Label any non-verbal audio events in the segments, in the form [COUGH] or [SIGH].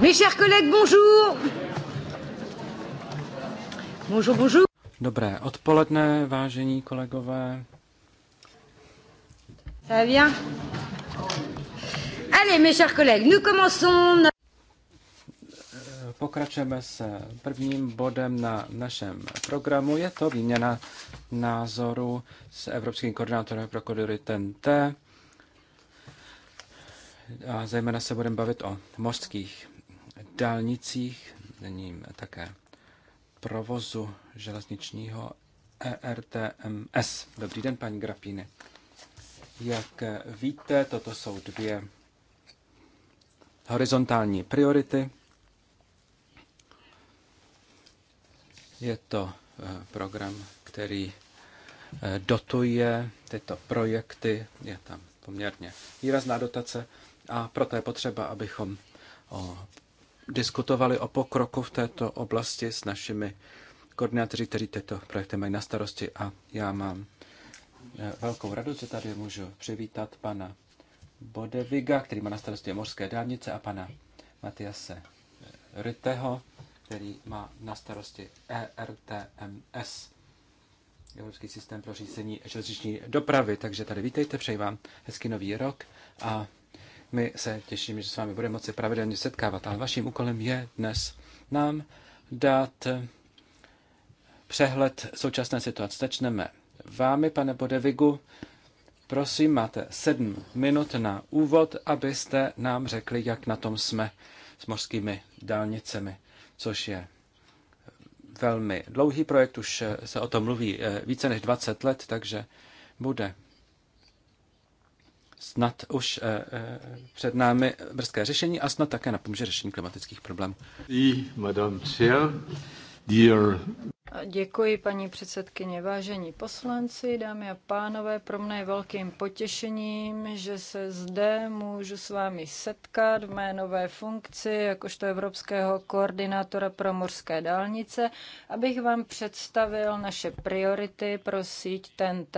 Mes chers collègues, bonjour. Bonjour, bonjour. Dobré odpoledne, vážení kolegové. Ça va bien? Allez, mes chers collègues, nous commençons. Pokračujeme s prvním bodem na našem programu. Je to výměna názoru s Evropským koordinátorem pro kodury TNT a zejména se budeme bavit o mořských dálnicích, není také provozu železničního ERTMS. Dobrý den, paní Grapíny. Jak víte, toto jsou dvě horizontální priority. Je to eh, program, který eh, dotuje tyto projekty. Je tam poměrně výrazná dotace a proto je potřeba, abychom o, diskutovali o pokroku v této oblasti s našimi koordinátoři, kteří tyto projekty mají na starosti. A já mám e, velkou radost, že tady můžu přivítat pana Bodeviga, který má na starosti mořské dálnice, a pana Matiase Ryteho, který má na starosti ERTMS, Evropský systém pro řízení železniční dopravy. Takže tady vítejte, přeji vám hezký nový rok a my se těšíme, že s vámi budeme moci pravidelně setkávat, ale vaším úkolem je dnes nám dát eh, přehled současné situace. Začneme vámi, pane Bodevigu. Prosím, máte sedm minut na úvod, abyste nám řekli, jak na tom jsme s mořskými dálnicemi, což je velmi dlouhý projekt, už eh, se o tom mluví eh, více než 20 let, takže bude snad už eh, eh, před námi brzké řešení a snad také napomůže řešení klimatických problémů. Madame Chair, dear Děkuji, paní předsedkyně. Vážení poslanci, dámy a pánové, pro mne je velkým potěšením, že se zde můžu s vámi setkat v mé nové funkci jakožto evropského koordinátora pro mořské dálnice, abych vám představil naše priority pro síť TNT.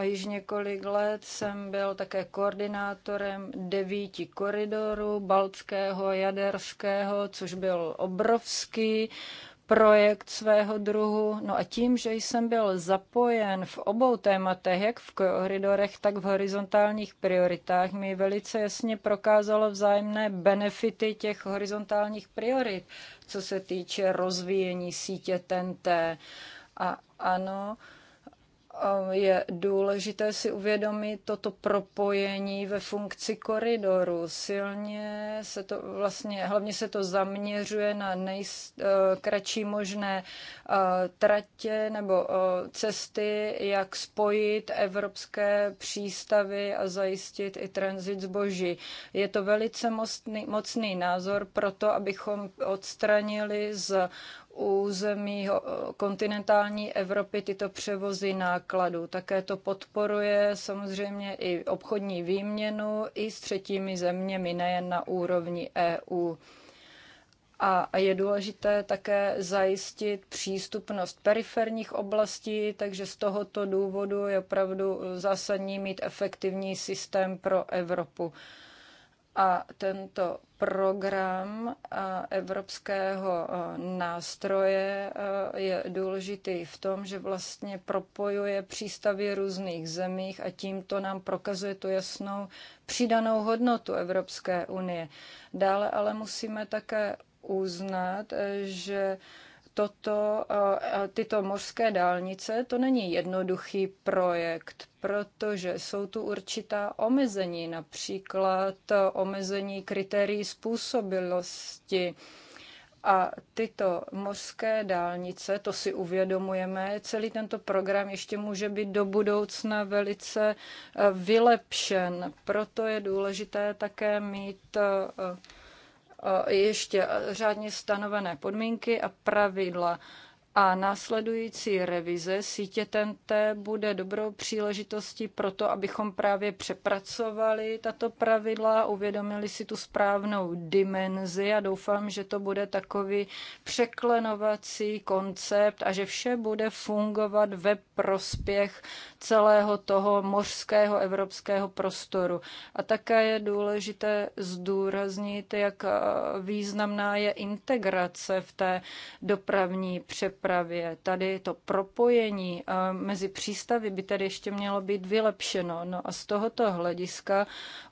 Již několik let jsem byl také koordinátorem devíti koridorů, baltského, jaderského, což byl obrovský projekt svého druhu. No a tím, že jsem byl zapojen v obou tématech, jak v koridorech, tak v horizontálních prioritách, mi velice jasně prokázalo vzájemné benefity těch horizontálních priorit, co se týče rozvíjení sítě TNT. A ano, Ehm, je důležité si uvědomit toto propojení ve funkci koridoru. Silně se to vlastně, hlavně se to zaměřuje na nejkratší eh, možné eh, tratě nebo eh, cesty, jak spojit evropské přístavy a zajistit i tranzit zboží. Je to velice mocný, mocný názor pro to, abychom odstranili z území kontinentální Evropy tyto převozy nákladů. Také to podporuje samozřejmě i obchodní výměnu i s třetími zeměmi, nejen na úrovni EU. A je důležité také zajistit přístupnost periferních oblastí, takže z tohoto důvodu je opravdu zásadní mít efektivní systém pro Evropu a tento program evropského nástroje je důležitý v tom, že vlastně propojuje přístavy různých zemích a tímto nám prokazuje tu jasnou přidanou hodnotu Evropské unie. Dále ale musíme také uznat, že toto, eh, eh, tyto mořské dálnice, to není jednoduchý projekt, protože jsou tu určitá omezení, například eh, omezení kritérií způsobilosti. A tyto mořské dálnice, to si uvědomujeme, celý tento program ještě může být do budoucna velice vylepšen. Proto je důležité také mít ještě řádně stanovené podmínky a pravidla. A následující revize sítě TNT bude dobrou příležitostí pro to, abychom právě přepracovali tato pravidla, uvědomili si tu správnou dimenzi a doufám, že to bude takový překlenovací koncept a že vše bude fungovat ve prospěch celého toho mořského evropského prostoru. A také je důležité zdůraznit, jak eh, významná je integrace v té dopravní přepravě dopravě. Tady to propojení eh, mezi přístavy by tady ještě mělo být vylepšeno. No a z tohoto hlediska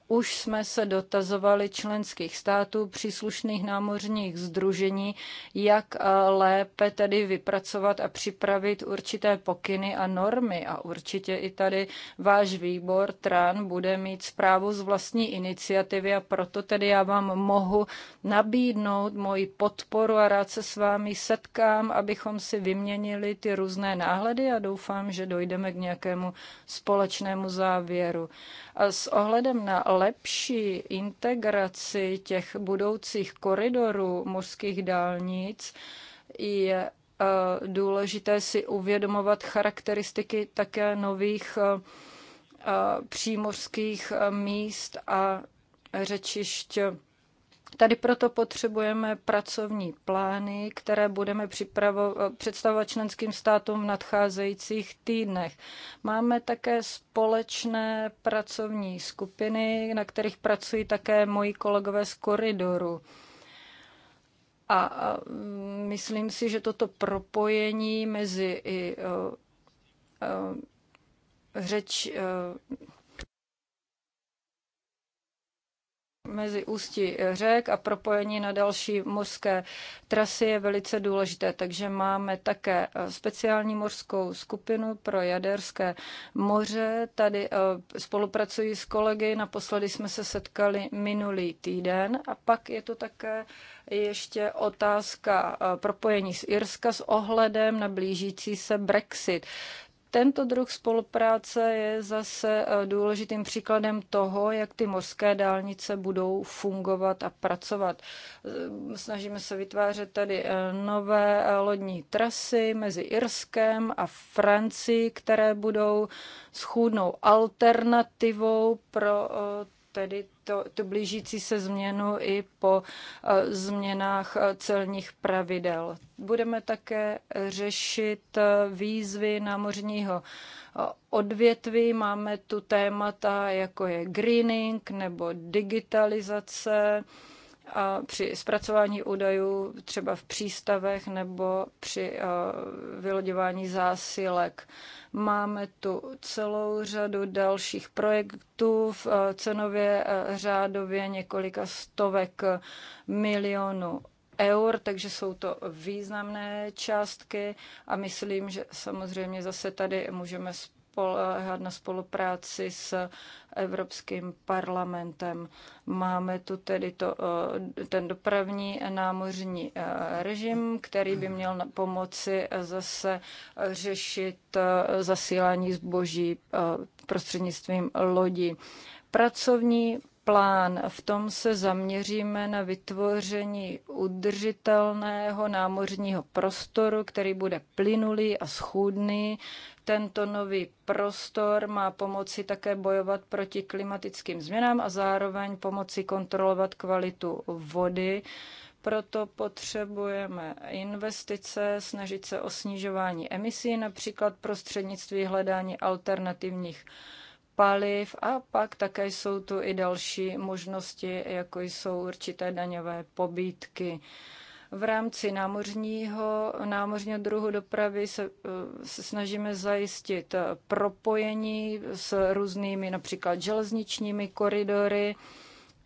už jsme se dotazovali členských států, příslušných námořních združení, jak eh, lépe tedy vypracovat a připravit určité pokyny a normy. A určitě i tady váš výbor TRAN bude mít zprávu z vlastní iniciativy a proto tedy já vám mohu nabídnout moji podporu a rád se s vámi setkám, abychom si vyměnili ty různé náhledy a doufám, že dojdeme k nějakému společnému závěru. A s ohledem na lepší integraci těch budoucích koridorů mořských dálnic je e, důležité si uvědomovat charakteristiky také nových e, e, přímořských míst a řečišť Tady proto potřebujeme pracovní plány, které budeme představovat členským státům v nadcházejících týdnech. Máme také společné pracovní skupiny, na kterých pracují také moji kolegové z koridoru. A myslím si, že toto propojení mezi i řeč mezi ústí řek a propojení na další mořské trasy je velice důležité. Takže máme také eh, speciální mořskou skupinu pro Jaderské moře. Tady eh, spolupracují s kolegy, naposledy jsme se setkali minulý týden a pak je to také ještě otázka eh, propojení z Irska s ohledem na blížící se Brexit. Tento druh spolupráce je zase eh, důležitým příkladem toho, jak ty mořské dálnice budou fungovat a pracovat. Eh, snažíme se vytvářet tady eh, nové lodní trasy mezi Irskem a Francií, které budou schůdnou alternativou pro tedy to, to blížící se změnu i po e, změnách e, celních pravidel. Budeme také řešit e, výzvy námořního odvětví. Máme tu témata, jako je greening nebo digitalizace a při zpracování údajů třeba v přístavech nebo při eh, vyloďování zásilek. Máme tu celou řadu dalších projektů v eh, cenově eh, řádově několika stovek milionů eur, takže jsou to významné částky a myslím, že samozřejmě zase tady můžeme spoléhat na spolupráci s Evropským parlamentem. Máme tu tedy to, eh, ten dopravní námořní eh, režim, který by měl pomoci eh, zase řešit zasílání zboží prostřednictvím lodí. Pracovní plán. V tom se zaměříme na vytvoření udržitelného námořního prostoru, který bude plynulý a schůdný, tento nový prostor má pomoci také bojovat proti klimatickým změnám a zároveň pomoci kontrolovat kvalitu vody. Proto potřebujeme investice, snažit se o snižování emisí, například prostřednictvím hledání alternativních paliv a pak také jsou tu i další možnosti, jako jsou určité daňové pobídky. V rámci námořního, námořního druhu dopravy se, eh, se snažíme zajistit eh, propojení s různými například železničními koridory,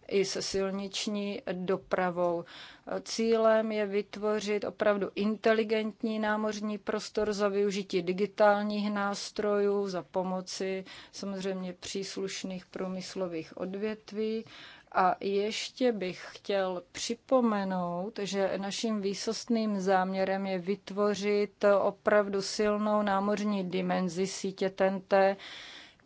i se silniční dopravou. Eh, cílem je vytvořit opravdu inteligentní námořní prostor za využití digitálních nástrojů, za pomoci samozřejmě příslušných průmyslových odvětví a ještě bych chtěl připomenout, že naším výsostným záměrem je vytvořit opravdu silnou námořní dimenzi sítě TNT,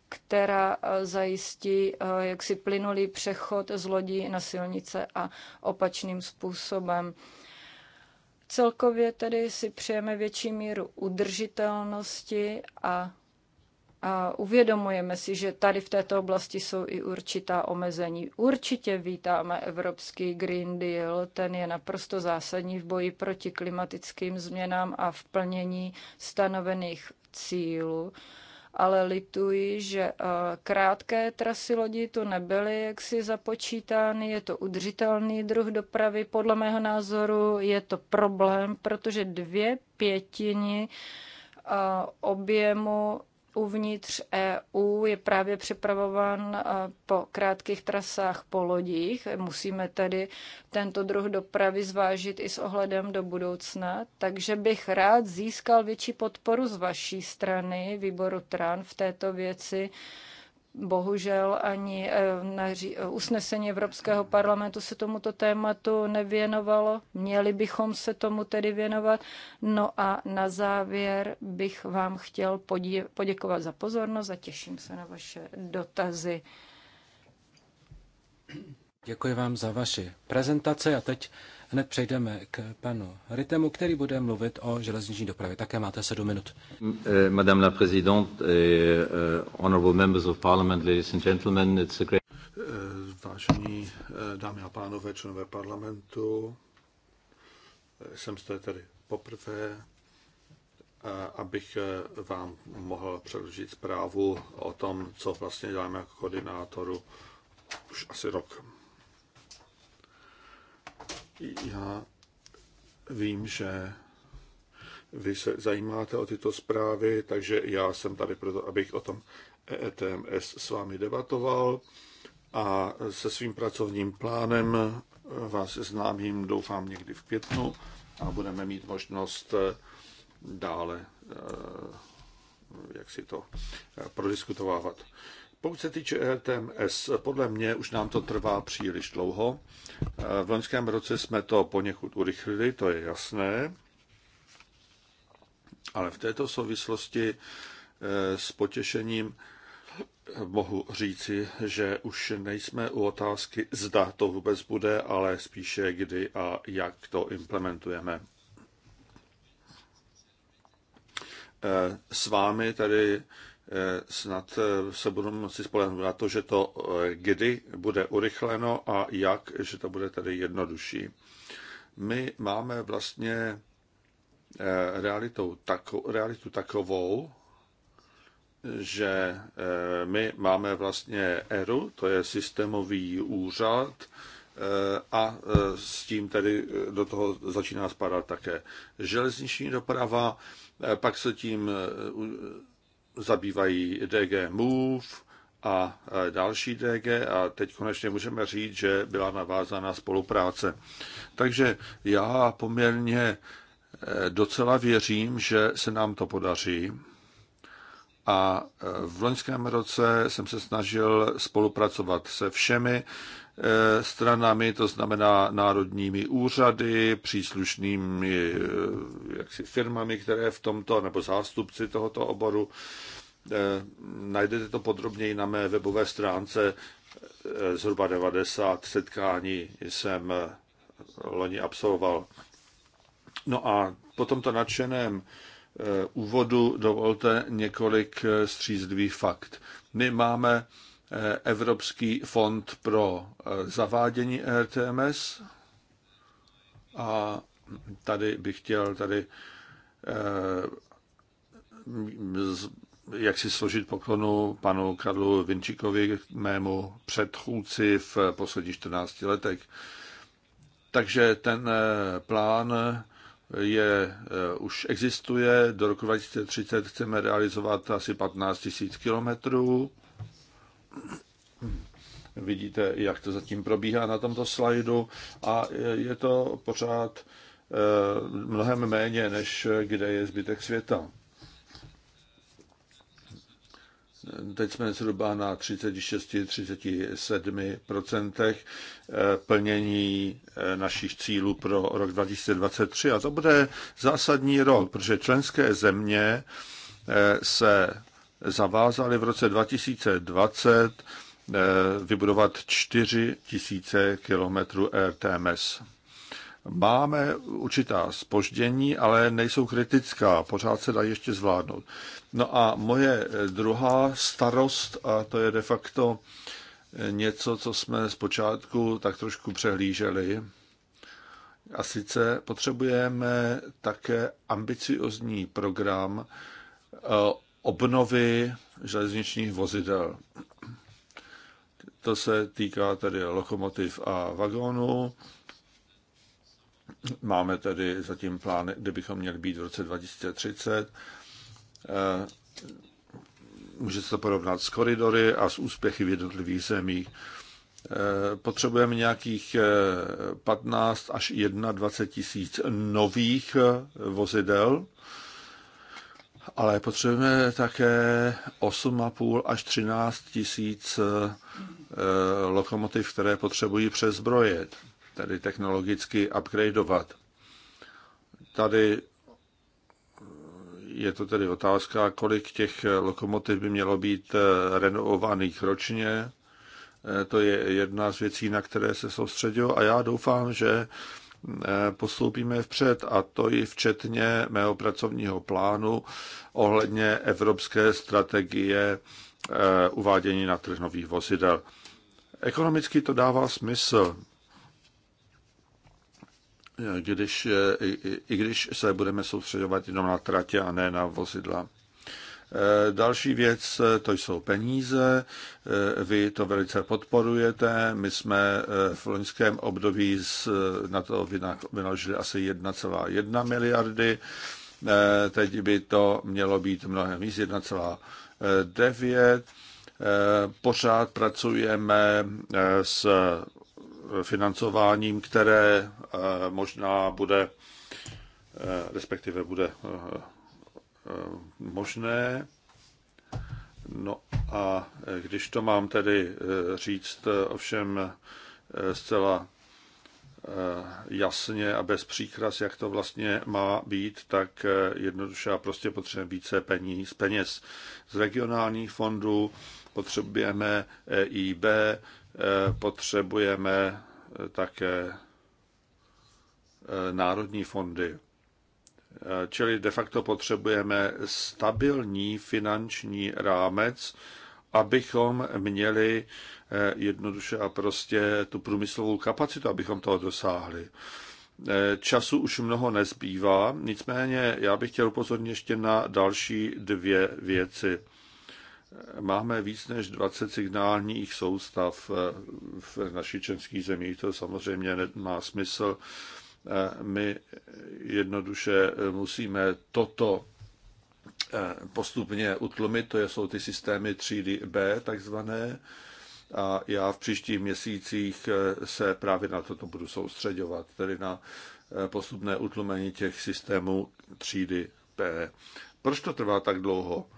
která eh, zajistí eh, jaksi plynulý přechod z lodí na silnice a opačným způsobem. Celkově tedy si přejeme větší míru udržitelnosti a a uvědomujeme si, že tady v této oblasti jsou i určitá omezení. Určitě vítáme Evropský Green Deal, ten je naprosto zásadní v boji proti klimatickým změnám a v plnění stanovených cílů. Ale lituji, že eh, krátké trasy lodí tu nebyly jaksi započítány, je to udržitelný druh dopravy. Podle mého názoru je to problém, protože dvě pětiny eh, objemu uvnitř EU je právě připravován eh, po krátkých trasách po lodích. Musíme tedy tento druh dopravy zvážit i s ohledem do budoucna, takže bych rád získal větší podporu z vaší strany, výboru TRAN, v této věci Bohužel ani eh, usnesení Evropského parlamentu se tomuto tématu nevěnovalo. Měli bychom se tomu tedy věnovat. No a na závěr bych vám chtěl poděkovat za pozornost a těším se na vaše dotazy. Děkuji vám za vaši prezentaci a teď Hned přejdeme k panu Ritemu, který bude mluvit o železniční dopravě. Také máte sedm minut. Eh, madame la présidente, eh, eh, honorable members of parliament, ladies and gentlemen, it's a great... Vážení dámy a pánové, členové parlamentu, jsem zde tady poprvé, abych vám mohl předložit zprávu o tom, co vlastně děláme jako koordinátoru už asi rok. Já vím, že vy se zajímáte o tyto zprávy, takže já jsem tady proto, abych o tom ETMS e s vámi debatoval a se svým pracovním plánem vás známím, doufám, někdy v květnu a budeme mít možnost eh, dále eh, jak si to eh, prodiskutovávat. Pokud se týče RTMS, podle mě už nám to trvá příliš dlouho. Eh, v loňském roce jsme to poněkud urychlili, to je jasné. Ale v této souvislosti eh, s potěšením eh, mohu říci, že už nejsme u otázky, zda to vůbec bude, ale spíše kdy a jak to implementujeme. S vámi tady Eh, snad eh, se budeme moci spolehnout na to, že to eh, kdy bude urychleno a jak, že to bude tedy jednodušší. My máme vlastně realitou, tako, realitu takovou, že my máme vlastně ERU, to je systémový úřad, a s tím tedy do toho začíná spadat také železniční doprava, pak se tím zabývají DG Move a e, další DG a teď konečně můžeme říct, že byla navázána spolupráce. Takže já poměrně e, docela věřím, že se nám to podaří. A e, v loňském roce jsem se snažil spolupracovat se všemi, Eh, stranami, to znamená národními úřady, příslušnými eh, jaksi, firmami, které v tomto, nebo zástupci tohoto oboru. Eh, najdete to podrobněji na mé webové stránce. Zhruba 90 setkání jsem loni absolvoval. No a po tomto nadšeném úvodu dovolte několik střízlivých fakt. My máme Evropský fond pro eh, zavádění RTMS. A tady bych chtěl tady eh, jak si složit poklonu panu Karlu Vinčíkovi, mému předchůdci v posledních 14 letech. Takže ten eh, plán je, už existuje. Do roku 2030 chceme realizovat asi 15 000 kilometrů Vidíte, jak to zatím probíhá na tomto slajdu a je to pořád eh, mnohem méně, než kde je zbytek světa. Teď jsme zhruba na 36-37% eh, plnění eh, našich cílů pro rok 2023. A to bude zásadní rok, protože členské země se zavázali v roce 2020 eh, vybudovat 4 000 kilometrů RTMS. Máme určitá spoždění, ale nejsou kritická, pořád se dá ještě zvládnout. No a moje eh, druhá starost, a to je de facto eh, něco, co jsme zpočátku tak trošku přehlíželi, a sice potřebujeme také ambiciozní program obnovy železničních vozidel. To se týká tedy lokomotiv a vagónů. Máme tedy zatím plán, kde bychom měli být v roce 2030. Eh, Můžete to porovnat s koridory a s úspěchy v jednotlivých zemích. Eh, potřebujeme nějakých 15 eh, až 21 tisíc nových vozidel ale potřebujeme také 8,5 až 13 tisíc eh, lokomotiv, které potřebují přezbrojit, tedy technologicky upgradeovat. Tady eh, je to tedy otázka, kolik těch eh, lokomotiv by mělo být renovovaných ročně. To je jedna z věcí, na které se soustředil a já doufám, že Eh, postoupíme vpřed a to i včetně mého pracovního plánu ohledně evropské strategie eh, uvádění na trh nových vozidel. Ekonomicky to dává smysl, eh, když, i, i když se budeme soustředovat jenom na tratě a ne na vozidla. Eh, další věc, eh, to jsou peníze. Eh, vy to velice podporujete. My jsme v loňském období na to vynaložili asi 1,1 miliardy. Teď by to mělo být mnohem víc, 1,9. Pořád pracujeme s financováním, které možná bude, respektive bude Eh, možné. No a když to mám tedy eh, říct eh, ovšem zcela jasně a bez příkras, jak to vlastně má být, tak jednoduše a prostě potřebujeme více peníz, peněz z regionálních fondů, potřebujeme EIB, potřebujeme také národní fondy. Čili de facto potřebujeme stabilní finanční rámec, abychom měli eh, jednoduše a prostě tu průmyslovou kapacitu, abychom toho dosáhli. Eh, času už mnoho nezbývá, nicméně já bych chtěl upozornit ještě na další dvě věci. Máme víc než 20 signálních soustav eh, v našich českých zemích, to samozřejmě nemá smysl my jednoduše e, musíme toto e, postupně utlumit, to jsou ty systémy třídy B takzvané, a já v příštích měsících e, se právě na toto budu soustředovat, tedy na postupné utlumení těch systémů třídy P. Proč to trvá tak dlouho?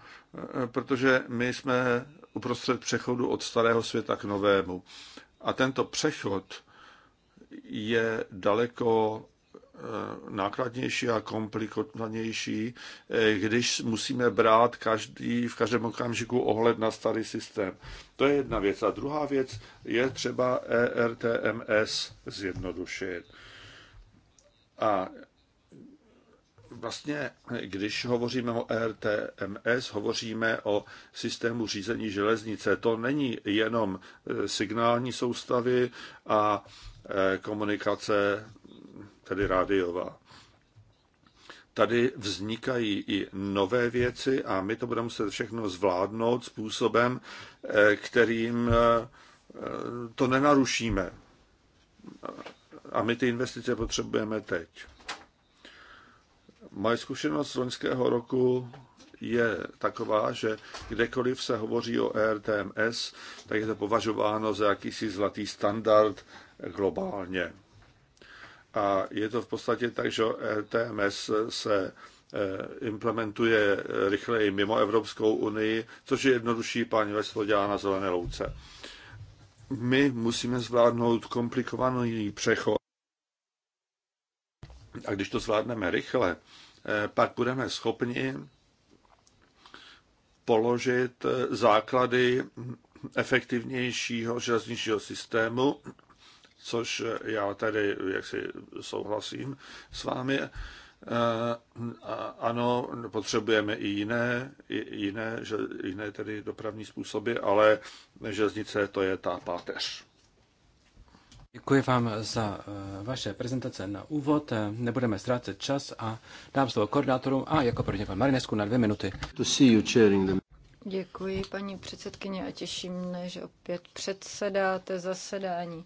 Protože my jsme uprostřed přechodu od starého světa k novému. A tento přechod je daleko eh, nákladnější a komplikovanější, eh, když musíme brát každý, v každém okamžiku ohled na starý systém. To je jedna věc. A druhá věc je třeba ERTMS zjednodušit. A vlastně, když hovoříme o RTMS, hovoříme o systému řízení železnice. To není jenom eh, signální soustavy a eh, komunikace, tedy rádiová. Tady vznikají i nové věci a my to budeme muset všechno zvládnout způsobem, eh, kterým to nenarušíme. A my ty investice potřebujeme teď. Moje zkušenost z loňského roku je taková, že kdekoliv se hovoří o ERTMS, tak je to považováno za jakýsi zlatý standard globálně. A je to v podstatě tak, že ERTMS se eh, implementuje rychleji mimo Evropskou unii, což je jednodušší, paní Vesto dělá na zelené louce. My musíme zvládnout komplikovaný přechod a když to zvládneme rychle, eh, pak budeme schopni položit eh, základy efektivnějšího železničního systému, což já tady jaksi souhlasím s vámi. Eh, ano, potřebujeme i jiné, i jiné, jiné tedy dopravní způsoby, ale železnice to je ta páteř. Děkuji vám za eh, vaše prezentace na úvod. Eh, nebudeme ztrácet čas a dám slovo koordinátorům a jako první pan Marinesku na dvě minuty. Děkuji, paní předsedkyně, a těším mne, že opět předsedáte zasedání.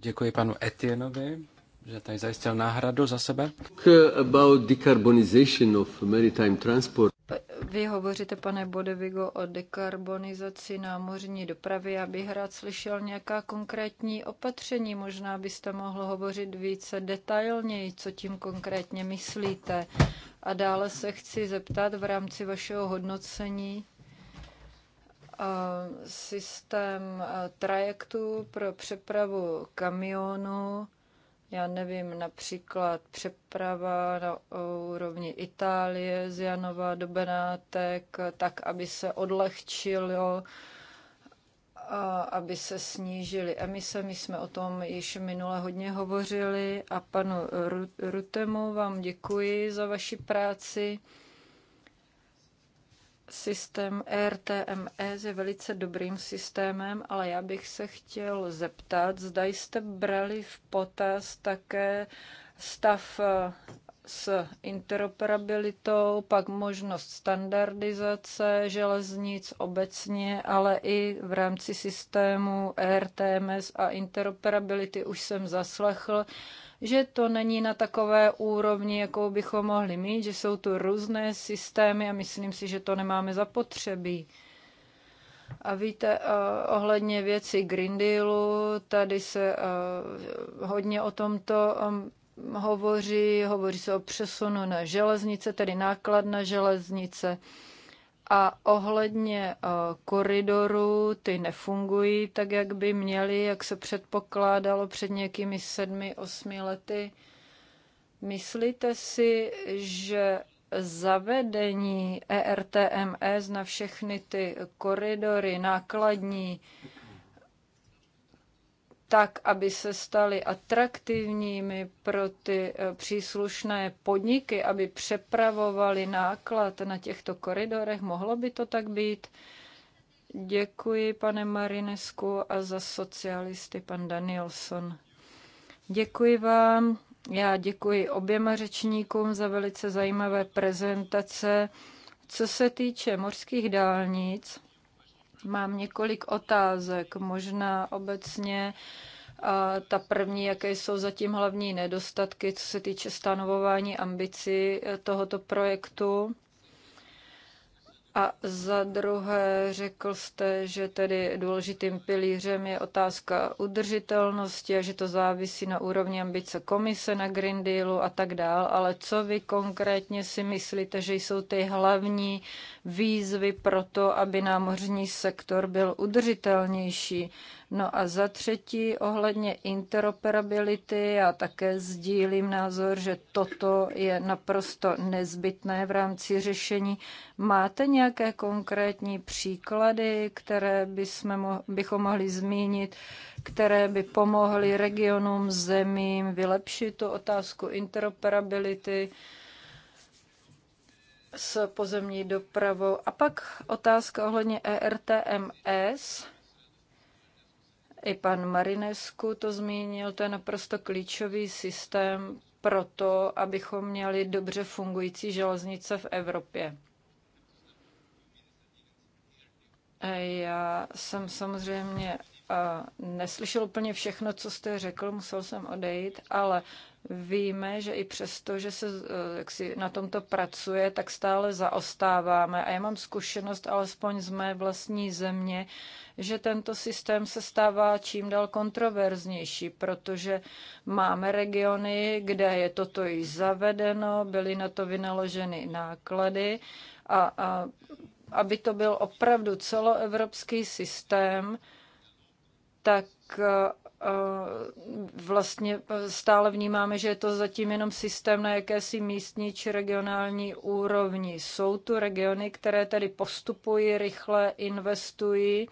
Děkuji panu Etienovi, že tady zajistil náhradu za sebe. About decarbonization of maritime transport. Vy hovoříte, pane Bodevigo, o dekarbonizaci námořní dopravy. Já bych rád slyšel nějaká konkrétní opatření. Možná byste mohl hovořit více detailněji, co tím konkrétně myslíte. A dále se chci zeptat v rámci vašeho hodnocení systém trajektů pro přepravu kamionů já nevím, například přeprava na úrovni Itálie z Janova do Benátek, tak, aby se odlehčilo, a aby se snížily emise. My jsme o tom již minule hodně hovořili a panu Rutemu vám děkuji za vaši práci. Systém RTMS e je velice dobrým systémem, ale já bych se chtěl zeptat, zda jste brali v potaz také stav eh, s interoperabilitou, pak možnost standardizace železnic obecně, ale i v rámci systému RTMS a interoperability už jsem zaslechl, že to není na takové úrovni, jakou bychom mohli mít, že jsou tu různé systémy a myslím si, že to nemáme zapotřebí. A víte, eh, ohledně věci Green Dealu, tady se eh, hodně o tomto um, hovoří, hovoří se o přesunu na železnice, tedy náklad na železnice. A ohledně eh, koridorů, ty nefungují tak, jak by měly, jak se předpokládalo před nějakými sedmi, osmi lety. Myslíte si, že zavedení ERTMS na všechny ty koridory nákladní tak, aby se staly atraktivními pro ty eh, příslušné podniky, aby přepravovali náklad na těchto koridorech. Mohlo by to tak být? Děkuji, pane Marinesku, a za socialisty, pan Danielson. Děkuji vám. Já děkuji oběma řečníkům za velice zajímavé prezentace. Co se týče mořských dálnic, Mám několik otázek, možná obecně. A ta první, jaké jsou zatím hlavní nedostatky, co se týče stanovování ambicí e, tohoto projektu. A za druhé řekl jste, že tedy důležitým pilířem je otázka udržitelnosti a že to závisí na úrovni ambice komise na Green Dealu a tak dál, ale co vy konkrétně si myslíte, že jsou ty hlavní výzvy pro to, aby námořní sektor byl udržitelnější? No a za třetí, ohledně interoperability, já také sdílím názor, že toto je naprosto nezbytné v rámci řešení. Máte nějaké konkrétní příklady, které bychom mohli zmínit, které by pomohly regionům, zemím vylepšit tu otázku interoperability? s pozemní dopravou. A pak otázka ohledně ERTMS. I pan Marinesku to zmínil, to je naprosto klíčový systém pro to, abychom měli dobře fungující železnice v Evropě. Já jsem samozřejmě neslyšel úplně všechno, co jste řekl, musel jsem odejít, ale víme, že i přesto, že se eh, jak si na tomto pracuje, tak stále zaostáváme. A já mám zkušenost, alespoň z mé vlastní země, že tento systém se stává čím dál kontroverznější, protože máme regiony, kde je toto již zavedeno, byly na to vynaloženy náklady a, a aby to byl opravdu celoevropský systém, tak eh, eh, vlastně eh, stále vnímáme, že je to zatím jenom systém na jakési místní či regionální úrovni. Jsou tu regiony, které tedy postupují rychle, investují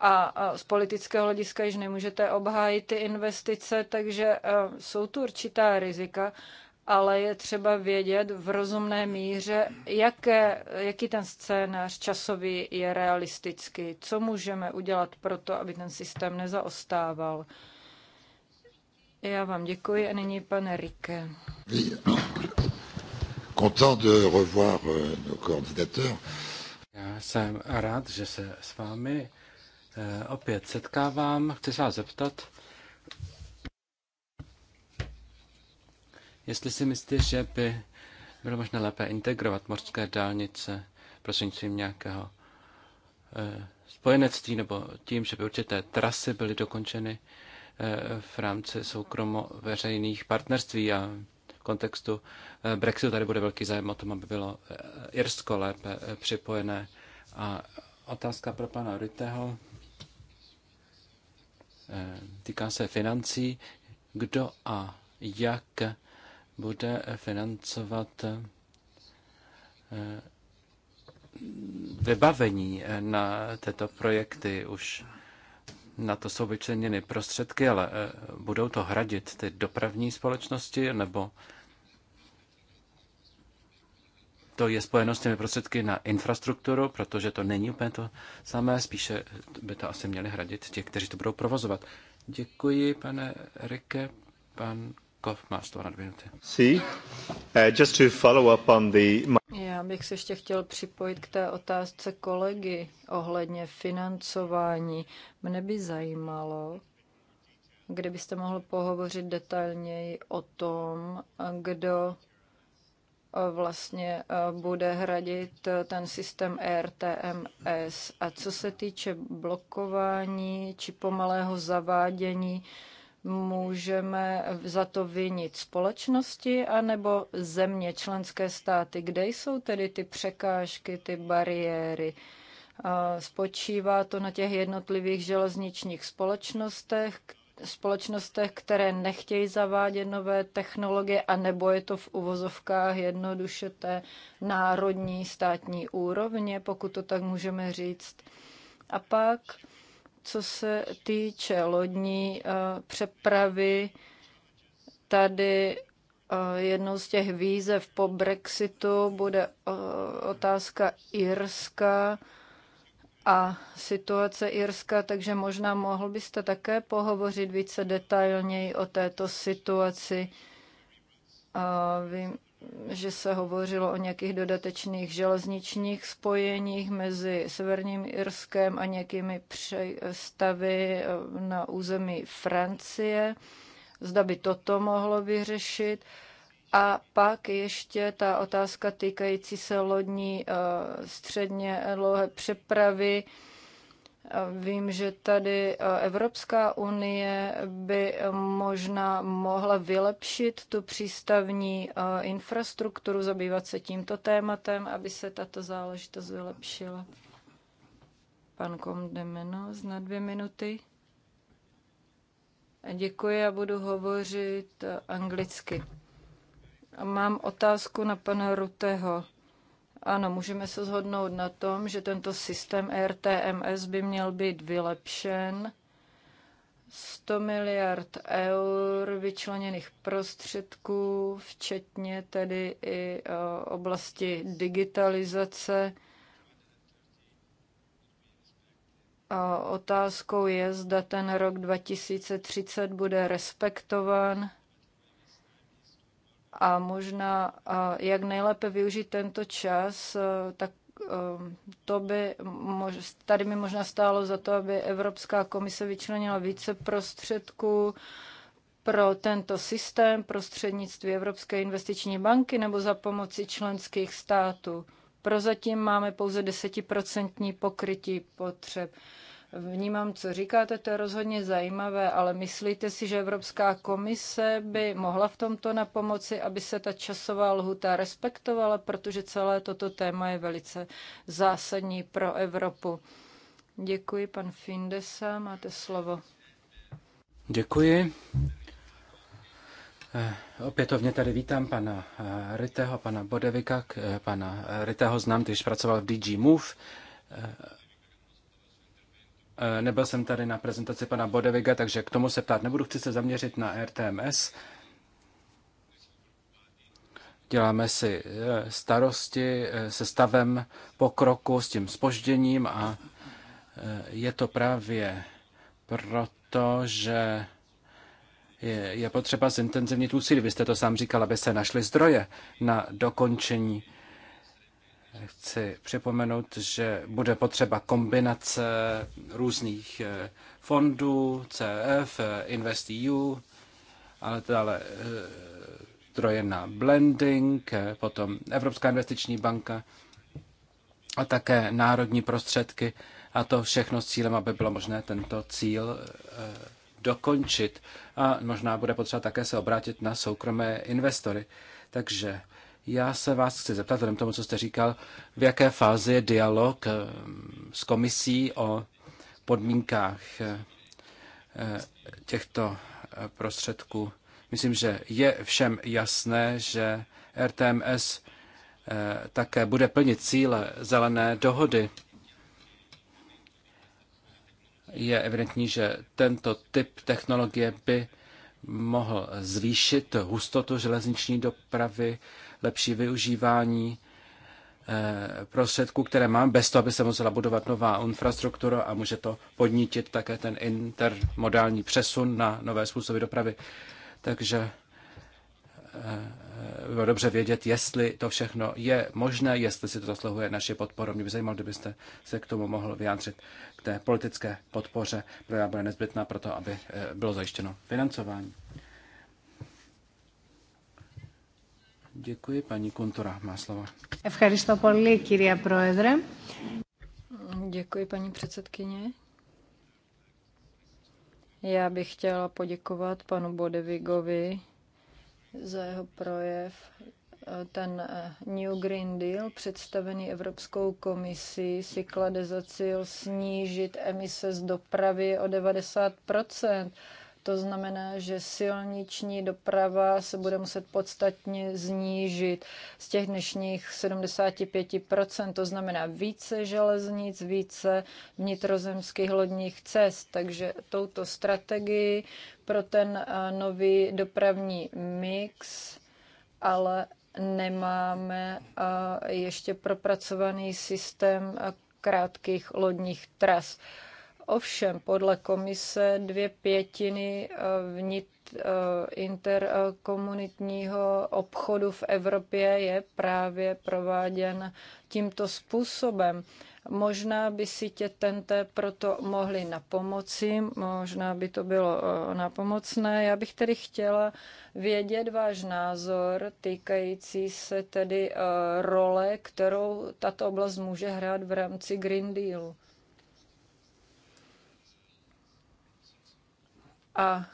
a z politického hlediska již nemůžete obhájit ty investice, takže jsou tu určitá rizika, ale je třeba vědět v rozumné míře, jaké, jaký ten scénář časový je realistický, co můžeme udělat pro to, aby ten systém nezaostával. Já vám děkuji a nyní pane Rike. Content de revoir euh, nos coordinateurs. Já jsem rád, že se s vámi eh, opět setkávám. Chci se vás zeptat, jestli si myslíte, že by bylo možné lépe integrovat mořské dálnice prostřednictvím nějakého eh, spojenectví nebo tím, že by určité trasy byly dokončeny eh, v rámci soukromo-veřejných partnerství a v kontextu eh, Brexitu tady bude velký zájem o tom, aby bylo Irsko lépe připojené. A otázka pro pana eh, týká se financí. Kdo a jak bude financovat eh, vybavení eh, na tyto projekty. Už na to jsou vyčleněny prostředky, ale eh, budou to hradit ty dopravní společnosti nebo to je spojeno s těmi prostředky na infrastrukturu, protože to není úplně to samé, spíše by to asi měli hradit ti, kteří to budou provozovat. Děkuji, pane Rike, pan Kov má na dvě minuty. Eh, to Já bych se ještě chtěl připojit k té otázce kolegy ohledně financování. Mne by zajímalo, kdybyste mohl pohovořit detailněji o tom, kdo eh, vlastně eh, bude hradit ten systém ERTMS. A co se týče blokování či pomalého zavádění, můžeme za to vinit společnosti anebo země, členské státy? Kde jsou tedy ty překážky, ty bariéry? Spočívá to na těch jednotlivých železničních společnostech, společnostech, které nechtějí zavádět nové technologie, anebo je to v uvozovkách jednoduše té národní státní úrovně, pokud to tak můžeme říct. A pak co se týče lodní eh, přepravy, tady eh, jednou z těch výzev po Brexitu bude eh, otázka Irska a situace Irska, takže možná mohl byste také pohovořit více detailněji o této situaci. Vím, že se hovořilo o nějakých dodatečných železničních spojeních mezi Severním Irskem a nějakými přestavy eh, na území Francie. Zda by toto mohlo vyřešit. A pak ještě ta otázka týkající se lodní eh, středně dlouhé přepravy Vím, že tady e, Evropská unie by e, možná mohla vylepšit tu přístavní e, infrastrukturu, zabývat se tímto tématem, aby se tato záležitost vylepšila. Pan Komdemenos na dvě minuty. Děkuji, já budu hovořit anglicky. Mám otázku na pana Ruteho. Ano, můžeme se shodnout na tom, že tento systém RTMS by měl být vylepšen. 100 miliard eur vyčleněných prostředků, včetně tedy i e, oblasti digitalizace. A otázkou je, zda ten rok 2030 bude respektován a možná, jak nejlépe využít tento čas, e, tak e, to by mož, tady mi možná stálo za to, aby Evropská komise vyčlenila více prostředků pro tento systém prostřednictví Evropské investiční banky nebo za pomoci členských států. Prozatím máme pouze desetiprocentní pokrytí potřeb. Vnímám, co říkáte, to je rozhodně zajímavé, ale myslíte si, že Evropská komise by mohla v tomto na pomoci, aby se ta časová lhuta respektovala, protože celé toto téma je velice zásadní pro Evropu. Děkuji, pan Findesa, máte slovo. Děkuji. Eh, opětovně tady vítám pana eh, Riteho, pana Bodevika, eh, pana Riteho znám, když pracoval v DG Move Eh, nebyl jsem tady na prezentaci pana Bodeviga, takže k tomu se ptát nebudu. Chci se zaměřit na RTMS. Děláme si eh, starosti eh, se stavem pokroku, s tím spožděním a je to právě proto, že je, je potřeba zintenzivnit úsilí. Vy jste to sám říkal, aby se našly zdroje na dokončení Chci připomenout, že bude potřeba kombinace různých eh, fondů, CF, eh, InvestEU, ale dále troje eh, na blending, potom Evropská investiční banka a také národní prostředky. A to všechno s cílem, aby bylo možné tento cíl dokončit. A možná bude potřeba také se obrátit na soukromé investory. Takže já se vás chci zeptat, vzhledem tomu, co jste říkal, v jaké fázi je dialog eh, s komisí o podmínkách eh, eh, těchto prostředků. Myslím, že je všem jasné, že RTMS také bude plnit cíle zelené dohody. Je evidentní, že tento typ technologie by mohl zvýšit hustotu železniční dopravy, lepší využívání eh, prostředků, které mám, bez toho, aby se musela budovat nová infrastruktura a může to podnítit také ten intermodální přesun na nové způsoby dopravy. Takže eh, bylo dobře vědět, jestli to všechno je možné, jestli si to zasluhuje naše podporu. Mě by zajímalo, kdybyste se k tomu mohl vyjádřit k té politické podpoře, která bude nezbytná pro to, aby eh, bylo zajištěno financování. Děkuji, paní Kontora má slovo. Děkuji, paní předsedkyně. Já bych chtěla poděkovat panu Bodevigovi za jeho projev. Ten eh, New Green Deal, představený Evropskou komisí, si klade za cíl snížit emise z dopravy o 90 to znamená, že silniční doprava se bude muset podstatně znížit z těch dnešních 75%, to znamená více železnic, více vnitrozemských lodních cest. Takže touto strategii pro ten eh, nový dopravní mix, ale nemáme eh, ještě propracovaný systém eh, krátkých lodních tras. Ovšem, podle komise dvě pětiny eh, vnit, eh, interkomunitního obchodu v Evropě je právě prováděn tímto způsobem. Možná by si tě tenté proto mohli napomoci, možná by to bylo eh, napomocné. Já bych tedy chtěla vědět váš názor týkající se tedy role, kterou tato oblast může hrát v rámci Green Dealu. A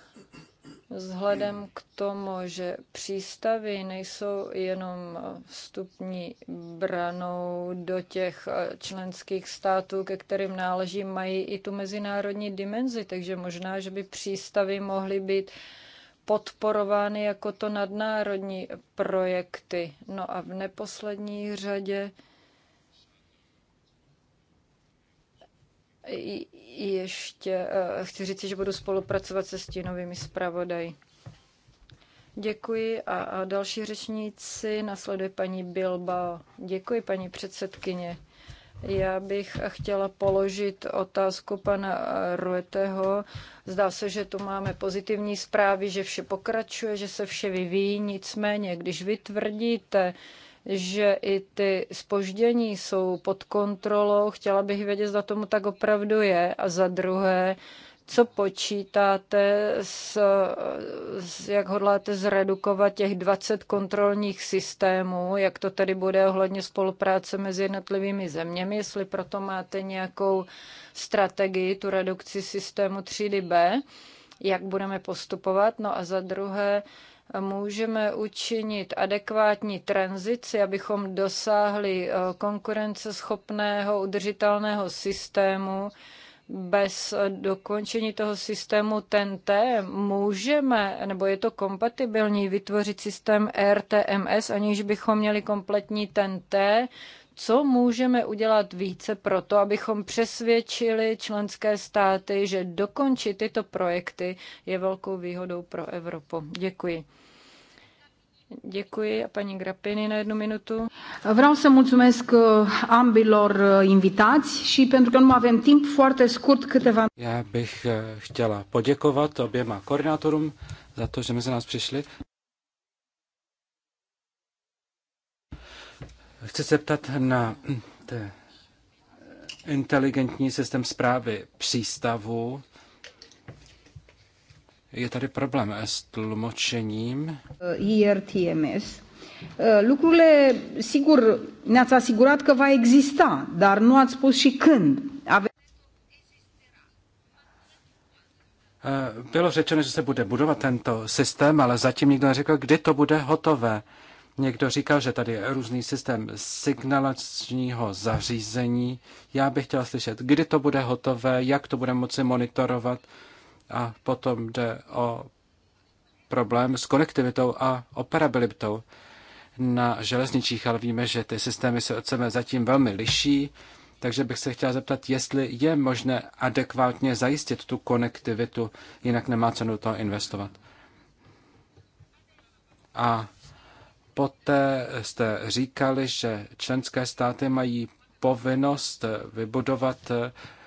vzhledem k tomu, že přístavy nejsou jenom vstupní branou do těch eh, členských států, ke kterým náleží, mají i tu mezinárodní dimenzi, takže možná, že by přístavy mohly být podporovány jako to nadnárodní projekty. No a v neposlední řadě ještě eh, chci říct, že budu spolupracovat se stínovými zpravodaji. Děkuji a, a další řečníci nasleduje paní Bilba. Děkuji, paní předsedkyně. Já bych chtěla položit otázku pana eh, Rueteho. Zdá se, že tu máme pozitivní zprávy, že vše pokračuje, že se vše vyvíjí. Nicméně, když vy tvrdíte, že i ty spoždění jsou pod kontrolou. Chtěla bych vědět, zda tomu tak opravdu je. A za druhé, co počítáte, s, s, jak hodláte zredukovat těch 20 kontrolních systémů, jak to tedy bude ohledně spolupráce mezi jednotlivými zeměmi, jestli proto máte nějakou strategii, tu redukci systému 3 dB? jak budeme postupovat. No a za druhé, můžeme učinit adekvátní tranzici, abychom dosáhli eh, konkurenceschopného, udržitelného systému. Bez eh, dokončení toho systému TNT můžeme, nebo je to kompatibilní, vytvořit systém RTMS, aniž bychom měli kompletní TNT. Co můžeme udělat více pro to, abychom přesvědčili členské státy, že dokončit tyto projekty je velkou výhodou pro Evropu? Děkuji. Děkuji a paní Grapiny na jednu minutu. Vreau să mulțumesc uh, ambilor uh, invitați și pentru că nu avem timp foarte scurt câteva... Já bych uh, chtěla poděkovat oběma koordinátorům za to, že mezi nás přišli. Chci se ptat na eh, inteligentní systém zprávy přístavu. Je tady problém s tlumočením. IRTMS. Eh, lucrurile, sigur, ne-ați asigurat că va exista, dar nu ați spus și când. Ave- eh, Bylo řečeno, že se bude budovat tento systém, ale zatím nikdo neřekl, kdy to bude hotové. Někdo říkal, že tady je různý systém signalačního zařízení. Já bych chtěl slyšet, kdy to bude hotové, jak to bude moci monitorovat a potom jde o problém s konektivitou a operabilitou na železničích, ale víme, že ty systémy se od sebe zatím velmi liší, takže bych se chtěla zeptat, jestli je možné adekvátně zajistit tu konektivitu, jinak nemá cenu to investovat. A poté jste říkali, že členské státy mají povinnost vybudovat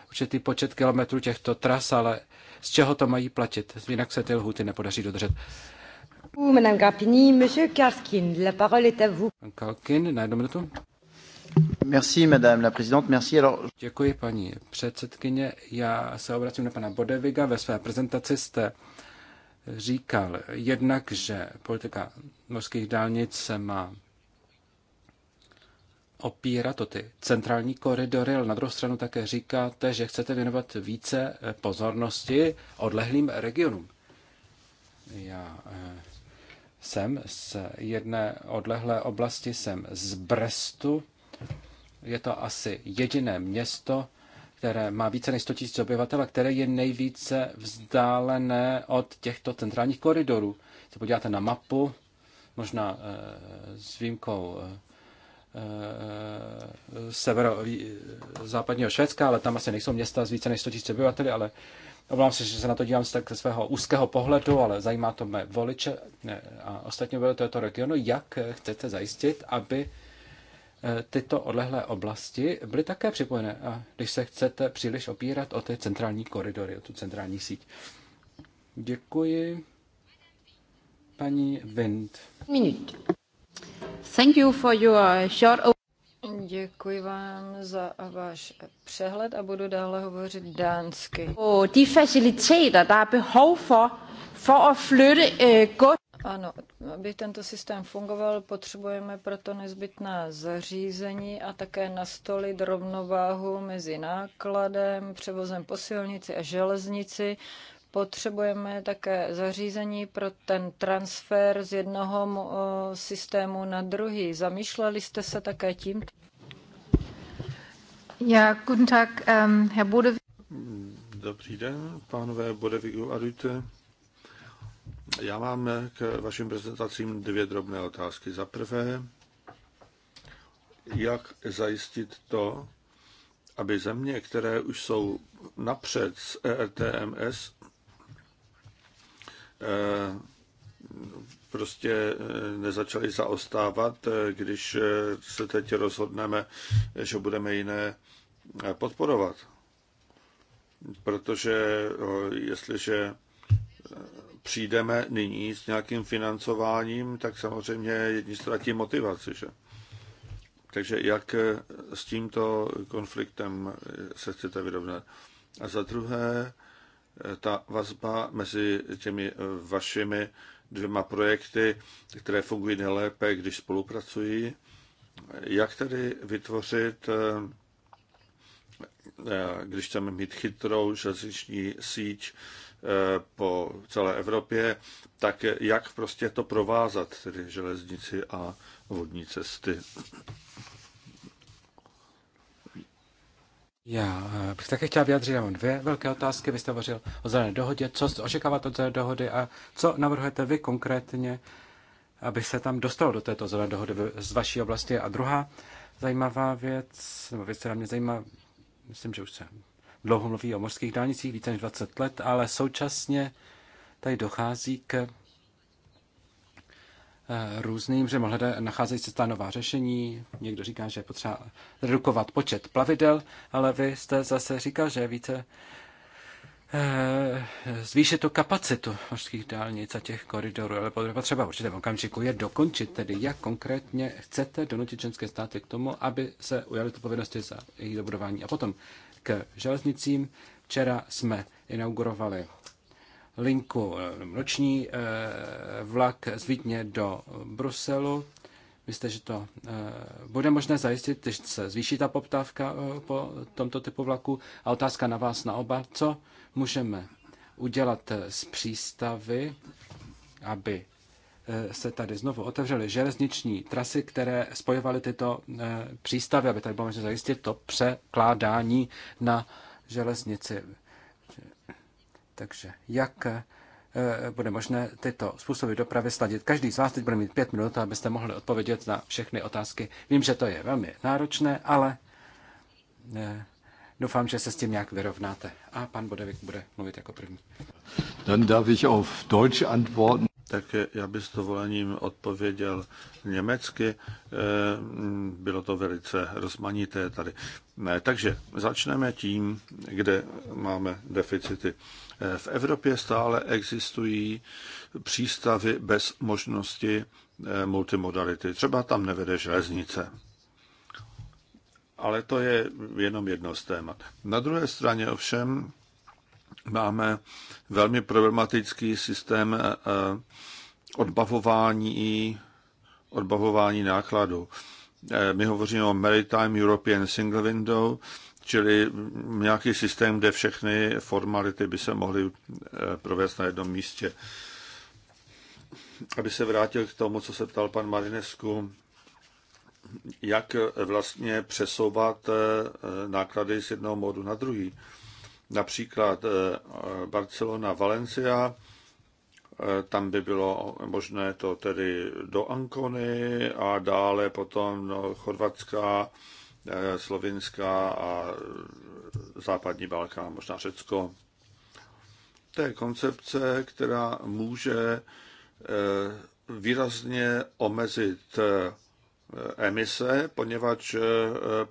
určitý počet kilometrů těchto tras, ale z čeho to mají platit. Jinak se ty lhuty nepodaří dodržet. Madame Monsieur Kalkin, la parole est vous. Kalkin, na jednu minutu. Merci, madame la présidente. Merci. Alors... Děkuji, paní předsedkyně. Já se obracím na pana Bodeviga. Ve své prezentaci jste říkal jednak, že politika mořských dálnic se má opírat o ty centrální koridory, ale na druhou stranu také říkáte, že chcete věnovat více eh, pozornosti odlehlým regionům. Já eh, jsem z jedné odlehlé oblasti, jsem z Brestu. Je to asi jediné město, které má více než 100 000 obyvatel a které je nejvíce vzdálené od těchto centrálních koridorů. Se podíváte na mapu, možná eh, s výjimkou Eh, severo, eh, západního Švédska, ale tam asi nejsou města s více než 100 000 obyvateli, ale obávám se, že se na to dívám z tak ze svého úzkého pohledu, ale zajímá to mé voliče a ostatní obyvatele tohoto regionu, jak chcete zajistit, aby eh, tyto odlehlé oblasti byly také připojené, a když se chcete příliš opírat o ty centrální koridory, o tu centrální síť. Děkuji. Paní Wind. Minut. Thank you for your short... Děkuji vám za váš přehled a budu dále hovořit dánsky. de faciliteter, der er behov for, for at flytte øh, Ano, aby tento systém fungoval, potřebujeme proto nezbytná zařízení a také nastolit rovnováhu mezi nákladem, převozem po silnici a železnici, Potřebujeme také zařízení pro ten transfer z jednoho eh, systému na druhý. Zamýšleli jste se také tím? Ja, guten Tag, um, Herr Bode. Dobrý den, pánové Bodevigu a Rüte. Já mám k vašim prezentacím dvě drobné otázky. Za prvé, jak zajistit to, aby země, které už jsou napřed s ERTMS, Eh, prostě eh, nezačali zaostávat, eh, když se teď rozhodneme, že budeme jiné podporovat. Protože jestliže přijdeme nyní s nějakým financováním, tak samozřejmě jedni ztratí motivaci. Že? Takže jak s tímto konfliktem se chcete vyrovnat? A za druhé, ta vazba mezi těmi eh, vašimi dvěma projekty, které fungují nejlépe, když spolupracují. Jak tedy vytvořit, eh, eh, když chceme mít chytrou železniční síť po celé Evropě, tak jak prostě to provázat, tedy železnici a vodní cesty? Já eh, bych také chtěl vyjádřit, já mám dvě velké otázky. Vy jste hovořil o zelené dohodě. Co očekáváte od zelené dohody a co navrhujete vy konkrétně, aby se tam dostalo do této zelené dohody z vaší oblasti? A druhá zajímavá věc, nebo věc, která mě zajímá, myslím, že už se dlouho mluví o mořských dálnicích, více než 20 let, ale současně tady dochází k Eh, různým, že mohle nacházejí cesta nová řešení. Někdo říká, že je potřeba redukovat počet plavidel, ale vy jste zase říkal, že více eh, zvýšit tu kapacitu mořských dálnic a těch koridorů, ale potřeba v okamžiku je dokončit, tedy jak konkrétně chcete donutit členské státy k tomu, aby se ujali tu povinnosti za jejich dobudování. A potom k železnicím. Včera jsme inaugurovali linku, eh, noční eh, vlak z Vídně do Bruselu. Myslíte, že to eh, bude možné zajistit, když se zvýší ta poptávka po tomto typu vlaku? A otázka na vás na oba. Co můžeme udělat z přístavy, aby se tady znovu otevřely železniční trasy, které spojovaly tyto přístavy, aby tady bylo možné zajistit to překládání na železnici. Takže jak eh, bude možné tyto způsoby dopravy sladit. Každý z vás teď bude mít pět minut, abyste mohli odpovědět na všechny otázky. Vím, že to je velmi náročné, ale eh, doufám, že se s tím nějak vyrovnáte. A pan Bodevik bude mluvit jako první. Dann darf ich auf Deutsch antworten tak já bych s dovolením odpověděl německy. Eh, bylo to velice rozmanité tady. Ne, takže začneme tím, kde máme deficity. Eh, v Evropě stále existují přístavy bez možnosti eh, multimodality. Třeba tam nevede železnice. Ale to je jenom jedno z témat. Na druhé straně ovšem Máme velmi problematický systém eh, eh, odbavování, odbavování nákladu. Eh, my hovoříme o Maritime European Single Window, čili nějaký systém, kde všechny formality by se mohly provést na jednom místě. Aby se vrátil k tomu, co se ptal pan Marinesku, jak vlastně přesouvat náklady z jednoho modu na druhý například eh, Barcelona-Valencia, eh, tam by bylo možné to tedy do Ankony a dále potom no, Chorvatská, eh, Slovinská a západní Balkán, možná Řecko. To je koncepce, která může výrazně omezit emise, poněvadž eh,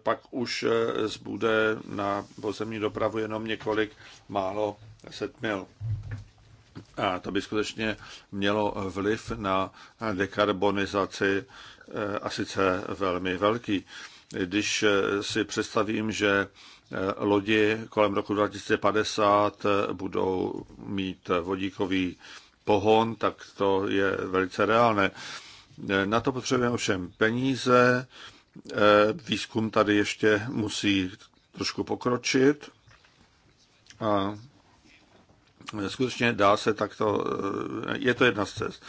pak už eh, zbude na pozemní dopravu jenom několik málo set mil. A to by skutečně mělo vliv na dekarbonizaci eh, a sice velmi velký. Když si představím, že lodi kolem roku 2050 budou mít vodíkový pohon, tak to je velice reálné. Na to potřebujeme ovšem peníze, eh, výzkum tady ještě musí trošku pokročit a eh, skutečně dá se takto, eh, je to jedna z cest.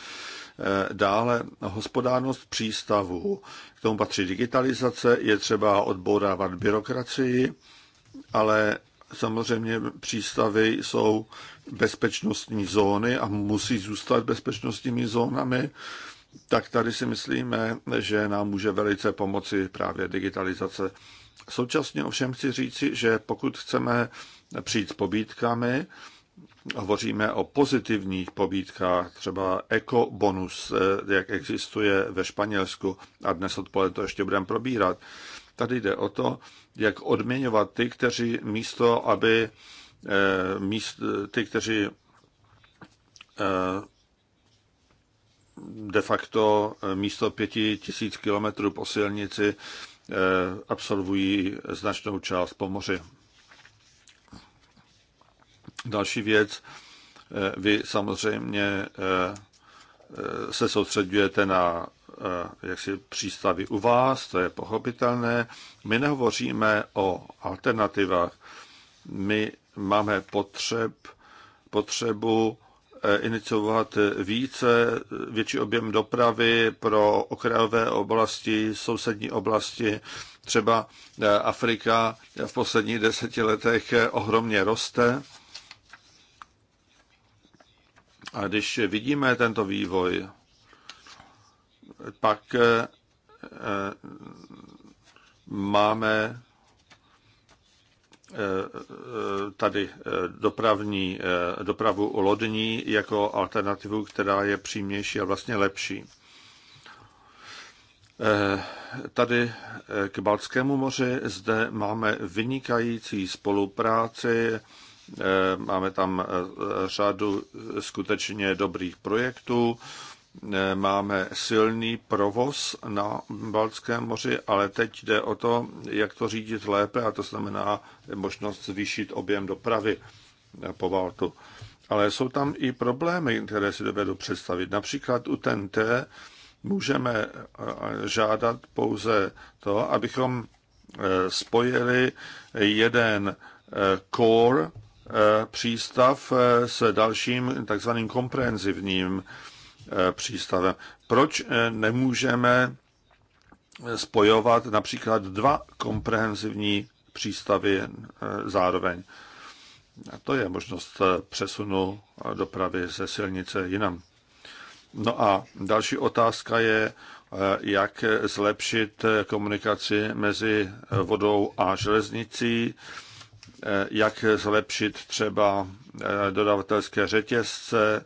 Dále hospodárnost přístavu. K tomu patří digitalizace, je třeba odbourávat byrokracii, ale samozřejmě přístavy jsou bezpečnostní zóny a musí zůstat bezpečnostními zónami tak tady si myslíme, že nám může velice pomoci právě digitalizace. Současně ovšem chci říci, že pokud chceme přijít s pobídkami, hovoříme o pozitivních pobídkách, třeba ekobonus, eh, jak existuje ve Španělsku a dnes odpoledne to ještě budeme probírat. Tady jde o to, jak odměňovat ty, kteří místo, aby eh, míst, ty, kteří eh, de facto eh, místo pěti tisíc kilometrů po silnici eh, absolvují značnou část po moři. Další věc, eh, vy samozřejmě se soustředujete na jaksi přístavy u vás, to je pochopitelné. My nehovoříme o alternativách. My máme potřeb, potřebu iniciovat více, větší objem dopravy pro okrajové oblasti, sousední oblasti. Třeba eh, Afrika v posledních deseti letech ohromně roste. A když vidíme tento vývoj, pak eh, eh, máme Eh, tady eh, dopravní, eh, dopravu lodní jako alternativu, která je přímější a vlastně lepší. Tady k Balckému moři zde máme vynikající spolupráci, máme tam řadu skutečně dobrých projektů Eh, máme silný provoz na Baltském moři, ale teď jde o to, jak to řídit lépe, a to znamená možnost zvýšit objem dopravy eh, po Baltu. Ale jsou tam i problémy, které si dovedu představit. Například u TNT můžeme eh, žádat pouze to, abychom spojili jeden core přístav s dalším takzvaným komprehenzivním přístavem. Proč eh, nemůžeme spojovat například dva komprehenzivní přístavy eh, zároveň? A to je možnost eh, přesunu dopravy ze silnice jinam. No a další otázka je, jak zlepšit komunikaci mezi vodou a železnicí, jak zlepšit třeba dodavatelské řetězce,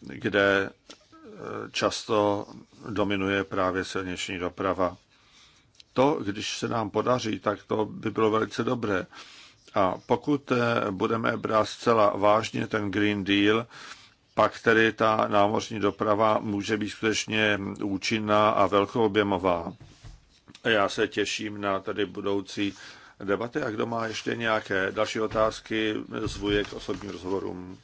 kde eh, často dominuje právě silniční doprava. To, když se nám podaří, tak to by bylo velice dobré. A pokud eh, budeme brát zcela vážně ten Green Deal, pak tedy ta námořní doprava může být skutečně účinná a velkoobjemová. Já se těším na tady budoucí debaty a kdo má ještě nějaké další otázky, zvuje k osobním rozhovorům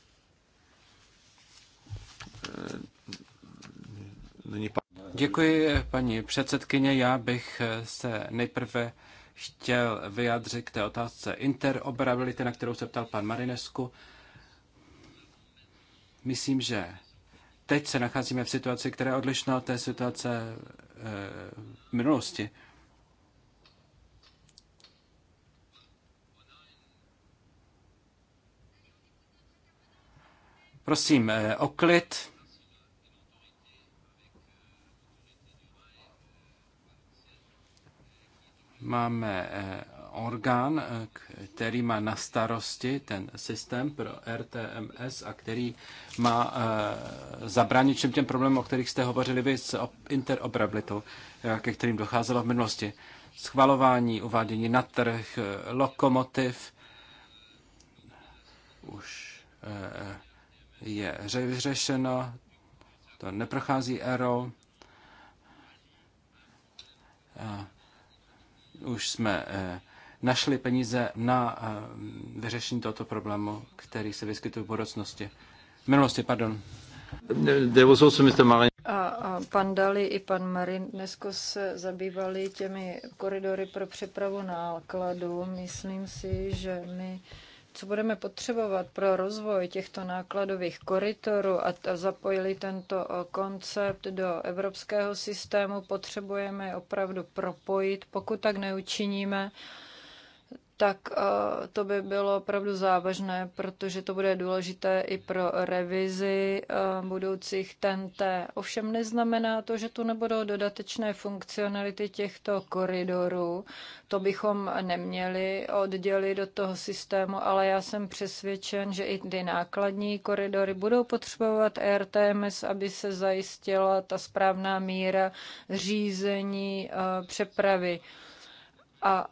pan... Děkuji, paní předsedkyně. Já bych se nejprve chtěl vyjádřit k té otázce interoperability, na kterou se ptal pan Marinesku. Myslím, že teď se nacházíme v situaci, která je odlišná od té situace eh, v minulosti. Prosím eh, o klid. Máme eh, orgán, eh, který má na starosti ten systém pro RTMS a který má eh, zabránit všem těm problémům, o kterých jste hovořili vy s interoperabilitou, ke kterým docházelo v minulosti. Schvalování, uvádění na trh, lokomotiv, už je vyřešeno, to neprochází erou už jsme eh, našli peníze na eh, vyřešení tohoto problému, který se vyskytuje v budoucnosti. V minulosti, pardon. A, a pan Dali i pan Marin dnesko se zabývali těmi koridory pro přepravu nákladů. Myslím si, že my co budeme potřebovat pro rozvoj těchto nákladových koridorů a zapojili tento eh, koncept do evropského systému, potřebujeme opravdu propojit. Pokud tak neučiníme, tak eh, to by bylo opravdu závažné, protože to bude důležité i pro revizi eh, budoucích TNT. Ovšem neznamená to, že tu nebudou dodatečné funkcionality těchto koridorů. To bychom neměli oddělit do toho systému, ale já jsem přesvědčen, že i ty nákladní koridory budou potřebovat RTMS, aby se zajistila ta správná míra řízení eh, přepravy. A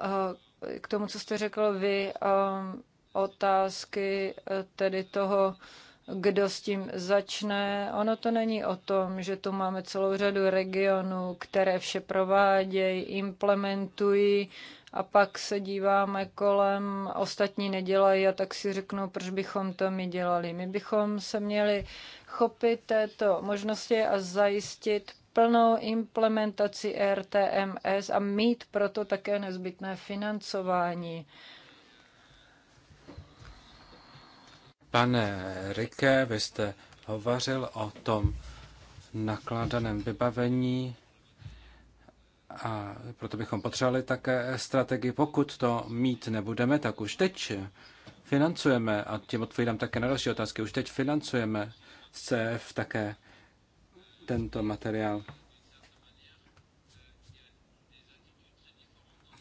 k tomu, co jste řekl vy, um, otázky eh, tedy toho, kdo s tím začne. Ono to není o tom, že tu máme celou řadu regionů, které vše provádějí, implementují a pak se díváme kolem, ostatní nedělají a tak si řeknou, proč bychom to my dělali. My bychom se měli chopit této možnosti a zajistit plnou implementaci RTMS a mít proto také nezbytné financování. Pane Rike, vy jste hovořil o tom nakládaném vybavení a proto bychom potřebovali také strategii. Pokud to mít nebudeme, tak už teď financujeme, a tím odpovídám také na další otázky, už teď financujeme CF také tento materiál.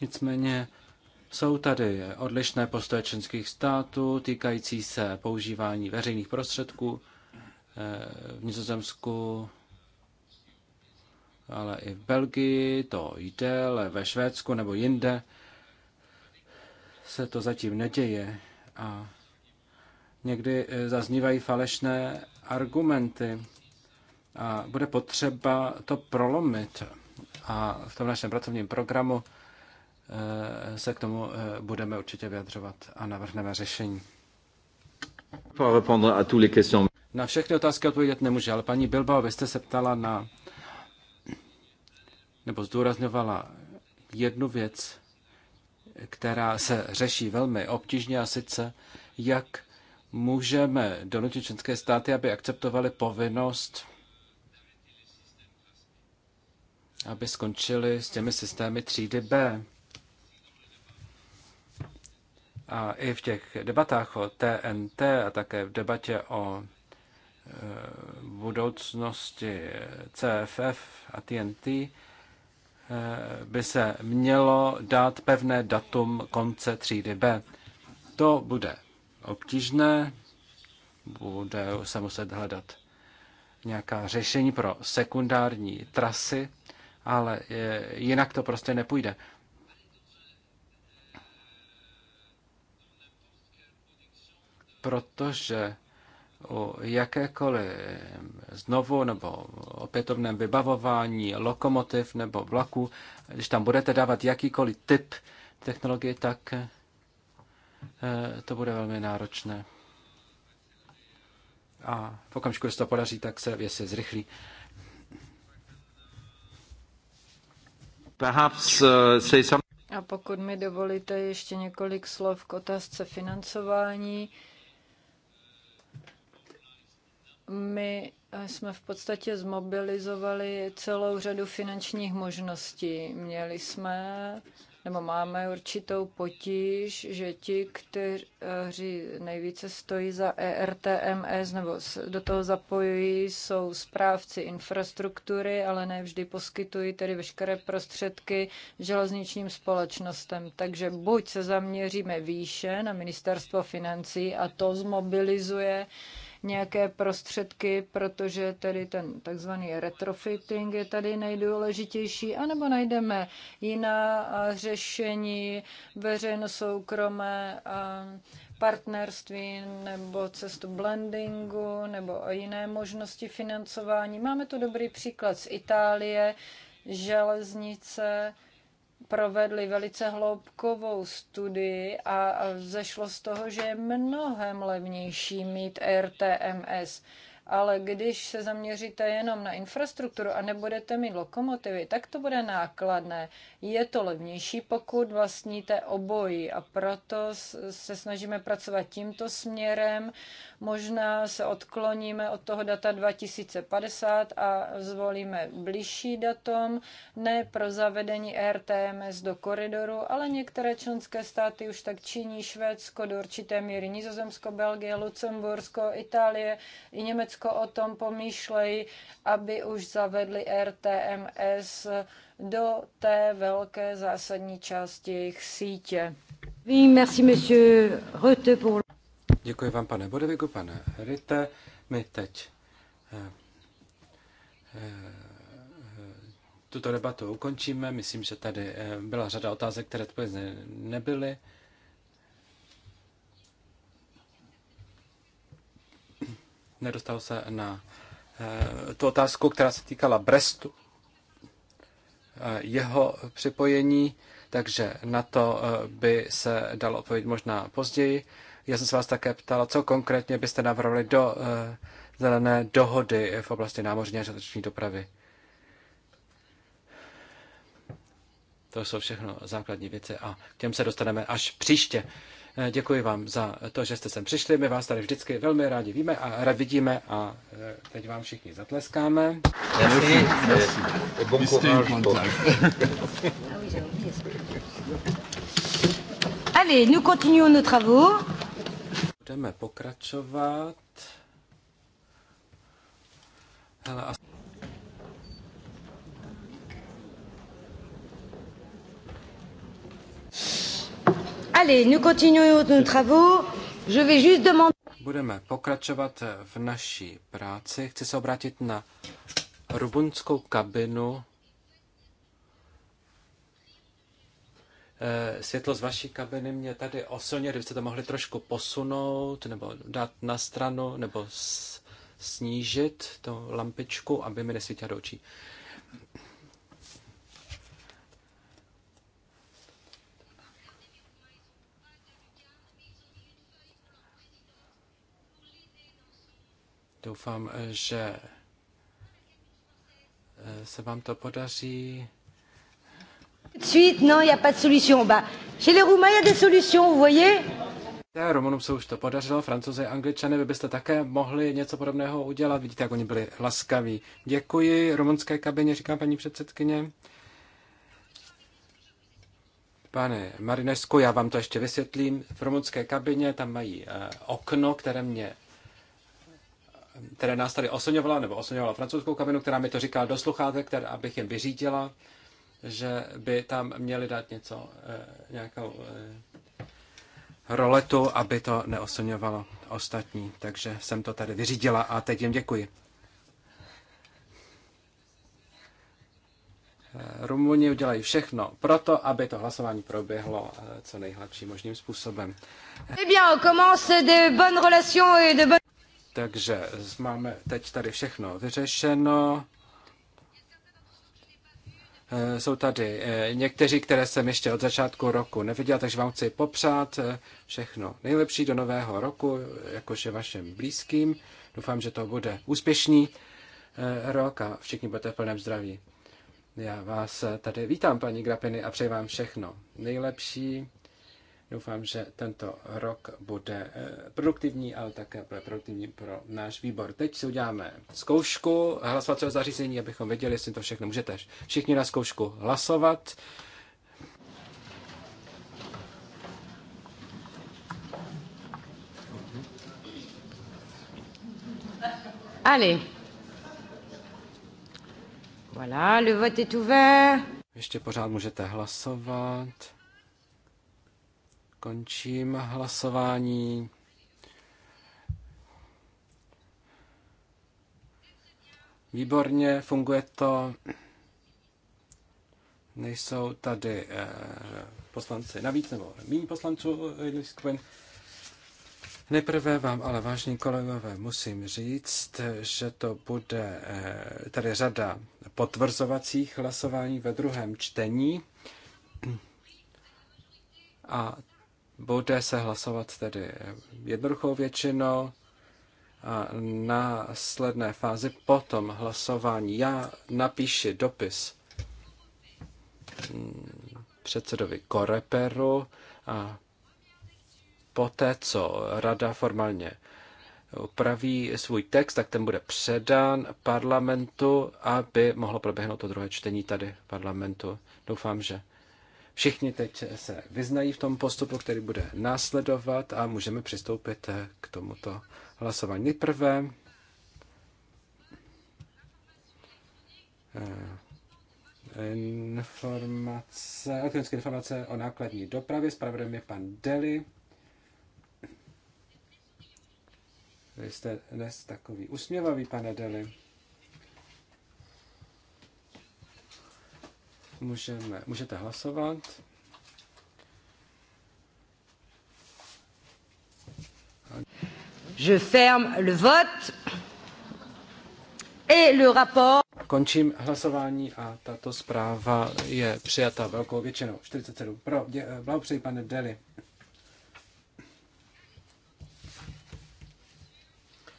Nicméně jsou tady odlišné postoje členských států týkající se používání veřejných prostředků eh, v Nizozemsku, ale i v Belgii to jde, ale ve Švédsku nebo jinde se to zatím neděje a někdy eh, zaznívají falešné argumenty a bude potřeba to prolomit. A v tom našem pracovním programu eh, se k tomu eh, budeme určitě vyjadřovat a navrhneme řešení. Na všechny otázky odpovědět nemůže, ale paní Bilbao, vy jste se ptala na, nebo zdůrazňovala jednu věc, která se řeší velmi obtížně a sice, jak můžeme donutit členské státy, aby akceptovali povinnost aby skončili s těmi systémy třídy B. A i v těch debatách o TNT a také v debatě o e, budoucnosti CFF a TNT e, by se mělo dát pevné datum konce třídy B. To bude obtížné, bude se muset hledat nějaká řešení pro sekundární trasy ale e, jinak to prostě nepůjde. Protože o jakékoliv znovu nebo opětovném vybavování lokomotiv nebo vlaku, když tam budete dávat jakýkoliv typ technologie, tak e, to bude velmi náročné. A v okamžiku, když to podaří, tak se věci zrychlí. Uh, A pokud mi dovolíte ještě několik slov k otázce financování. My eh, jsme v podstatě zmobilizovali celou řadu finančních možností. Měli jsme nebo máme určitou potíž, že ti, kteří nejvíce stojí za ERTMS nebo do toho zapojují, jsou správci infrastruktury, ale ne vždy poskytují tedy veškeré prostředky železničním společnostem. Takže buď se zaměříme výše na ministerstvo financí a to zmobilizuje nějaké prostředky, protože tedy ten takzvaný retrofitting je tady nejdůležitější, anebo najdeme jiná řešení veřejno-soukromé partnerství nebo cestu blendingu nebo jiné možnosti financování. Máme tu dobrý příklad z Itálie, železnice, provedli velice hloubkovou studii a zešlo z toho, že je mnohem levnější mít RTMS ale když se zaměříte jenom na infrastrukturu a nebudete mít lokomotivy, tak to bude nákladné. Je to levnější, pokud vlastníte obojí a proto se snažíme pracovat tímto směrem. Možná se odkloníme od toho data 2050 a zvolíme blížší datum, ne pro zavedení RTMS do koridoru, ale některé členské státy už tak činí, Švédsko do určité míry, Nizozemsko, Belgie, Lucembursko, Itálie i Německo Německo o tom pomýšlejí, aby už zavedli RTMS do té velké zásadní části jejich sítě. Děkuji vám, pane Bodeviku, pane Rite. My teď eh, eh, tuto debatu ukončíme. Myslím, že tady eh, byla řada otázek, které odpovězeny nebyly. nedostal se na eh, tu otázku, která se týkala Brestu, eh, jeho připojení, takže na to eh, by se dalo odpovědět možná později. Já jsem se vás také ptal, co konkrétně byste navrhli do zelené dohody v oblasti námořní a železniční dopravy. To jsou všechno základní věci a k těm se dostaneme až příště. Eh, děkuji vám za to, že jste sem přišli. My vás tady vždycky velmi rádi víme a rád vidíme a eh, teď vám všichni zatleskáme. [LAUGHS] Allez, nous continuons nos travaux. Budeme pokračovat. Hele, a... Allez, nous continuons nos travaux. Je vais juste demander... Budeme pokračovat v naší práci. Chci se obrátit na rubunskou kabinu. Eh, světlo z vaší kabiny mě tady osilně, kdybyste to mohli trošku posunout, nebo dát na stranu, nebo snížit tu lampičku, aby mi nesvítila do očí. Doufám, že eh, se vám to podaří. Suite, non, il a pas de solution. Bah, chez les Roumains, il y a des solutions, vous voyez Romanům se už to podařilo, francouzi a angličany, vy byste také mohli něco podobného udělat. Vidíte, jak oni byli laskaví. Děkuji romanské kabině, říká paní předsedkyně. Pane Marinesku, já vám to ještě vysvětlím. V romanské kabině tam mají eh, okno, které mě které nás tady osoňovala, nebo osoňovala francouzskou kabinu, která mi to říká do sluchátek, která, abych jim vyřídila, že by tam měli dát něco, nějakou roletu, aby to neosoňovalo ostatní. Takže jsem to tady vyřídila a teď jim děkuji. Rumuni udělají všechno proto, aby to hlasování proběhlo co nejhladším možným způsobem. Eh bien, on commence de bonnes relations et de bonnes... Takže máme teď tady všechno vyřešeno. Eh, jsou tady eh, někteří, které jsem ještě od začátku roku neviděl, takže vám chci popřát eh, všechno nejlepší do nového roku, jakože vašim blízkým. Doufám, že to bude úspěšný rok a všichni budete v plném zdraví. Já vás tady vítám, paní Grapiny, a přeji vám všechno nejlepší. Doufám, že tento rok bude eh, produktivní, ale také bude produktivní pro náš výbor. Teď si uděláme zkoušku hlasovacího zařízení, abychom věděli, jestli to všechno můžete všichni na zkoušku hlasovat. Allez. Voilà, le vote est ouvert. Ještě pořád můžete hlasovat. Končím hlasování. Výborně, funguje to. Nejsou tady eh, poslanci navíc nebo méně poslanců eh, Nejprve vám ale, vážní kolegové, musím říct, že to bude eh, tady řada potvrzovacích hlasování ve druhém čtení. A bude se hlasovat tedy jednoduchou většinou a sledné fázi Potom hlasování já napíši dopis mm, předsedovi Koreperu a poté, co rada formálně upraví svůj text, tak ten bude předán parlamentu, aby mohlo proběhnout to druhé čtení tady parlamentu. Doufám, že Všichni teď se vyznají v tom postupu, který bude následovat a můžeme přistoupit k tomuto hlasování. Nejprve eh, informace, elektronické informace o nákladní dopravě. Spravedlím je pan Deli. Vy jste dnes takový usměvavý, pane Deli. můžeme, můžete hlasovat. Je ferme le vote et le rapport. Končím hlasování a tato zpráva je přijata velkou většinou. 47 pro. Eh, blahopřeji, pane Deli.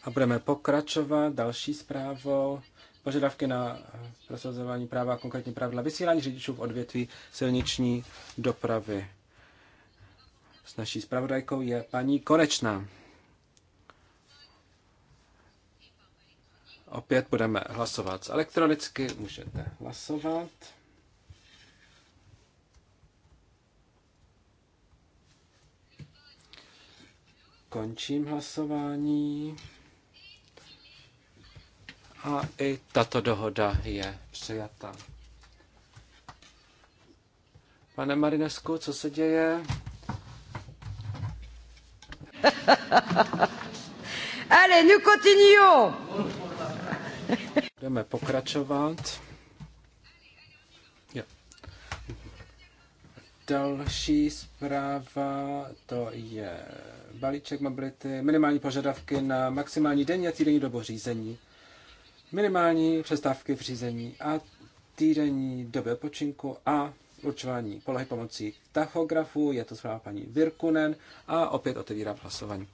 A budeme pokračovat další zprávou požadavky na prosazování práva a konkrétní pravidla vysílání řidičů v odvětví silniční dopravy. S naší zpravodajkou je paní Konečná. Opět budeme hlasovat elektronicky, můžete hlasovat. Končím hlasování. A i tato dohoda je přijata. Pane Marinesku, co se děje? [LAUGHS] Ale, nous continuons! Budeme pokračovat. Jo. Další zpráva, to je balíček mobility, minimální požadavky na maximální denní a týdenní dobu řízení minimální přestávky v řízení a týdenní doby odpočinku a určování polohy pomocí tachografu. Je to zpráva paní Virkunen a opět otevírá hlasování.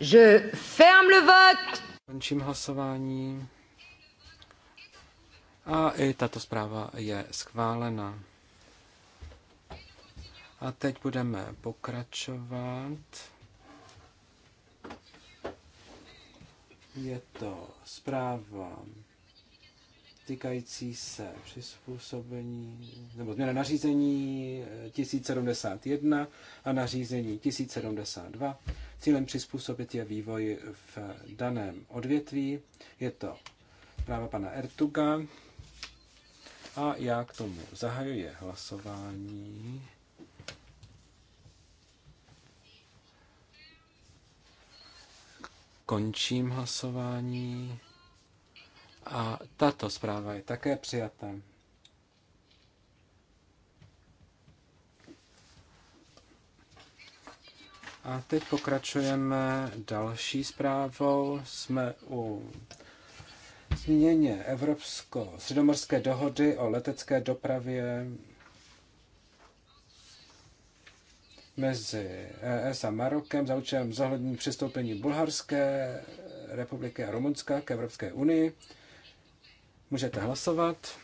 Je ferme le vote. Končím hlasování. A i tato zpráva je schválena. A teď budeme pokračovat. Je to zpráva týkající se přizpůsobení nebo změna nařízení 1071 eh, a nařízení 1072. Cílem přizpůsobit je vývoj v daném odvětví. Je to práva pana Ertuga a já k tomu zahajuji hlasování. Končím hlasování. A tato zpráva je také přijata. A teď pokračujeme další zprávou. Jsme u změně Evropsko-středomorské dohody o letecké dopravě mezi ES a Marokem za účelem zohlednění přistoupení Bulharské republiky a Rumunska k Evropské unii. Můžete hlasovat.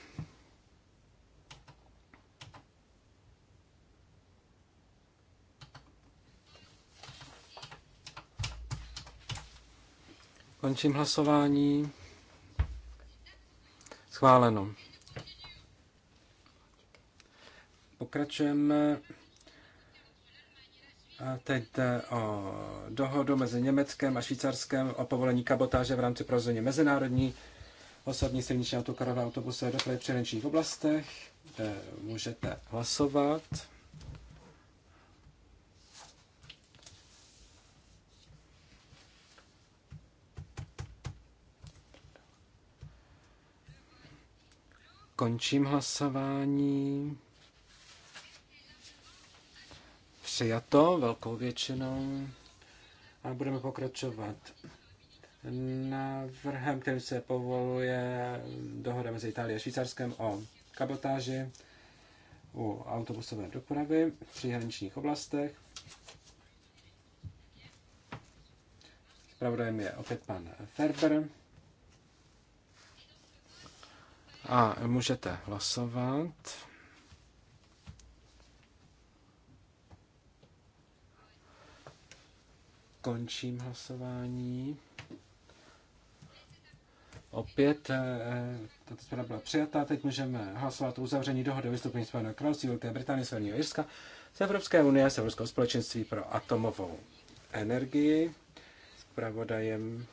Končím hlasování. Schváleno. Pokračujeme a teď jde o dohodu mezi Německem a Švýcarskem o povolení kabotáže v rámci prozoně mezinárodní osobní silniční autokarové autobusové dopravy v přehraničních oblastech, kde můžete hlasovat. Končím hlasování přijato velkou většinou. A budeme pokračovat návrhem, kterým se povoluje dohoda mezi Itálií a Švýcarskem o kabotáži u autobusové dopravy v příhraničních oblastech. Zpravodajem je opět pan Ferber. A můžete hlasovat. Končím hlasování. Opět eh, eh, tato zpráva byla přijatá. Teď můžeme hlasovat o uzavření dohody o vystoupení Spojeného království Velké Británie, Severního Jirska z Evropské unie a z Evropského společenství pro atomovou energii. Zpravodajem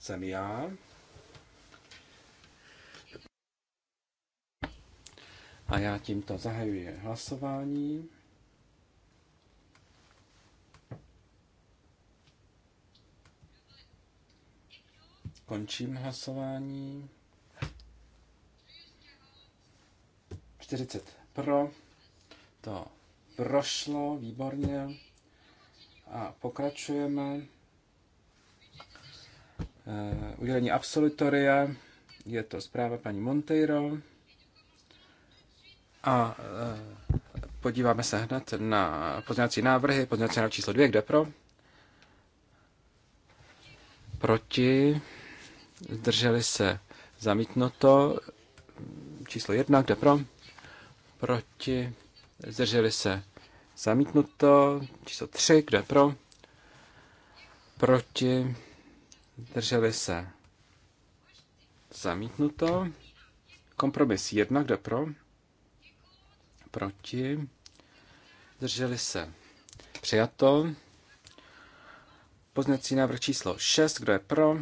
jsem já. A já tímto zahajuji hlasování. Končím hlasování. 40 pro. To prošlo výborně. A pokračujeme. Eh, udělení absolutoria. Je to zpráva paní Monteiro. A eh, podíváme se hned na pozměňovací návrhy. Pozměňovací návrh číslo 2, kde pro? Proti zdrželi se zamítnuto, číslo jedna, kde pro, proti, zdrželi se zamítnuto, číslo tři, kde pro, proti, zdrželi se zamítnuto, kompromis jedna, kde pro, proti, zdrželi se přijato, poznací návrh číslo 6, kdo je pro,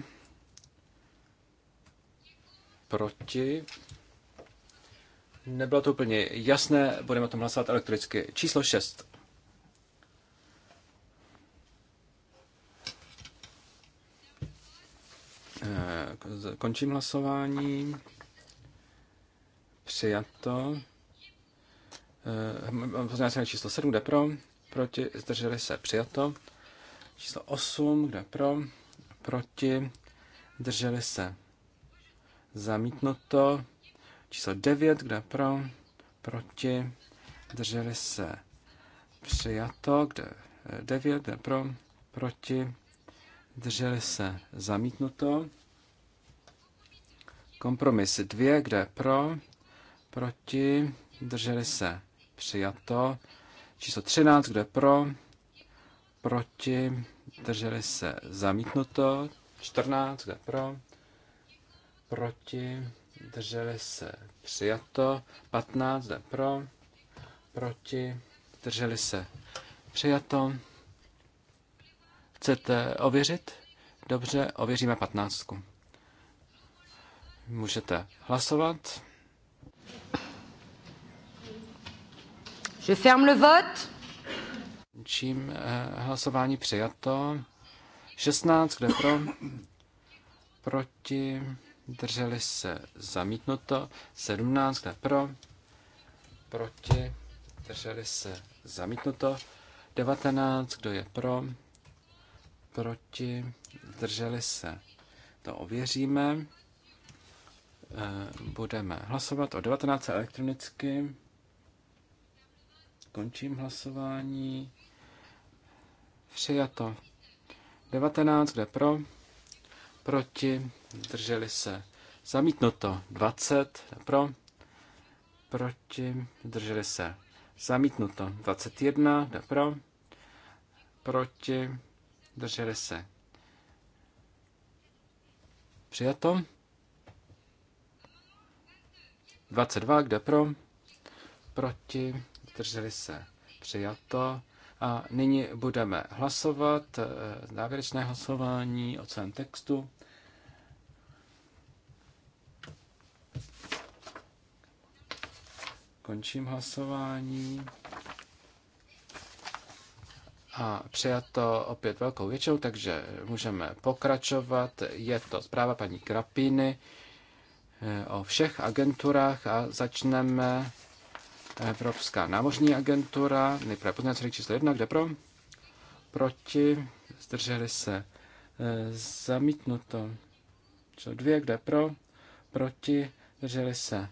proti. Nebylo to úplně jasné, budeme o tom hlasovat elektricky. Číslo 6. Eh, končím hlasování. Přijato. Poznáme se na číslo 7, kde pro, proti, zdrželi se, přijato. Číslo 8, kde pro, proti, zdrželi se, Zamítnuto. Číslo 9, kde pro? Proti. Drželi se. Přijato. Kde 9, kde pro? Proti. Drželi se. Zamítnuto. Kompromis 2, kde pro? Proti. Drželi se. Přijato. Číslo 13, kde pro? Proti. Drželi se. Zamítnuto. 14, kde pro? proti, drželi se přijato, 15 jde pro, proti, drželi se přijato. Chcete ověřit? Dobře, ověříme 15. Můžete hlasovat. Je ferme le vote. Čím eh, hlasování přijato. 16, kde pro? Proti Drželi se zamítnuto. 17 pro. Proti. Drželi se zamítnuto. 19. Kdo je pro? Proti. Drželi se. To ověříme. Eh, budeme hlasovat o 19 elektronicky. Končím hlasování. Přijato. 19, kdo je pro? proti, zdrželi se zamítnuto 20 pro, proti, zdrželi se zamítnuto 21 pro, proti, zdrželi se přijato 22, kde pro, proti, zdrželi se přijato. A nyní budeme hlasovat e, závěrečné hlasování o celém textu. Končím hlasování. A přijato opět velkou většinou, takže můžeme pokračovat. Je to zpráva paní Krapiny eh, o všech agenturách a začneme Evropská námořní agentura, nejprve poznací číslo jedna, kde pro? Proti, zdrželi se, eh, zamítnuto. Číslo dvě, kde pro? Proti, zdrželi se,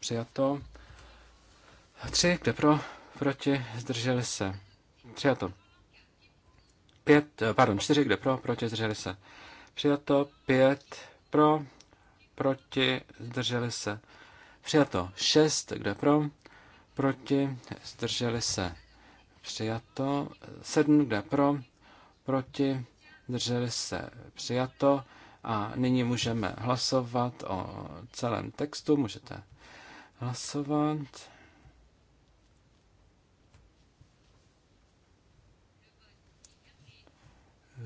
přijato. Tři, kde pro, proti, zdrželi se. Přijato. Pět, eh, pardon, čtyři, kde pro, proti, zdrželi se. Přijato. Pět, pro, proti, zdrželi se. Přijato. Šest, kde pro, proti, zdrželi se. Přijato. Sedm, kde pro, proti, zdrželi se. Přijato. A nyní můžeme hlasovat o celém textu. Můžete hlasovat.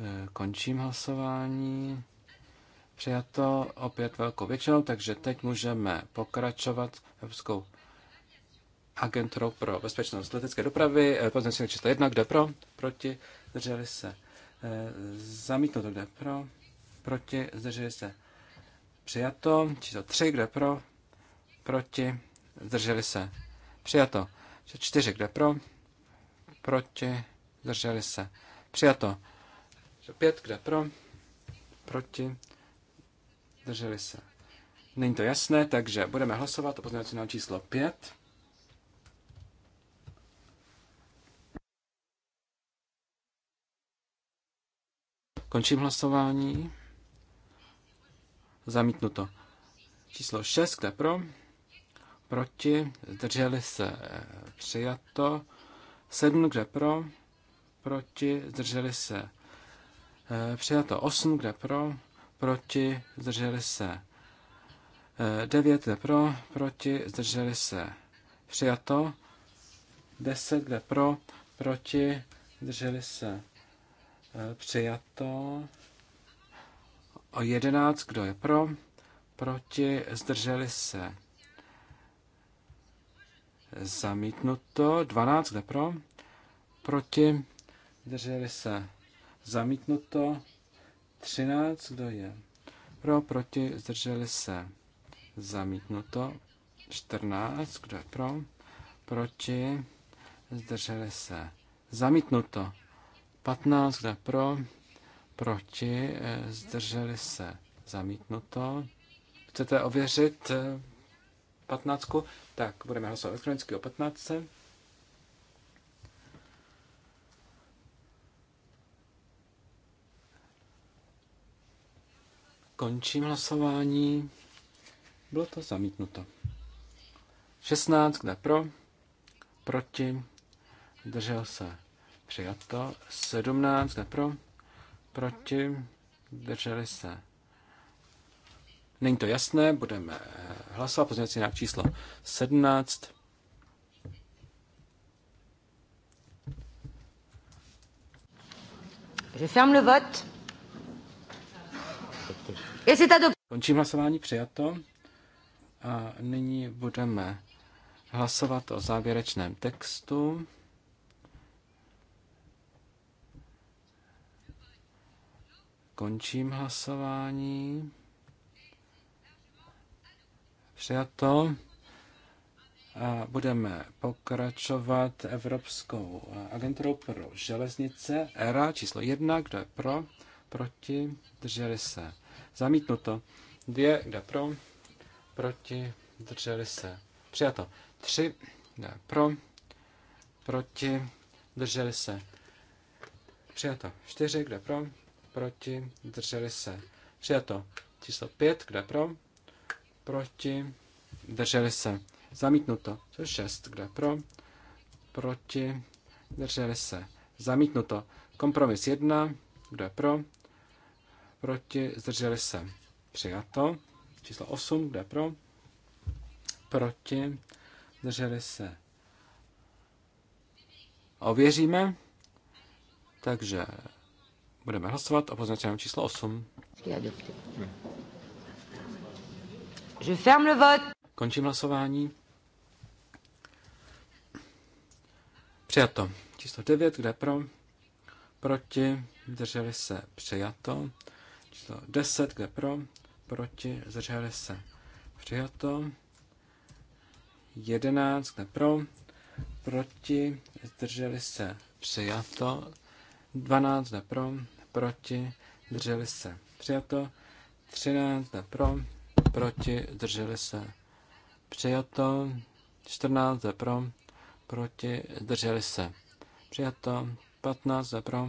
Eh, končím hlasování. Přijato opět velkou většinou, takže teď můžeme pokračovat Evropskou agenturou pro bezpečnost letecké dopravy. Eh, Pozměnce jedna, kde pro? Proti? Zdrželi se. Eh, zamítnuto, kde pro? Proti? Zdrželi se. Přijato. Číslo tři kde pro? Proti? Zdrželi se. Přijato. čtyři, kde pro? Proti? Zdrželi se. Přijato. Pět, kde pro, proti, drželi se. Není to jasné, takže budeme hlasovat o pozměňovací číslo 5. Končím hlasování. Zamítnuto. Číslo 6, kde pro? Proti. Zdrželi se přijato. 7, kde pro? Proti. Zdrželi se Eh, přijato 8, kde pro, proti, zdrželi se 9, eh, kde pro, proti, zdrželi se přijato 10, kde pro, proti, zdrželi se eh, přijato o 11, kdo je pro, proti, zdrželi se zamítnuto 12, kde pro, proti, zdrželi se Zamítnuto 13, kdo je pro, proti, zdrželi se. Zamítnuto 14, kdo je pro, proti, zdrželi se. Zamítnuto 15, kdo je pro, proti, eh, zdrželi se. Zamítnuto. Chcete ověřit 15? Eh, tak budeme hlasovat elektronicky o 15. Končím hlasování. Bylo to zamítnuto. 16, kde pro, proti, držel se přijato. 17, kde pro, proti, drželi se. Není to jasné, budeme eh, hlasovat pozměňovací návrh číslo 17. Je ferme le vote. Končím hlasování, přijato. A nyní budeme hlasovat o závěrečném textu. Končím hlasování. Přijato. A budeme pokračovat Evropskou agenturou pro železnice. ERA číslo jedna. Kdo je pro? Proti? Drželi se Zamítnuto. Dvě, kde pro, proti, drželi se. Přijato. Tři, kde pro, proti, drželi se. Přijato. Čtyři, kde pro, proti, drželi se. Přijato. Číslo pět, kde pro, proti, drželi se. Zamítnuto. Číslo šest, kde pro, proti, drželi se. Zamítnuto. Kompromis jedna. kde pro, proti, zdrželi se, přijato. Číslo 8, kde pro, proti, zdrželi se. Ověříme, takže budeme hlasovat o poznačeném číslo 8. Je ferme le vote. Končím hlasování. Přijato. Číslo 9, kde pro? Proti, drželi se přijato číslo 10, kde pro, proti, zdrželi se přijato. 11, kde pro, proti, zdrželi se přijato. 12, kde pro, proti, zdrželi se přijato. 13, kde pro, proti, zdrželi se přijato. 14, kde pro, proti, zdrželi se přijato. 15, kde pro,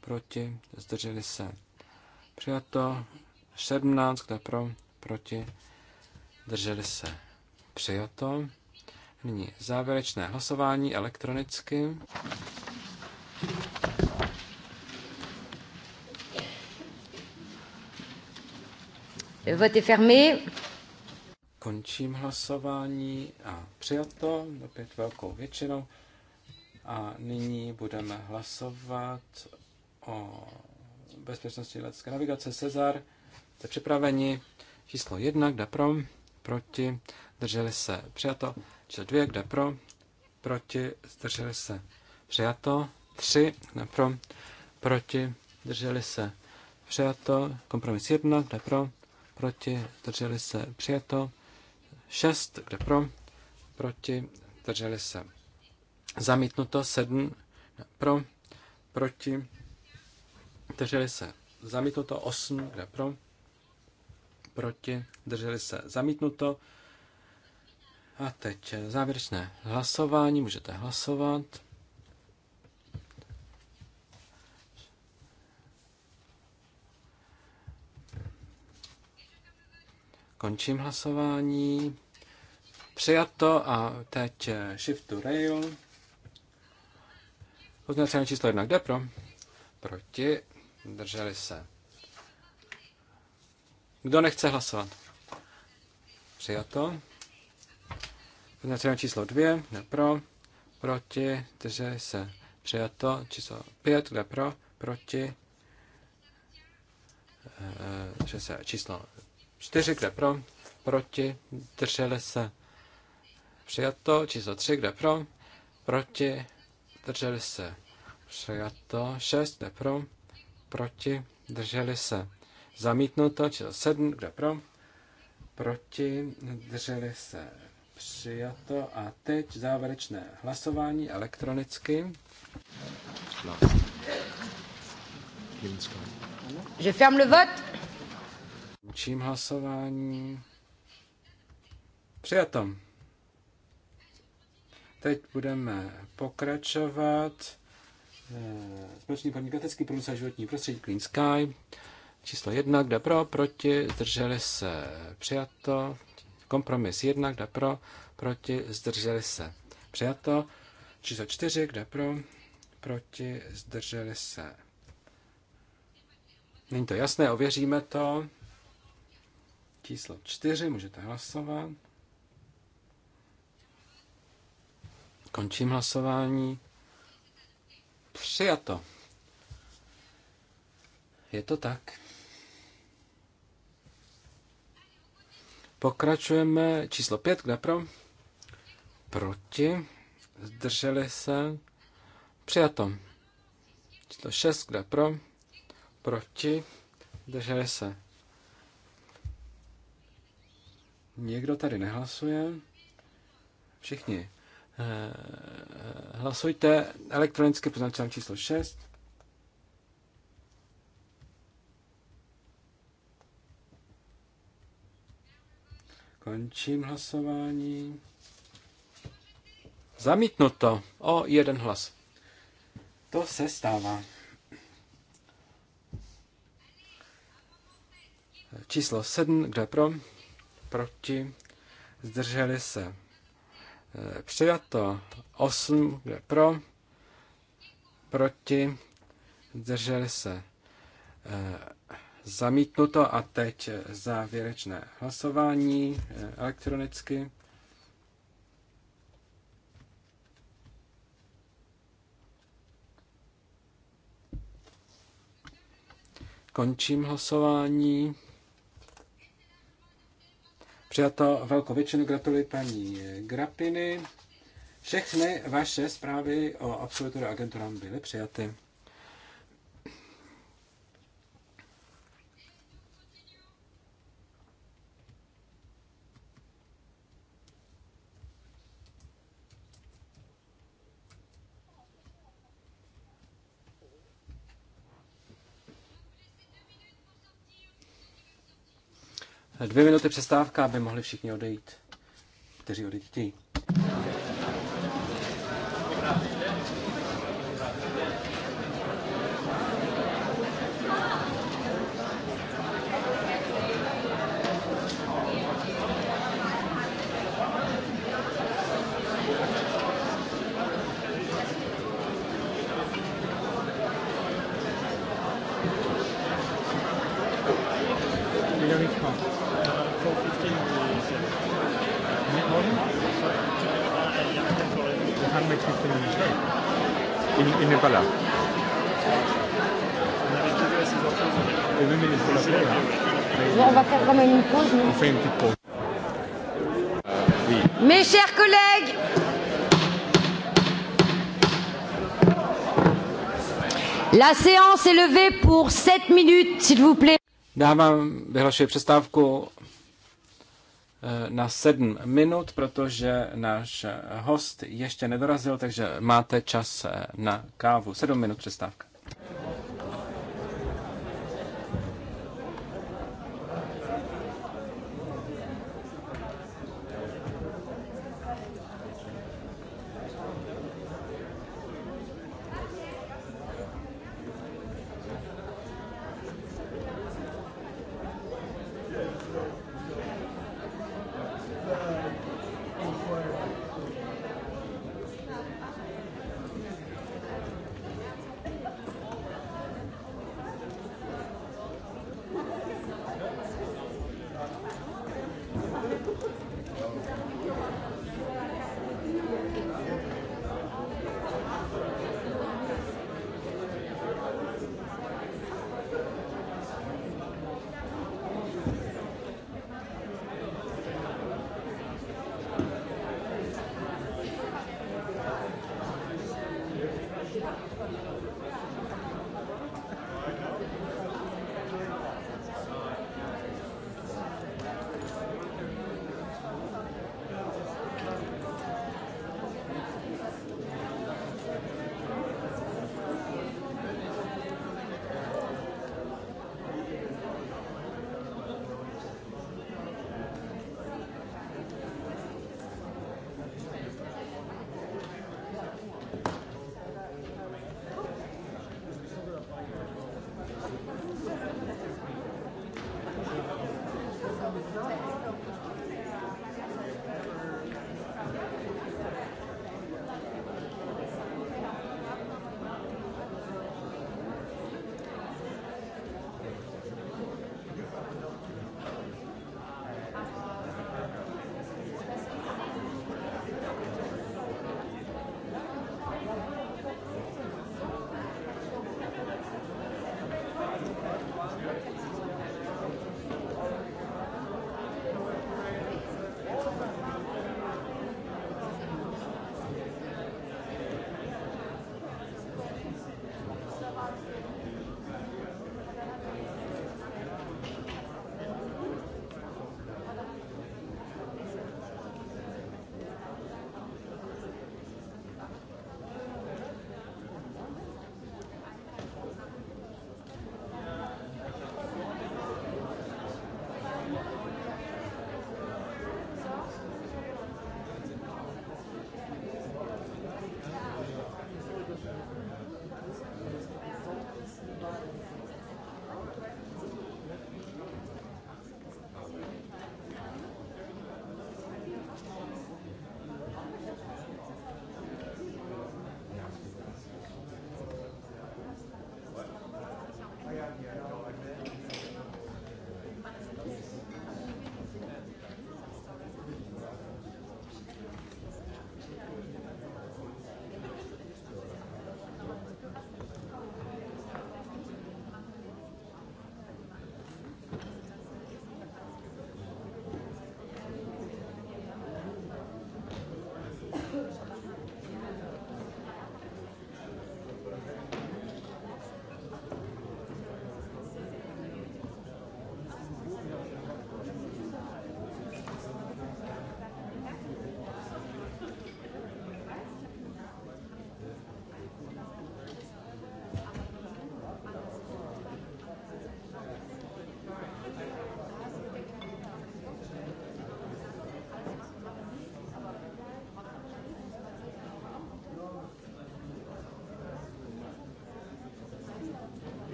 proti, zdrželi se Přijato 17, kde pro, proti, drželi se. Přijato. Nyní závěrečné hlasování elektronicky. Vote est fermé. Končím hlasování a přijato, opět velkou většinou. A nyní budeme hlasovat o bezpečnosti letecké navigace Cezar. Jste připraveni? Číslo 1, kde pro, proti, drželi se, přijato. Číslo 2, kde pro, proti, drželi se, přijato. 3, kde pro, proti, drželi se, přijato. Kompromis 1, kde pro, proti, drželi se, přijato. 6, kde pro, proti, drželi se. Zamítnuto 7, pro, proti, drželi se zamítnuto, 8, kde pro, proti, drželi se zamítnuto. A teď závěrečné hlasování, můžete hlasovat. Končím hlasování. Přijato a teď shift to rail. Poznací číslo 1, kde pro? Proti Drželi se. Kdo nechce hlasovat? Přijato. Pozměňovací číslo 2, kde pro, proti, drželi se. Přijato. Číslo 5, kde pro, proti, E, se číslo 4, kde pro, proti, drželi se. Přijato. Číslo 3, kde pro, proti, drželi se. Přijato. 6, kde pro, proti, drželi se zamítnuto, číslo sedm? Kde pro, proti, drželi se přijato a teď závěrečné hlasování elektronicky. Je ferme le vote. Učím hlasování. Přijato. Teď budeme pokračovat společný podnik letecký průmysl a životní prostředí Clean Sky, číslo 1, kde pro, proti, zdrželi se, přijato, kompromis 1, kde pro, proti, zdrželi se, přijato, číslo 4, kde pro, proti, zdrželi se. Není to jasné, ověříme to. Číslo 4, můžete hlasovat. Končím hlasování. Přijato. Je to tak. Pokračujeme číslo 5, kde pro? Proti. Zdrželi se. Přijato. Číslo 6, kde pro? Proti. Zdrželi se. Někdo tady nehlasuje. Všichni Eh, eh, hlasujte elektronicky poznačám číslo 6. Končím hlasování. Zamítnuto o jeden hlas. To se stává. Číslo 7, kde pro? Proti. Zdrželi se přijato 8, pro, proti, zdrželi se eh, zamítnuto a teď závěrečné hlasování eh, elektronicky. Končím hlasování. Přijato velkou většinu. Gratuluji paní Grapiny. Všechny vaše zprávy o absolutoru agenturám byly přijaty. Dvě minuty přestávka, aby mohli všichni odejít, kteří odejít chtějí. même une pause. Mais... On fait une petite pause. Euh, oui. Mes chers collègues, la séance est levée pour 7 minutes, s'il vous plaît. Dávám, vyhlašuji přestávku eh, na sedm minut, protože náš eh, host ještě nedorazil, takže máte čas eh, na kávu. Sedm minut přestávka.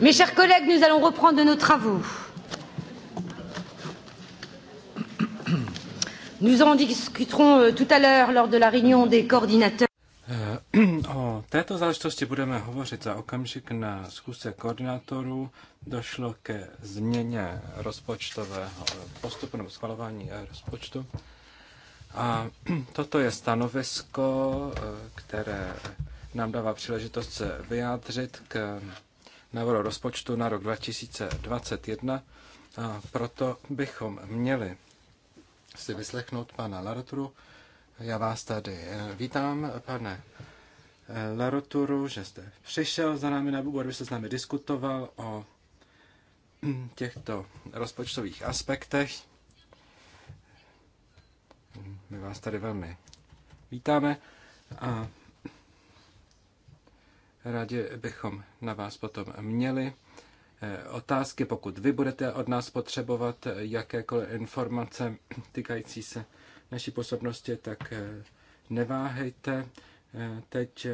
Mes chers collègues, nous allons reprendre nos travaux. Nous en discuterons euh, tout à l'heure lors de la réunion des coordinateurs. Eh, [CLEARS THROAT] o této záležitosti budeme hovořit za okamžik na schůzce koordinátorů. Došlo ke změně rozpočtového postupu nebo schvalování eh, rozpočtu. A [CLEARS THROAT] toto je stanovisko, eh, které nám dává příležitost se vyjádřit k návrhu rozpočtu na rok 2021 a proto bychom měli si vyslechnout pana Laroturu. Já vás tady eh, vítám, pane eh, Laroturu, že jste přišel za námi na aby se s námi diskutoval o hm, těchto rozpočtových aspektech. My vás tady velmi vítáme a Rádi bychom na vás potom měli eh, otázky, pokud vy budete od nás potřebovat eh, jakékoliv informace týkající se naší působnosti, tak eh, neváhejte. Teď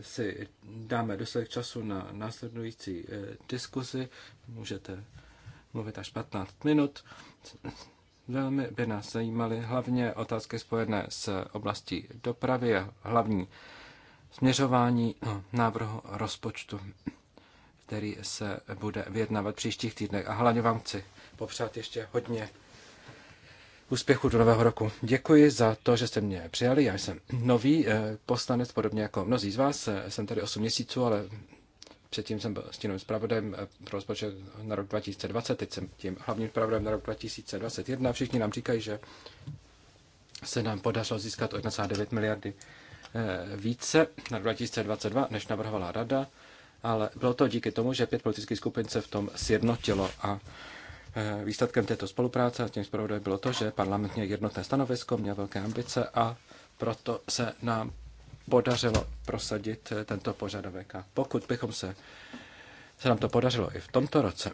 si dáme dostatek času na následující diskuzi. Můžete mluvit až 15 minut. Velmi by nás zajímaly hlavně otázky spojené s oblastí dopravy a hlavní směřování no, návrhu rozpočtu, který se bude vyjednávat příštích týdnech. A hlavně vám chci popřát ještě hodně úspěchu do nového roku. Děkuji za to, že jste mě přijali. Já jsem nový eh, poslanec, podobně jako mnozí z vás. Eh, jsem tady 8 měsíců, ale Předtím jsem byl stínovým zpravodajem eh, pro rozpočet na rok 2020, teď jsem tím hlavním zpravodajem na rok 2021. Všichni nám říkají, že se nám podařilo získat 1,9 miliardy eh, více na 2022, než navrhovala rada, ale bylo to díky tomu, že pět politických skupin se v tom sjednotilo a eh, výsledkem této spolupráce a tím zpravodajem bylo to, že parlament měl jednotné stanovisko, měl velké ambice a proto se nám podařilo prosadit eh, tento požadavek. A pokud bychom se, se nám to podařilo i v tomto roce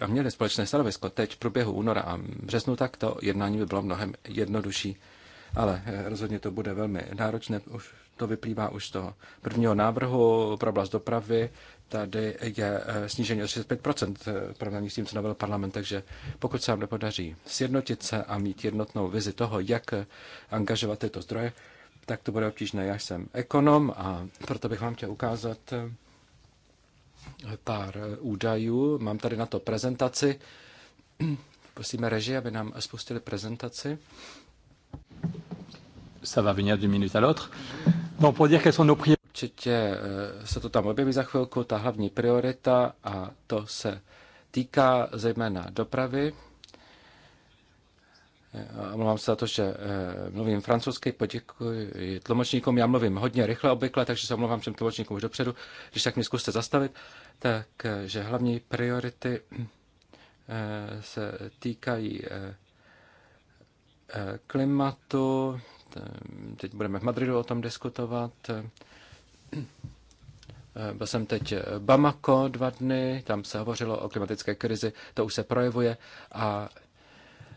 a měli společné stanovisko teď v průběhu února a březnu, tak to jednání by bylo mnohem jednodušší. Ale eh, rozhodně to bude velmi náročné, už to vyplývá už z toho prvního návrhu pro oblast dopravy. Tady je eh, snížení o 35% v porovnání s tím, co navrhl parlament, takže pokud se nám nepodaří sjednotit se a mít jednotnou vizi toho, jak angažovat tyto zdroje, tak to bude obtížné. Já jsem ekonom a proto bych vám chtěl ukázat eh, pár eh, údajů. Mám tady na to prezentaci. [CLEARS THROAT] Prosíme režii, aby nám spustili prezentaci. Ça va venir d'une minute à l'autre. Bon, pour dire sont nos priorités. Určitě eh, se to tam objeví za chvilku, ta hlavní priorita, a to se týká zejména dopravy. Eh, a mluvám se za to, že eh, mluvím francouzsky, poděkuji tlumočníkům. Já mluvím hodně rychle obvykle, takže se omlouvám všem tlumočníkům už dopředu. Když tak mě zkuste zastavit, takže eh, hlavní priority se týkají klimatu. Teď budeme v Madridu o tom diskutovat. Byl jsem teď Bamako dva dny, tam se hovořilo o klimatické krizi, to už se projevuje a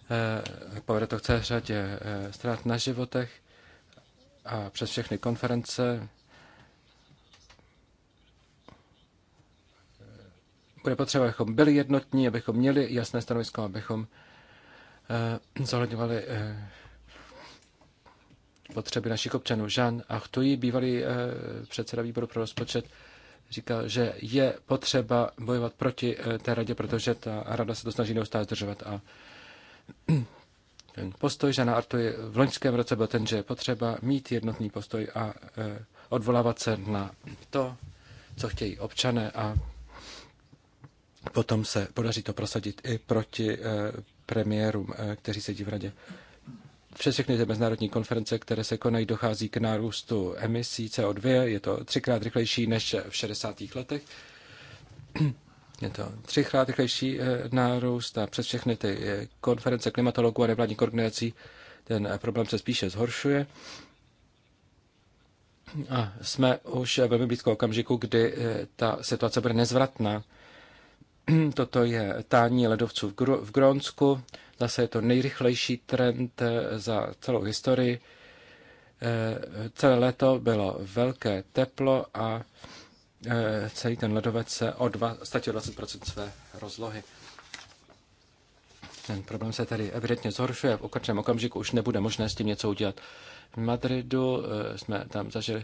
Eh, povede to k celé řadě eh, ztrát na životech a přes všechny konference bude potřeba, abychom byli jednotní, abychom měli jasné stanovisko, abychom eh, zohledňovali potřeby našich občanů. Jean Achtuji, bývalý předseda výboru pro rozpočet, říkal, že je potřeba bojovat proti té radě, protože ta rada se to snaží neustále zdržovat a [CLEARS THROAT] Ten postoj Žana Artu v loňském roce byl ten, že je potřeba mít jednotný postoj a e, odvolávat se na to, co chtějí občané a potom se podaří to prosadit i proti e, premiérům, e, kteří sedí v radě. Přes všechny ty mezinárodní konference, které se konají, dochází k nárůstu emisí CO2. Je to třikrát rychlejší než v 60. letech. [CLEARS THROAT] Je to třikrát rychlejší eh, nárůst a přes všechny ty eh, konference klimatologů a nevládních organizací ten eh, problém se spíše zhoršuje. A jsme už velmi blízko okamžiku, kdy ta situace bude nezvratná. [CLEARS THROAT] Toto je tání ledovců v Grónsku. Zase je to nejrychlejší trend za celou historii. Celé léto bylo velké teplo a Eh, celý ten ledovec se o dva, ztratil 20 své rozlohy. Ten problém se tady evidentně zhoršuje. V okamžitém okamžiku už nebude možné s tím něco udělat. V Madridu eh, jsme tam zažili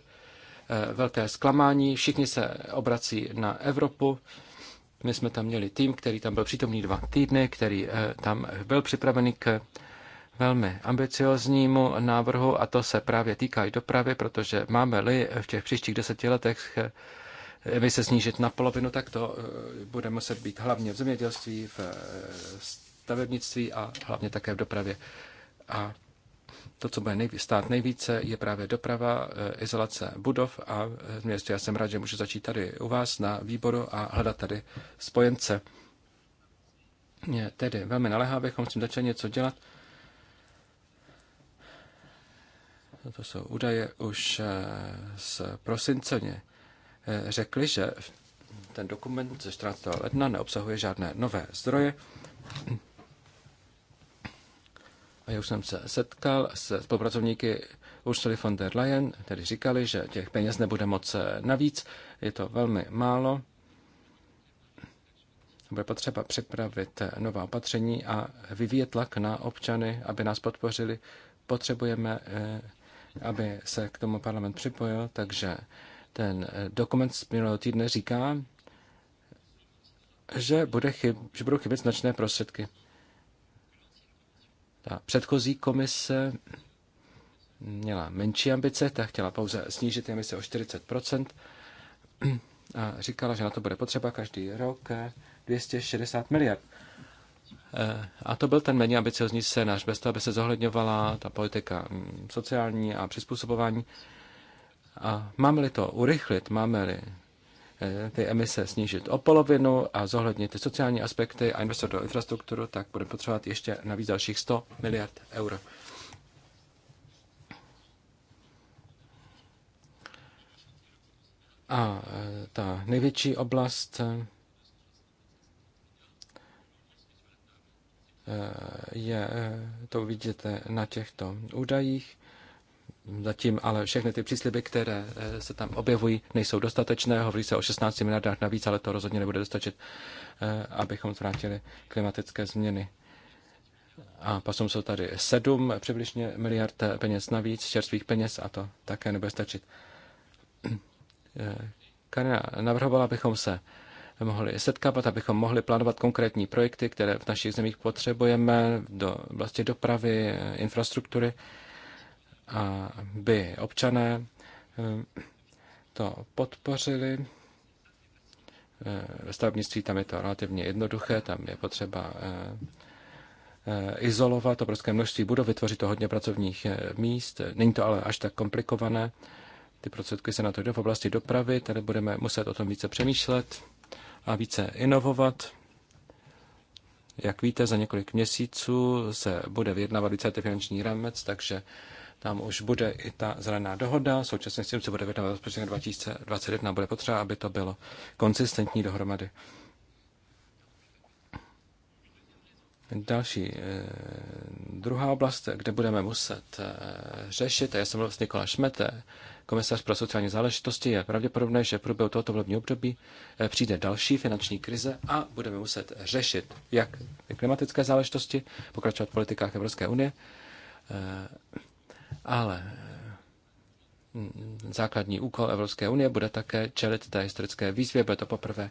eh, velké zklamání. Všichni se obrací na Evropu. My jsme tam měli tým, který tam byl přítomný dva týdny, který tam byl připravený k velmi ambicioznímu návrhu a to se právě týká i dopravy, protože máme-li v těch příštích deseti letech emise snížit na polovinu, tak to eh, bude muset být hlavně v zemědělství, v eh, stavebnictví a hlavně také v dopravě. A to, co bude nejvíc, stát nejvíce, je právě doprava, eh, izolace budov a měst. Já jsem rád, že můžu začít tady u vás na výboru a hledat tady spojence. Mě tedy velmi naléhá, abychom s tím začali něco dělat. To jsou údaje už z prosince. Eh, řekli, že ten dokument ze 14. ledna neobsahuje žádné nové zdroje. A já už jsem se setkal s spolupracovníky Ursula von der Leyen, tedy říkali, že těch peněz nebude moc navíc, je to velmi málo. Bude potřeba připravit nová opatření a vyvíjet tlak na občany, aby nás podpořili. Potřebujeme, eh, aby se k tomu parlament připojil, takže ten eh, dokument z minulého týdne říká, že, bude chyb, že budou chybět značné prostředky. Ta předchozí komise měla menší ambice, ta chtěla pouze snížit emise o 40 a říkala, že na to bude potřeba každý rok 260 eh, miliard. Eh, a to byl ten méně ambiciozní scénář, bez toho, aby se zohledňovala ta politika mm, sociální a přizpůsobování. A máme-li to urychlit, máme-li eh, ty emise snížit o polovinu a zohlednit ty sociální aspekty a investovat do infrastrukturu, tak bude potřebovat ještě navíc dalších 100 miliard euro. A eh, ta největší oblast eh, je, to vidíte na těchto údajích, Zatím ale všechny ty přísliby, které eh, se tam objevují, nejsou dostatečné. Hovoří se o 16 miliardách navíc, ale to rozhodně nebude dostačit, eh, abychom zvrátili klimatické změny. A potom jsou tady 7 přibližně miliard peněz navíc, čerstvých peněz, a to také nebude stačit. Eh, Karina navrhovala, abychom se mohli setkávat, abychom mohli plánovat konkrétní projekty, které v našich zemích potřebujeme do vlastně dopravy, infrastruktury aby občané eh, to podpořili. Eh, ve stavebnictví tam je to relativně jednoduché, tam je potřeba eh, izolovat obrovské množství budov, vytvořit to hodně pracovních míst. Není to ale až tak komplikované. Ty prostředky se na to jde v oblasti dopravy, tady budeme muset o tom více přemýšlet a více inovovat. Jak víte, za několik měsíců se bude vyjednávat více finanční rámec, takže tam už bude i ta zelená dohoda, současně s tím, co bude vydávat rozpočet 2021, bude potřeba, aby to bylo konsistentní dohromady. Další, eh, druhá oblast, kde budeme muset eh, řešit, a já jsem mluvil vlastně s Nikola Šmete, komisař pro sociální záležitosti, je pravděpodobné, že v průběhu tohoto volebního období eh, přijde další finanční krize a budeme muset řešit jak klimatické záležitosti, pokračovat v politikách Evropské unie, ale mm, základní úkol Evropské unie bude také čelit té historické výzvě. Bude to poprvé,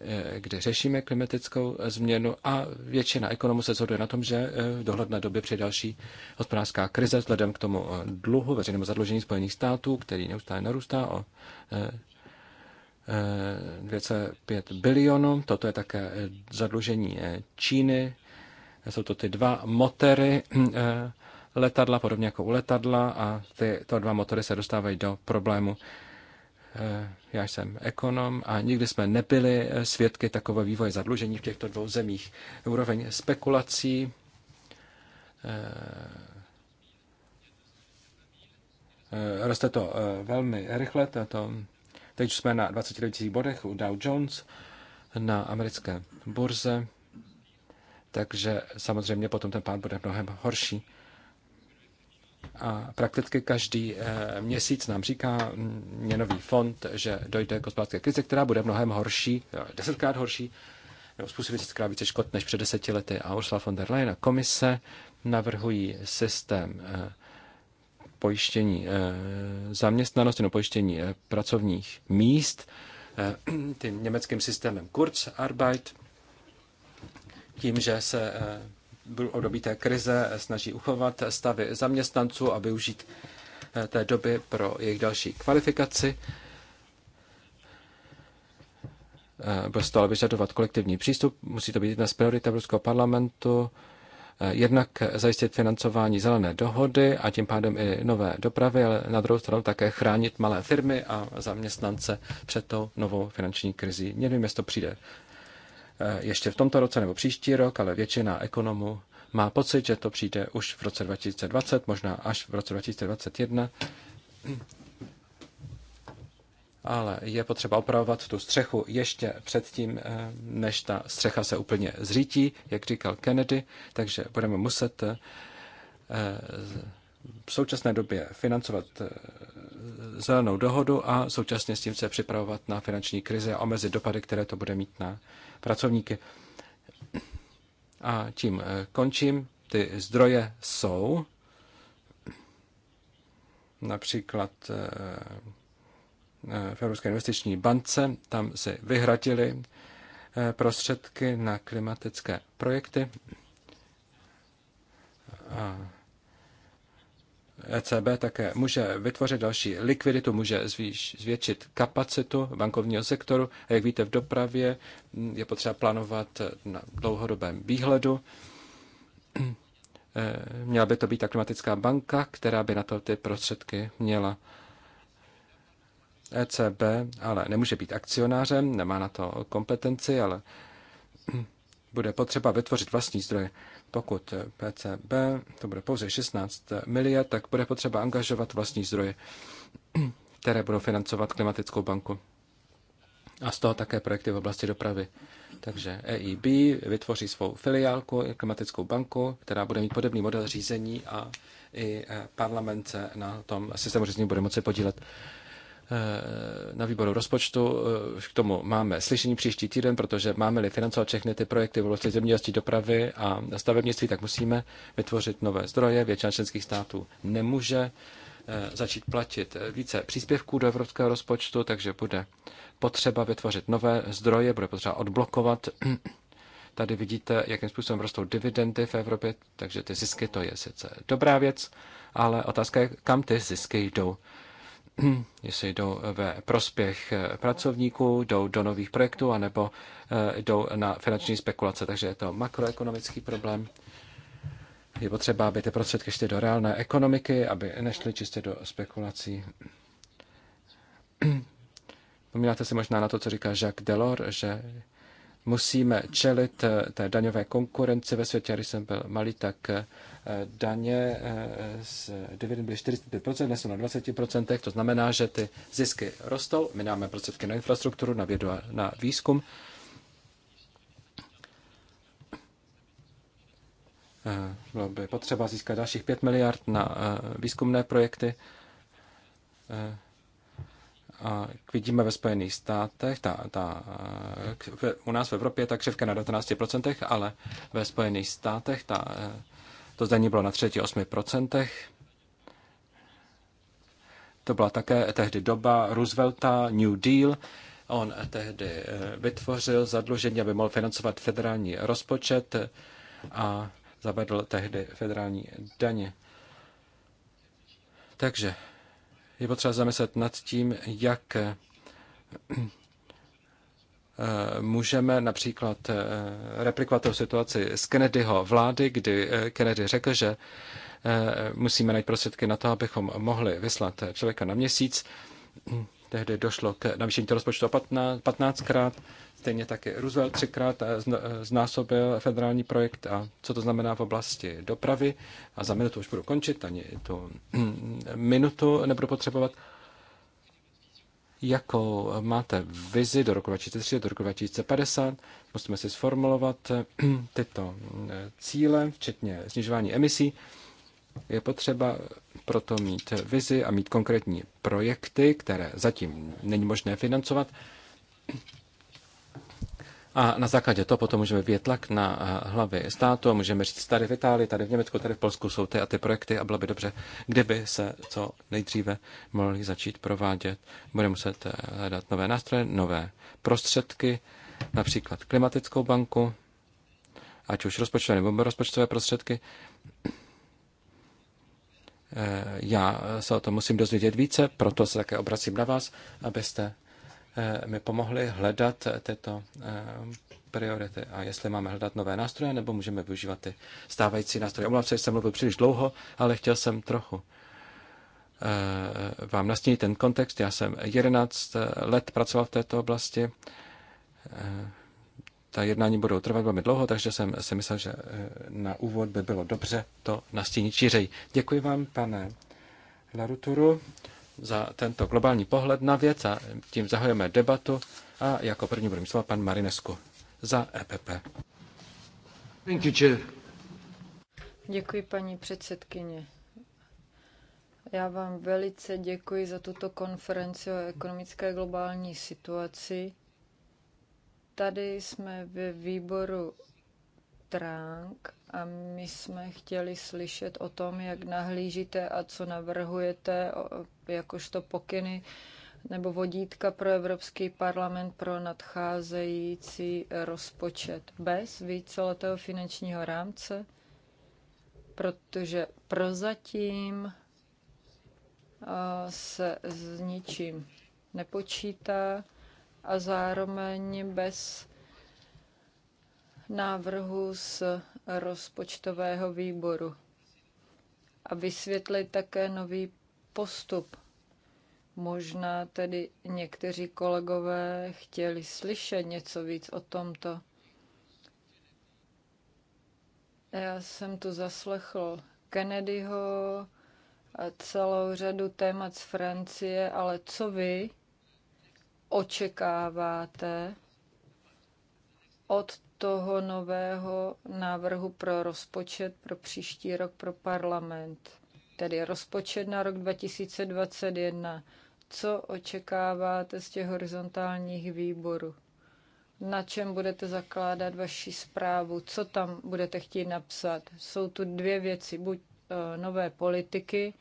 eh, kdy řešíme klimatickou eh, změnu a většina ekonomů se shoduje na tom, že eh, v dohledné době při další hospodářská krize vzhledem k tomu dluhu, veřejnému zadlužení Spojených států, který neustále narůstá o 2,5 bilionu. Toto je také zadlužení Číny. Jsou to ty dva motory letadla, podobně jako u letadla a tyto dva motory se dostávají do problému. Eh, já jsem ekonom a nikdy jsme nebyli eh, svědky takového vývoje zadlužení v těchto dvou zemích. Úroveň spekulací eh, roste to velmi rychle, Tato. teď jsme na 29 000 bodech u Dow Jones na americké burze, takže samozřejmě potom ten pád bude mnohem horší. A prakticky každý eh, měsíc nám říká měnový fond, že dojde k hospodářské krizi, která bude mnohem horší, eh, desetkrát horší, nebo způsobí desetkrát více škod než před deseti lety. A Ursula von der Leyen a komise navrhují systém eh, pojištění zaměstnanosti, no pojištění pracovních míst, [CLEARS THROAT] tím německým systémem Kurzarbeit, tím, že se období té krize eh, snaží uchovat stavy zaměstnanců a využít eh, té doby pro jejich další kvalifikaci. Eh, bude stále vyžadovat kolektivní přístup. Musí to být jedna z priorit Evropského parlamentu. Jednak zajistit financování zelené dohody a tím pádem i nové dopravy, ale na druhou stranu také chránit malé firmy a zaměstnance před tou novou finanční krizi. Nevím, jestli to přijde Eh, ještě v tomto roce nebo příští rok, ale většina ekonomů má pocit, že to přijde už v roce 2020, možná až v roce 2021. Ale je potřeba opravovat tu střechu ještě předtím, eh, než ta střecha se úplně zřítí, jak říkal Kennedy, takže budeme muset eh, v současné době financovat zelenou dohodu a současně s tím se připravovat na finanční krizi a omezit dopady, které to bude mít na pracovníky. A tím eh, končím. Ty zdroje jsou například eh, eh, v Evropské investiční bance, tam si vyhratili prostředky na klimatické projekty. A ECB také může vytvořit další likviditu, může zvýš, zvětšit kapacitu bankovního sektoru a jak víte v dopravě mm, je potřeba plánovat na dlouhodobém výhledu. E, měla by to být ta klimatická banka, která by na to ty prostředky měla. ECB ale nemůže být akcionářem, nemá na to kompetenci, ale [CLEARS THROAT] bude potřeba vytvořit vlastní zdroje. Pokud PCB to bude pouze 16 miliard, tak bude potřeba angažovat vlastní zdroje, které budou financovat klimatickou banku. A z toho také projekty v oblasti dopravy. Takže EIB vytvoří svou filiálku, klimatickou banku, která bude mít podobný model řízení a i eh, parlament se na tom systému řízení bude moci podílet. Eh, na výboru rozpočtu. Eh, k tomu máme slyšení příští týden, protože máme-li financovat všechny ty projekty v oblasti zemědělství, dopravy a stavebnictví, tak musíme vytvořit nové zdroje. Většina členských států nemůže eh, začít platit více příspěvků do evropského rozpočtu, takže bude potřeba vytvořit nové zdroje, bude potřeba odblokovat. [CLEARS THROAT] Tady vidíte, jakým způsobem rostou dividendy v Evropě, takže ty zisky to je sice dobrá věc, ale otázka je, kam ty zisky jdou. [CLEARS THROAT] jestli jdou ve prospěch eh, pracovníků, jdou do nových projektů, anebo eh, jdou na finanční spekulace. Takže je to makroekonomický problém. Je potřeba, aby ty prostředky šly do reálné ekonomiky, aby nešly čistě do spekulací. [CLEARS THROAT] Pomínáte si možná na to, co říká Jacques Delors, že musíme čelit eh, té daňové konkurenci ve světě. Když jsem byl malý, tak Eh, daně eh, z dividend byly 45%, dnes jsou na 20%, to znamená, že ty zisky rostou, my dáme prostředky na infrastrukturu, na vědu a na výzkum. Eh, bylo by potřeba získat dalších 5 miliard na výzkumné projekty. A jak vidíme ve Spojených státech, ta, ta, u nás v Evropě je ta křivka na 19%, ale ve Spojených státech ta to zdaní bylo na 38%. To byla také tehdy doba Roosevelta, New Deal. On tehdy eh, vytvořil zadlužení, aby mohl financovat federální rozpočet a zavedl tehdy federální daně. Takže je potřeba zamyslet nad tím, jak eh, Eh, můžeme například eh, replikovat tu situaci z Kennedyho vlády, kdy eh, Kennedy řekl, že musíme najít prostředky na to, abychom mohli vyslat člověka na měsíc. [CLEARS THROAT] Tehdy došlo k navýšení toho rozpočtu 15krát, stejně taky Roosevelt třikrát znásobil federální projekt a co to znamená v oblasti dopravy. A za minutu už budu končit, ani tu [CLEARS THROAT] minutu nebudu potřebovat jakou máte vizi do roku 2030, do roku 2050. Musíme si sformulovat eh, [CLEARS THROAT] tyto eh, cíle, včetně snižování emisí. Je potřeba proto mít vizi a mít konkrétní projekty, které zatím není možné financovat. A na základě toho potom můžeme vyjet tlak na eh, hlavy státu a můžeme říct, tady v Itálii, tady v Německu, tady v Polsku jsou ty a ty projekty a bylo by dobře, kdyby se co nejdříve mohli začít provádět. Bude muset eh, hledat nové nástroje, nové prostředky, například klimatickou banku, ať už rozpočtové nebo rozpočtové prostředky. Eh, já se o tom musím dozvědět více, proto se také obracím na vás, abyste Eh, mi pomohly hledat tyto eh, priority a jestli máme hledat nové nástroje, nebo můžeme využívat ty stávající nástroje. Omlouvám se, že jsem mluvil příliš dlouho, ale chtěl jsem trochu eh, vám nastínit ten kontext. Já jsem 11 let pracoval v této oblasti. Ta jednání budou trvat velmi dlouho, takže jsem si myslel, že na úvod by bylo dobře to nastínit šířej. Děkuji vám, pane Laruturu za tento globální pohled na věc a tím zahajeme debatu. A jako první budeme slovo pan Marinesku za EPP. Thank you, chair. Děkuji, paní předsedkyně. Já vám velice děkuji za tuto konferenci o ekonomické globální situaci. Tady jsme ve výboru Trang a my jsme chtěli slyšet o tom, jak nahlížíte a co navrhujete jakožto pokyny nebo vodítka pro Evropský parlament pro nadcházející rozpočet bez víceletého finančního rámce, protože prozatím se s ničím nepočítá a zároveň bez návrhu z rozpočtového výboru a vysvětlit také nový postup. Možná tedy někteří kolegové chtěli slyšet něco víc o tomto. Já jsem tu zaslechl Kennedyho a celou řadu témat z Francie, ale co vy očekáváte od toho nového návrhu pro rozpočet pro příští rok pro parlament, tedy rozpočet na rok 2021. Co očekáváte z těch horizontálních výborů? Na čem budete zakládat vaši zprávu? Co tam budete chtít napsat? Jsou tu dvě věci. Buď eh, nové politiky,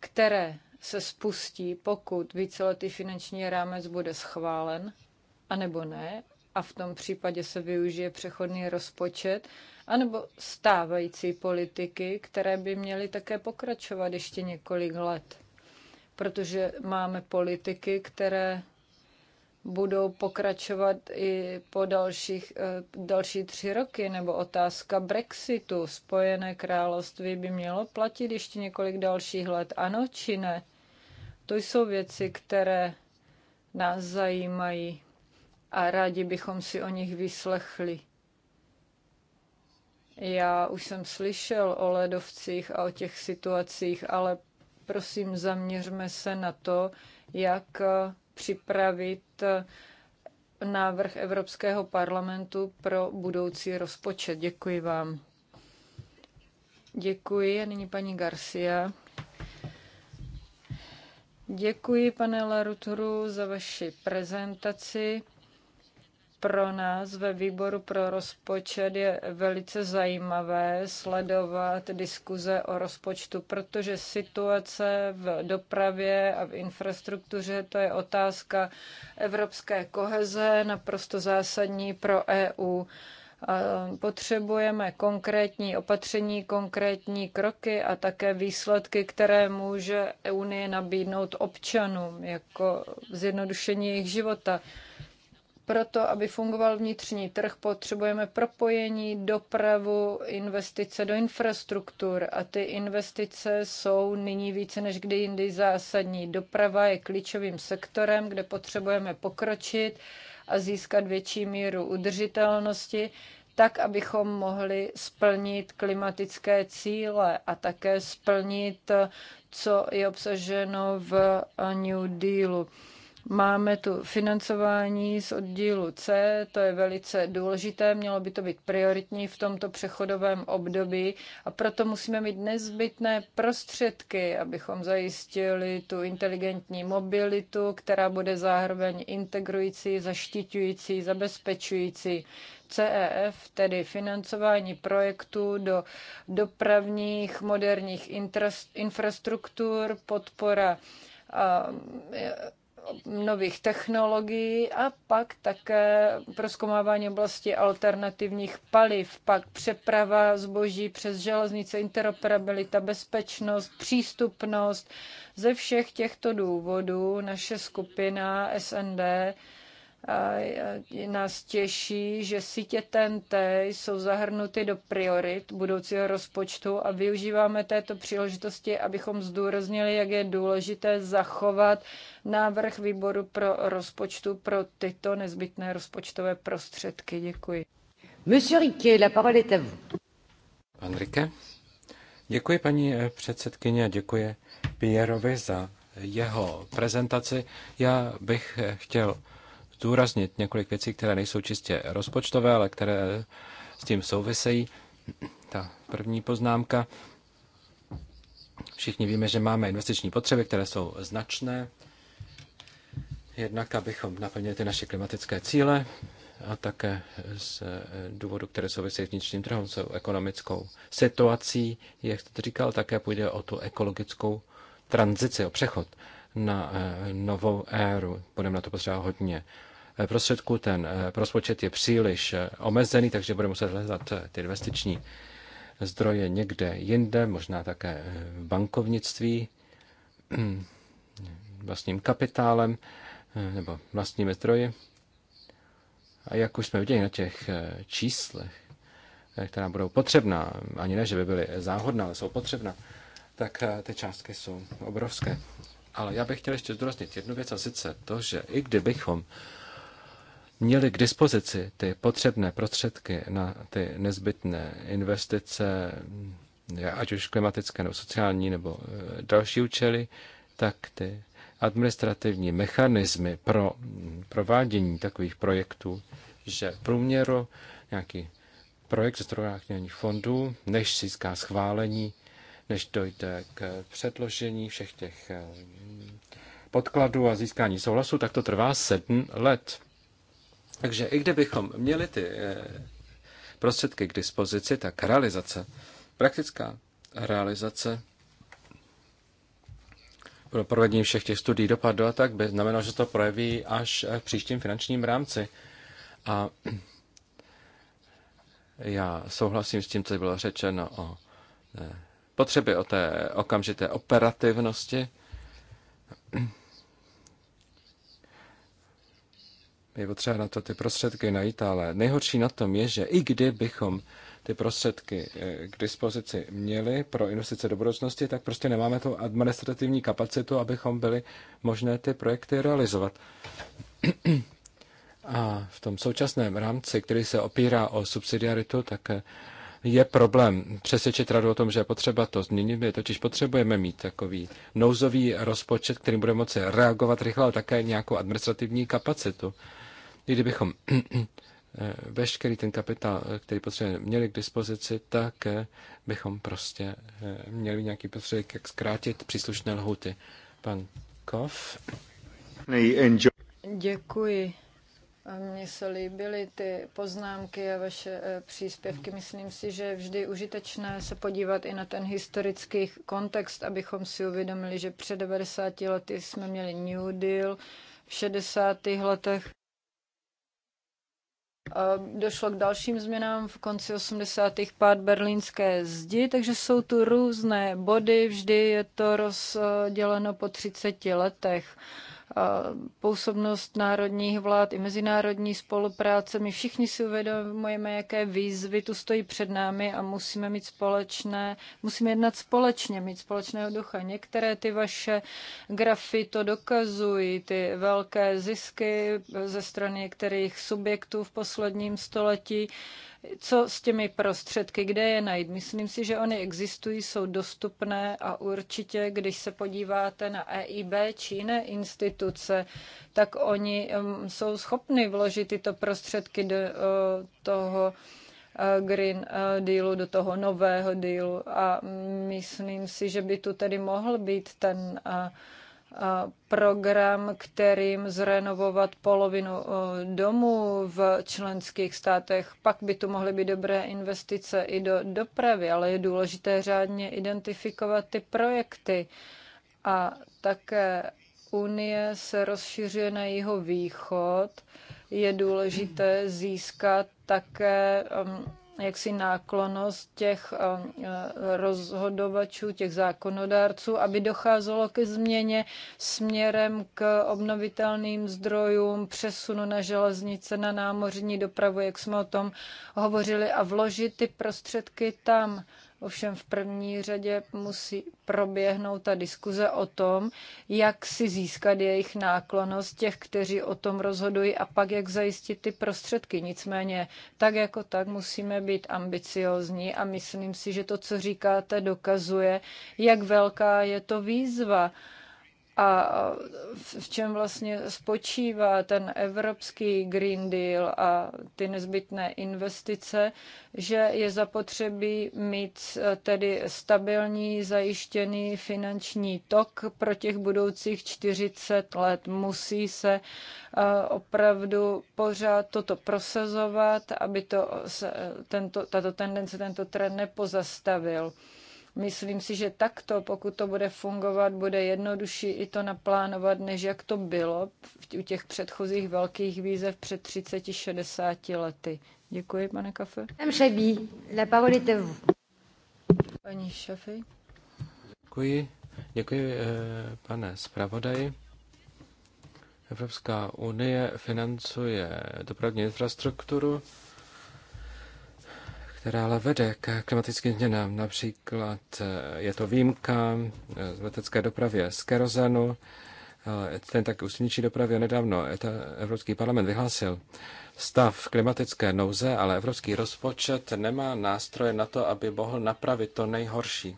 které se spustí, pokud víceletý finanční rámec bude schválen, anebo ne, a v tom případě se využije přechodný rozpočet, anebo stávající politiky, které by měly také pokračovat ještě několik let. Protože máme politiky, které budou pokračovat i po dalších, eh, další tři roky, nebo otázka Brexitu. Spojené království by mělo platit ještě několik dalších let, ano či ne? To jsou věci, které nás zajímají a rádi bychom si o nich vyslechli. Já už jsem slyšel o ledovcích a o těch situacích, ale prosím, zaměřme se na to, jak připravit návrh Evropského parlamentu pro budoucí rozpočet. Děkuji vám. Děkuji. A nyní paní Garcia. Děkuji, pane Laruturu, za vaši prezentaci pro nás ve výboru pro rozpočet je velice zajímavé sledovat diskuze o rozpočtu, protože situace v dopravě a v infrastruktuře to je otázka evropské koheze, naprosto zásadní pro EU. Potřebujeme konkrétní opatření, konkrétní kroky a také výsledky, které může Unie nabídnout občanům, jako zjednodušení jejich života. Proto, aby fungoval vnitřní trh, potřebujeme propojení, dopravu, investice do infrastruktur a ty investice jsou nyní více než kdy jindy zásadní. Doprava je klíčovým sektorem, kde potřebujeme pokročit a získat větší míru udržitelnosti, tak, abychom mohli splnit klimatické cíle a také splnit, co je obsaženo v New Dealu Máme tu financování z oddílu C, to je velice důležité, mělo by to být prioritní v tomto přechodovém období a proto musíme mít nezbytné prostředky, abychom zajistili tu inteligentní mobilitu, která bude zároveň integrující, zaštiťující, zabezpečující. CEF, tedy financování projektů do dopravních moderních infrastruktur, podpora nových technologií a pak také proskomávání oblasti alternativních paliv, pak přeprava zboží přes železnice, interoperabilita, bezpečnost, přístupnost. Ze všech těchto důvodů naše skupina SND nás těší, že sítě TNT jsou zahrnuty do priorit budoucího rozpočtu a využíváme této příležitosti, abychom zdůraznili, jak je důležité zachovat návrh výboru pro rozpočtu pro tyto nezbytné rozpočtové prostředky. Děkuji. Monsieur Riquet, la parole est à vous. Pan Rike. Děkuji paní eh, předsedkyně a děkuji Pierovi za jeho prezentaci. Já bych eh, chtěl zdůraznit několik věcí, které nejsou čistě rozpočtové, ale které s tím souvisejí. Ta první poznámka. Všichni víme, že máme investiční potřeby, které jsou značné. Jednak, abychom naplnili ty naše klimatické cíle a také z důvodu, které souvisí s vnitřním trhem, s ekonomickou situací, jak jste říkal, také půjde o tu ekologickou tranzici, o přechod na eh, novou éru. Budeme na to potřebovat hodně Eh, prostředků. Ten eh, rozpočet je příliš eh, omezený, takže bude muset hledat ty investiční zdroje někde jinde, možná také v bankovnictví, [CLEARS THROAT] vlastním kapitálem nebo vlastními zdroji. A jak už jsme viděli na těch číslech, která budou potřebná, ani ne, že by byly záhodná, ale jsou potřebná, tak ty částky jsou obrovské. Ale já bych chtěl ještě zdůraznit jednu věc a sice to, že i kdybychom měli k dispozici ty potřebné prostředky na ty nezbytné investice, ať už klimatické nebo sociální nebo e, další účely, tak ty administrativní mechanismy pro provádění takových projektů, že v průměru nějaký projekt ze strukturálních fondů, než získá schválení, než dojde k předložení všech těch e, podkladů a získání souhlasu, tak to trvá sedm let. Takže i kdybychom měli ty eh, prostředky k dispozici, tak realizace, praktická realizace pro provedení všech těch studií dopadu a tak by znamenalo, že to projeví až eh, v příštím finančním rámci. A [CLEARS THROAT] já souhlasím s tím, co bylo řečeno o eh, potřeby o té okamžité operativnosti. [CLEARS THROAT] je potřeba na to ty prostředky najít, ale nejhorší na tom je, že i kdybychom ty prostředky eh, k dispozici měli pro investice do budoucnosti, tak prostě nemáme tu administrativní kapacitu, abychom byli možné ty projekty realizovat. A v tom současném rámci, který se opírá o subsidiaritu, tak eh, je problém přesvědčit radu o tom, že je potřeba to změnit. My totiž potřebujeme mít takový nouzový rozpočet, který bude moci reagovat rychle, ale také nějakou administrativní kapacitu. I kdybychom [CLEARS THROAT] eh, veškerý ten kapitál, eh, který potřebujeme, měli k dispozici, tak eh, bychom prostě měli nějaký prostředek, jak zkrátit příslušné lhuty. Pan Kov. Děkuji. Mně se líbily ty poznámky a vaše příspěvky. Myslím si, že je vždy užitečné se podívat i na ten historický kontext, abychom si uvědomili, že před 90 lety jsme měli New Deal, v 60. letech Došlo k dalším změnám v konci 80. pád berlínské zdi, takže jsou tu různé body, vždy je to rozděleno po 30 letech působnost národních vlád i mezinárodní spolupráce. My všichni si uvědomujeme, jaké výzvy tu stojí před námi a musíme mít společné, musíme jednat společně, mít společného ducha. Některé ty vaše grafy to dokazují, ty velké zisky ze strany některých subjektů v posledním století co s těmi prostředky, kde je najít. Myslím si, že oni existují, jsou dostupné a určitě, když se podíváte na EIB či jiné instituce, tak oni um, jsou schopni vložit tyto prostředky do uh, toho uh, Green uh, Dealu, do toho nového dealu a mm, myslím si, že by tu tedy mohl být ten program, kterým zrenovovat polovinu domů v členských státech. Pak by to mohly být dobré investice i do dopravy, ale je důležité řádně identifikovat ty projekty. A také Unie se rozšiřuje na jeho východ. Je důležité získat také um, jaksi náklonost těch eh, eh, rozhodovačů, těch zákonodárců, aby docházelo ke změně směrem k obnovitelným zdrojům, přesunu na železnice, na námořní dopravu, jak jsme o tom hovořili, a vložit ty prostředky tam. Ovšem v první řadě musí proběhnout ta diskuze o tom, jak si získat jejich náklonost těch, kteří o tom rozhodují a pak jak zajistit ty prostředky. Nicméně tak jako tak musíme být ambiciozní a myslím si, že to, co říkáte, dokazuje, jak velká je to výzva a v čem vlastně spočívá ten evropský Green Deal a ty nezbytné investice, že je zapotřebí mít e, tedy stabilní zajištěný finanční tok pro těch budoucích 40 let. Musí se e, opravdu pořád toto prosazovat, aby to, e, tento, tato tendence, tento trend nepozastavil. Myslím si, že takto, pokud to bude fungovat, bude jednodušší i to naplánovat, než jak to bylo u těch předchozích velkých výzev před 30-60 lety. Děkuji, pane Kafe. Šebí, la parole est vous. Paní Šafej. Děkuji. Děkuji, eh, pane zpravodaji. Evropská unie financuje dopravní infrastrukturu která ale vede k klimatickým změnám. Například eh, je to výjimka eh, z letecké dopravě z kerozenu, ten tak ústřednější dopravě nedávno eh, Evropský parlament vyhlásil stav klimatické nouze, ale evropský rozpočet nemá nástroje na to, aby mohl napravit to nejhorší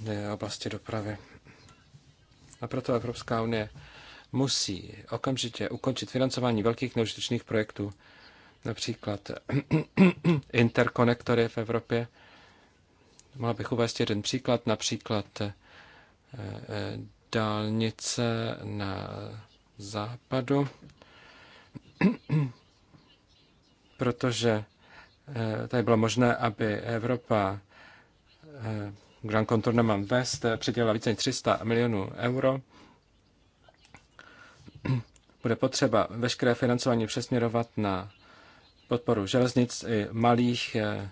v oblasti dopravy. A proto Evropská unie musí okamžitě ukončit financování velkých neužitečných projektů například [CLEARS THROAT] interkonektory v Evropě. Mohl bych uvést jeden příklad, například eh, eh, dálnice na západu, [CLEARS THROAT] protože eh, tady bylo možné, aby Evropa Grand Contour nemám vést, přidělila více než 300 milionů euro. [CLEARS THROAT] Bude potřeba veškeré financování přesměrovat na podporu železnic i malých eh,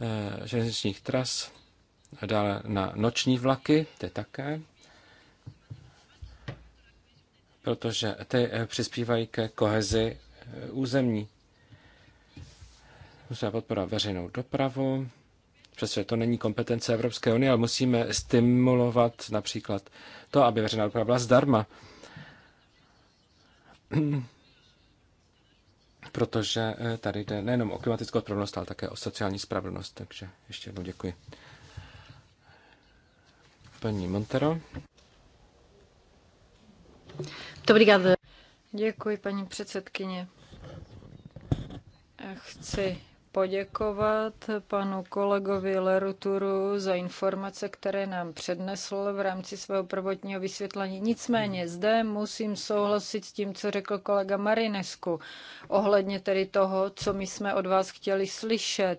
eh, železničních tras, a dále na noční vlaky, ty také, protože ty eh, přispívají ke kohezi území. Musíme podporovat veřejnou dopravu, přesně to není kompetence Evropské unie, ale musíme stimulovat například to, aby veřejná doprava byla zdarma [CLEARS THROAT] protože eh, tady jde nejenom o klimatickou spravedlnost, ale také o sociální spravedlnost. Takže ještě jednou děkuji. Paní Montero. Děkuji, paní předsedkyně. Chci poděkovat panu kolegovi Leruturu za informace, které nám přednesl v rámci svého prvotního vysvětlení. Nicméně zde musím souhlasit s tím, co řekl kolega Marinesku ohledně tedy toho, co my jsme od vás chtěli slyšet.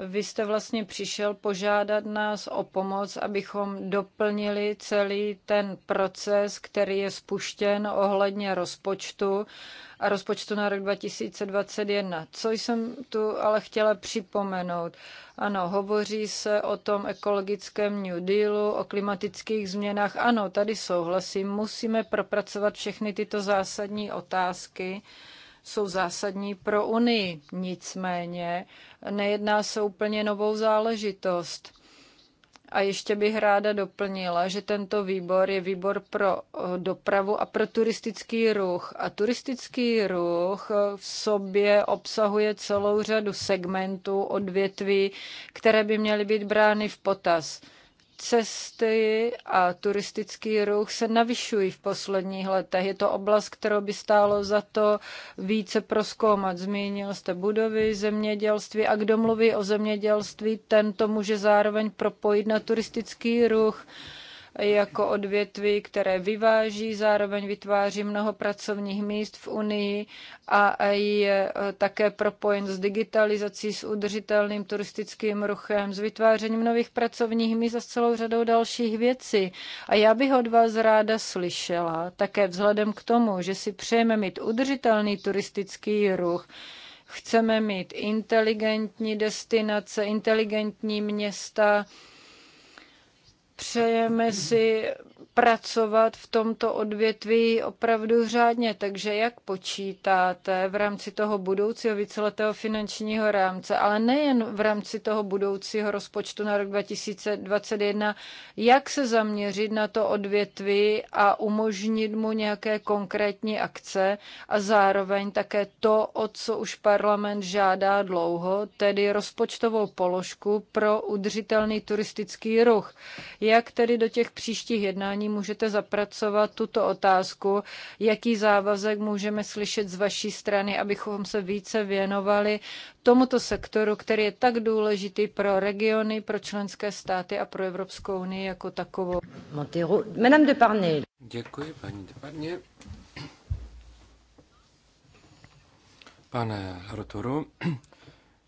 Vy jste vlastně přišel požádat nás o pomoc, abychom doplnili celý ten proces, který je spuštěn ohledně rozpočtu a rozpočtu na rok 2021. Co jsem tu ale chtěla připomenout? Ano, hovoří se o tom ekologickém New Dealu, o klimatických změnách. Ano, tady souhlasím, musíme propracovat všechny tyto zásadní otázky jsou zásadní pro Unii. Nicméně nejedná se úplně novou záležitost. A ještě bych ráda doplnila, že tento výbor je výbor pro eh, dopravu a pro turistický ruch. A turistický ruch eh, v sobě obsahuje celou řadu segmentů, odvětví, které by měly být brány v potaz cesty a turistický ruch se navyšují v posledních letech. Je to oblast, kterou by stálo za to více proskoumat. Zmínil jste budovy, zemědělství a kdo mluví o zemědělství, ten to může zároveň propojit na turistický ruch jako odvětví, které vyváží, zároveň vytváří mnoho pracovních míst v Unii a je e, také propojen s digitalizací, s udržitelným turistickým ruchem, s vytvářením nových pracovních míst a s celou řadou dalších věcí. A já bych od vás ráda slyšela, také vzhledem k tomu, že si přejeme mít udržitelný turistický ruch, chceme mít inteligentní destinace, inteligentní města, Přejeme si pracovat v tomto odvětví opravdu řádně. Takže jak počítáte v rámci toho budoucího víceletého finančního rámce, ale nejen v rámci toho budoucího rozpočtu na rok 2021, jak se zaměřit na to odvětví a umožnit mu nějaké konkrétní akce a zároveň také to, o co už parlament žádá dlouho, tedy rozpočtovou položku pro udržitelný turistický ruch. Jak tedy do těch příštích jednání jednání můžete zapracovat tuto otázku, jaký závazek můžeme slyšet z vaší strany, abychom se více věnovali tomuto sektoru, který je tak důležitý pro regiony, pro členské státy a pro Evropskou unii jako takovou. de Děkuji, paní de Pane Rotoru,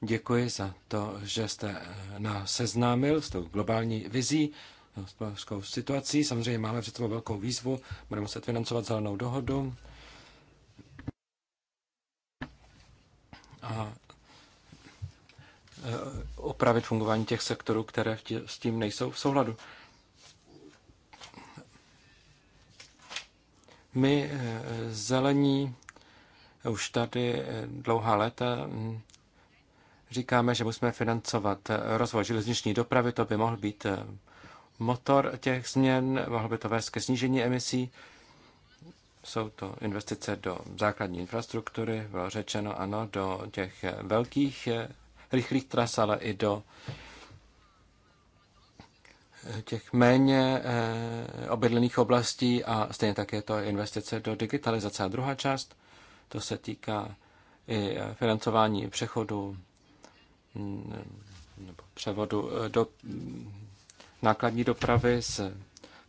děkuji za to, že jste nás seznámil s tou globální vizí hospodářskou situací. Samozřejmě máme před sebou velkou výzvu, budeme muset financovat zelenou dohodu. A e, opravit fungování těch sektorů, které s tím nejsou v souhladu. My e, zelení už tady e, dlouhá léta říkáme, že musíme financovat rozvoj železniční dopravy, to by mohl být motor těch změn, mohlo by to vést ke snížení emisí. Jsou to investice do základní infrastruktury, bylo řečeno ano, do těch velkých rychlých tras, ale i do těch méně eh, obydlených oblastí a stejně tak je to investice do digitalizace. A druhá část, to se týká i financování přechodu mm, nebo převodu eh, do nákladní dopravy z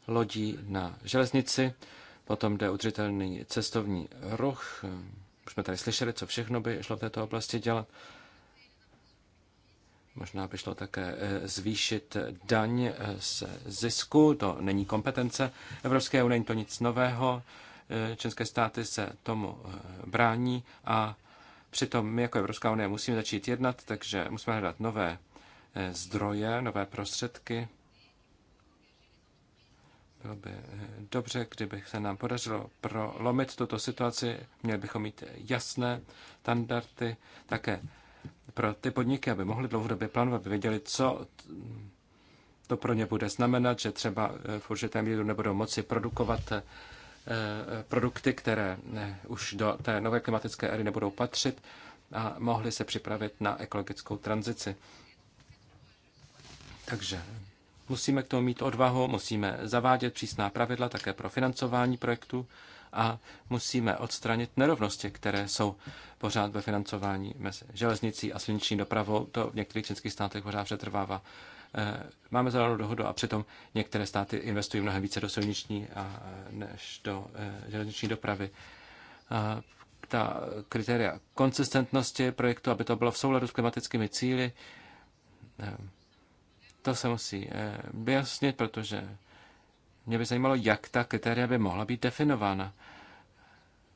lodí na železnici, potom jde udržitelný cestovní ruch, už jsme tady slyšeli, co všechno by šlo v této oblasti dělat. Možná by šlo také eh, zvýšit daň eh, z zisku, to není kompetence Evropské unie, to nic nového, eh, české státy se tomu brání a přitom my jako Evropská unie musíme začít jednat, takže musíme hledat nové zdroje, nové prostředky bylo by eh, dobře, kdyby se nám podařilo prolomit tuto situaci. Měli bychom mít jasné standardy také pro ty podniky, aby mohli dlouhodobě plánovat, aby věděli, co to pro ně bude znamenat, že třeba eh, v určitém míru nebudou moci produkovat eh, produkty, které už do té nové klimatické éry nebudou patřit a mohli se připravit na ekologickou tranzici. Takže Musíme k tomu mít odvahu, musíme zavádět přísná pravidla také pro financování projektu a musíme odstranit nerovnosti, které jsou pořád ve financování mezi železnicí a silniční dopravou. To v některých českých státech pořád přetrvává. Eh, máme zelenou dohodu a přitom některé státy investují mnohem více do silniční a eh, než do eh, železniční dopravy. ta kritéria konsistentnosti projektu, aby to bylo v souladu s klimatickými cíly, to se musí eh, vyjasnit, protože mě by zajímalo, jak ta kritéria by mohla být definována.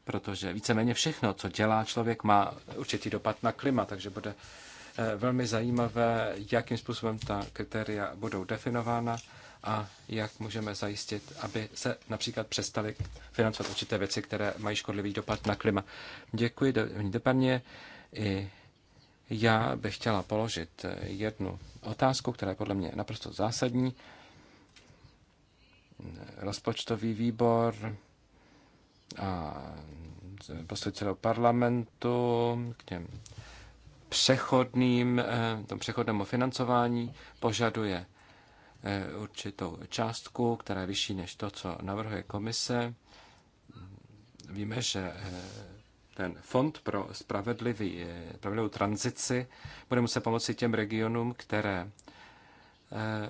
Protože víceméně všechno, co dělá člověk, má určitý dopad na klima, takže bude eh, velmi zajímavé, jakým způsobem ta kritéria budou definována a jak můžeme zajistit, aby se například přestaly financovat určité věci, které mají škodlivý dopad na klima. Děkuji, do Deparně. I já bych chtěla položit eh, jednu otázku, která je podle mě naprosto zásadní. Rozpočtový výbor a celého parlamentu k těm přechodným, eh, tom přechodnému financování požaduje eh, určitou částku, která je vyšší než to, co navrhuje komise. Víme, že ten fond pro spravedlivý, eh, spravedlivou tranzici bude muset pomoci těm regionům, které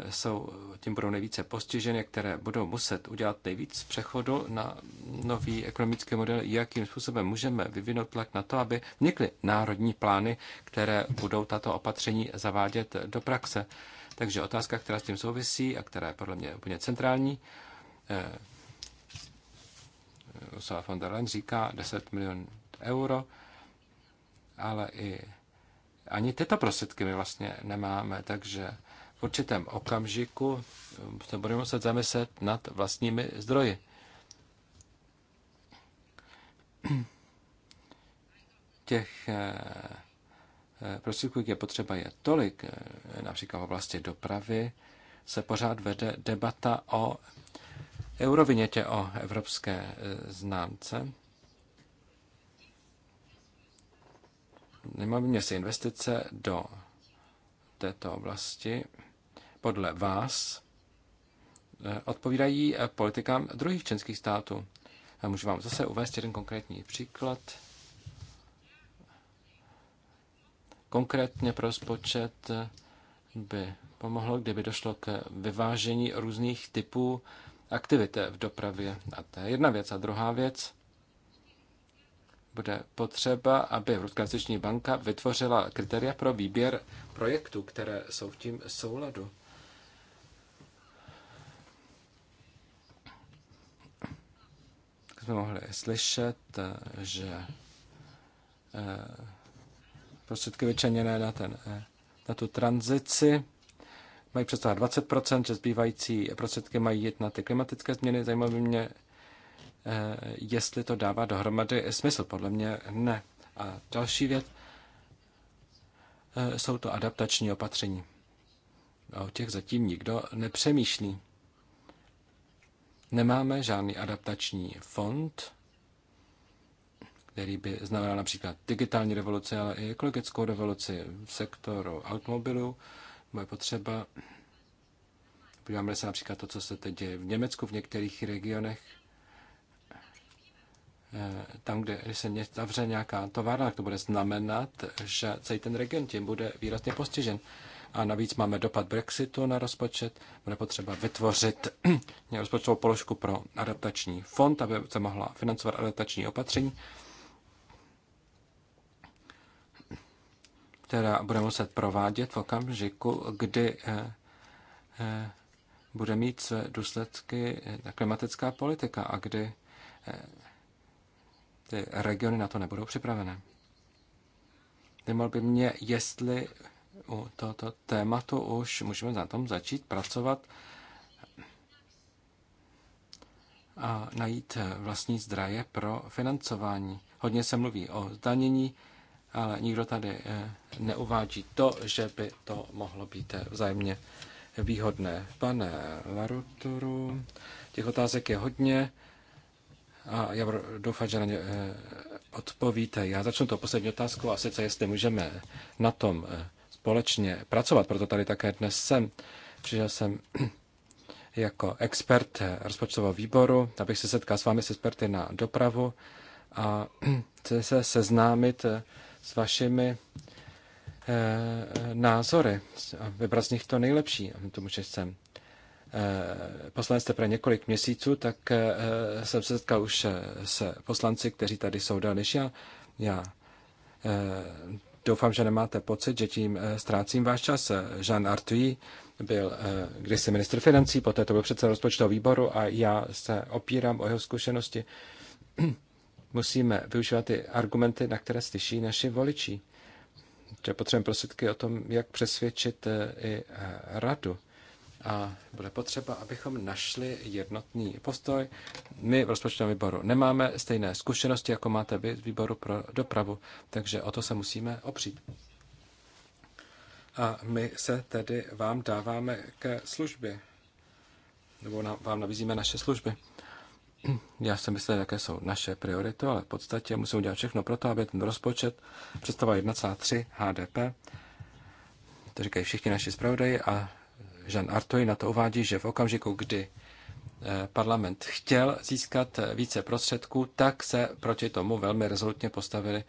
eh, jsou, tím budou nejvíce postiženy, které budou muset udělat nejvíc přechodu na nový ekonomický model, jakým způsobem můžeme vyvinout tlak na to, aby vnikly národní plány, které budou tato opatření zavádět do praxe. Takže otázka, která s tím souvisí a která je podle mě úplně centrální, eh, Ursula von der Leyen říká 10 milionů euro, ale i ani tyto prostředky my vlastně nemáme, takže v určitém okamžiku se budeme muset zamyslet nad vlastními zdroji. Těch eh, eh, prostředků, je potřeba, je tolik. Eh, například v oblasti dopravy se pořád vede debata o eurovinětě, o evropské známce. Nemáme mě se investice do této oblasti podle vás eh, odpovídají eh, politikám druhých členských států. A můžu vám zase uvést jeden konkrétní příklad. Konkrétně pro rozpočet eh, by pomohlo, kdyby došlo k vyvážení různých typů aktivit v dopravě. A to je jedna věc. A druhá věc, bude potřeba, aby Evropská investiční banka vytvořila kritéria pro výběr projektů, které jsou v tím souladu. jsme mohli slyšet, eh, že eh, prostředky vyčeněné na, ten, eh, na tu tranzici mají představovat 20%, že zbývající prostředky mají jít na ty klimatické změny. Zajímavé mě, Eh, jestli to dává dohromady smysl. Podle mě ne. A další věc eh, jsou to adaptační opatření. O těch zatím nikdo nepřemýšlí. Nemáme žádný adaptační fond, který by znamenal například digitální revoluci, ale i ekologickou revoluci v sektoru automobilů. Moje potřeba, podíváme se například to, co se teď děje v Německu, v některých regionech, Eh, tam, kde se zavře nějaká továrna, to bude znamenat, že celý ten region tím bude výrazně postižen. A navíc máme dopad Brexitu na rozpočet. Bude potřeba vytvořit [CLEARS THROAT] rozpočtovou položku pro adaptační fond, aby se mohla financovat adaptační opatření, která bude muset provádět v okamžiku, kdy eh, eh, bude mít své důsledky klimatická politika a kdy ty regiony na to nebudou připravené. Zajímal by mě, jestli u tohoto tématu už můžeme na tom začít pracovat a najít vlastní zdraje pro financování. Hodně se mluví o zdanění, ale nikdo tady eh, neuvádí to, že by to mohlo být eh, vzájemně výhodné. Pane Laruturu, těch otázek je hodně. A já doufám, že na ně eh, odpovíte. Já začnu to poslední otázkou a sice, jestli můžeme na tom eh, společně pracovat, proto tady také dnes jsem. Přišel jsem [CLEARS THROAT] jako expert eh, rozpočtového výboru, abych se setkal s vámi s experty na dopravu a [CLEARS THROAT] chci se seznámit s vašimi názory a vybrat z nich to nejlepší. A tomu, že jsem Eh, poslanec teprve několik měsíců, tak eh, jsem se setkal už eh, s poslanci, kteří tady jsou déle než já. Já doufám, že nemáte pocit, že tím ztrácím váš čas. Jean Artuy byl kdysi ministr financí, poté to byl předseda rozpočtového výboru a já se opírám o jeho zkušenosti. [CLEARS THROAT] Musíme využívat ty argumenty, na které slyší naši voliči. potřebujeme prostředky o tom, jak přesvědčit i radu a bude potřeba, abychom našli jednotný postoj. My v rozpočtovém výboru nemáme stejné zkušenosti, jako máte vy výboru pro dopravu, takže o to se musíme opřít. A my se tedy vám dáváme ke službě, nebo na, vám nabízíme naše služby. Já jsem myslel, jaké jsou naše priority, ale v podstatě musím udělat všechno pro to, aby ten rozpočet představoval 1,3 HDP. To říkají všichni naši zpravodaji a Jean Artoy na to uvádí, že v okamžiku, kdy eh, parlament chtěl získat eh, více prostředků, tak se proti tomu velmi rezolutně postavili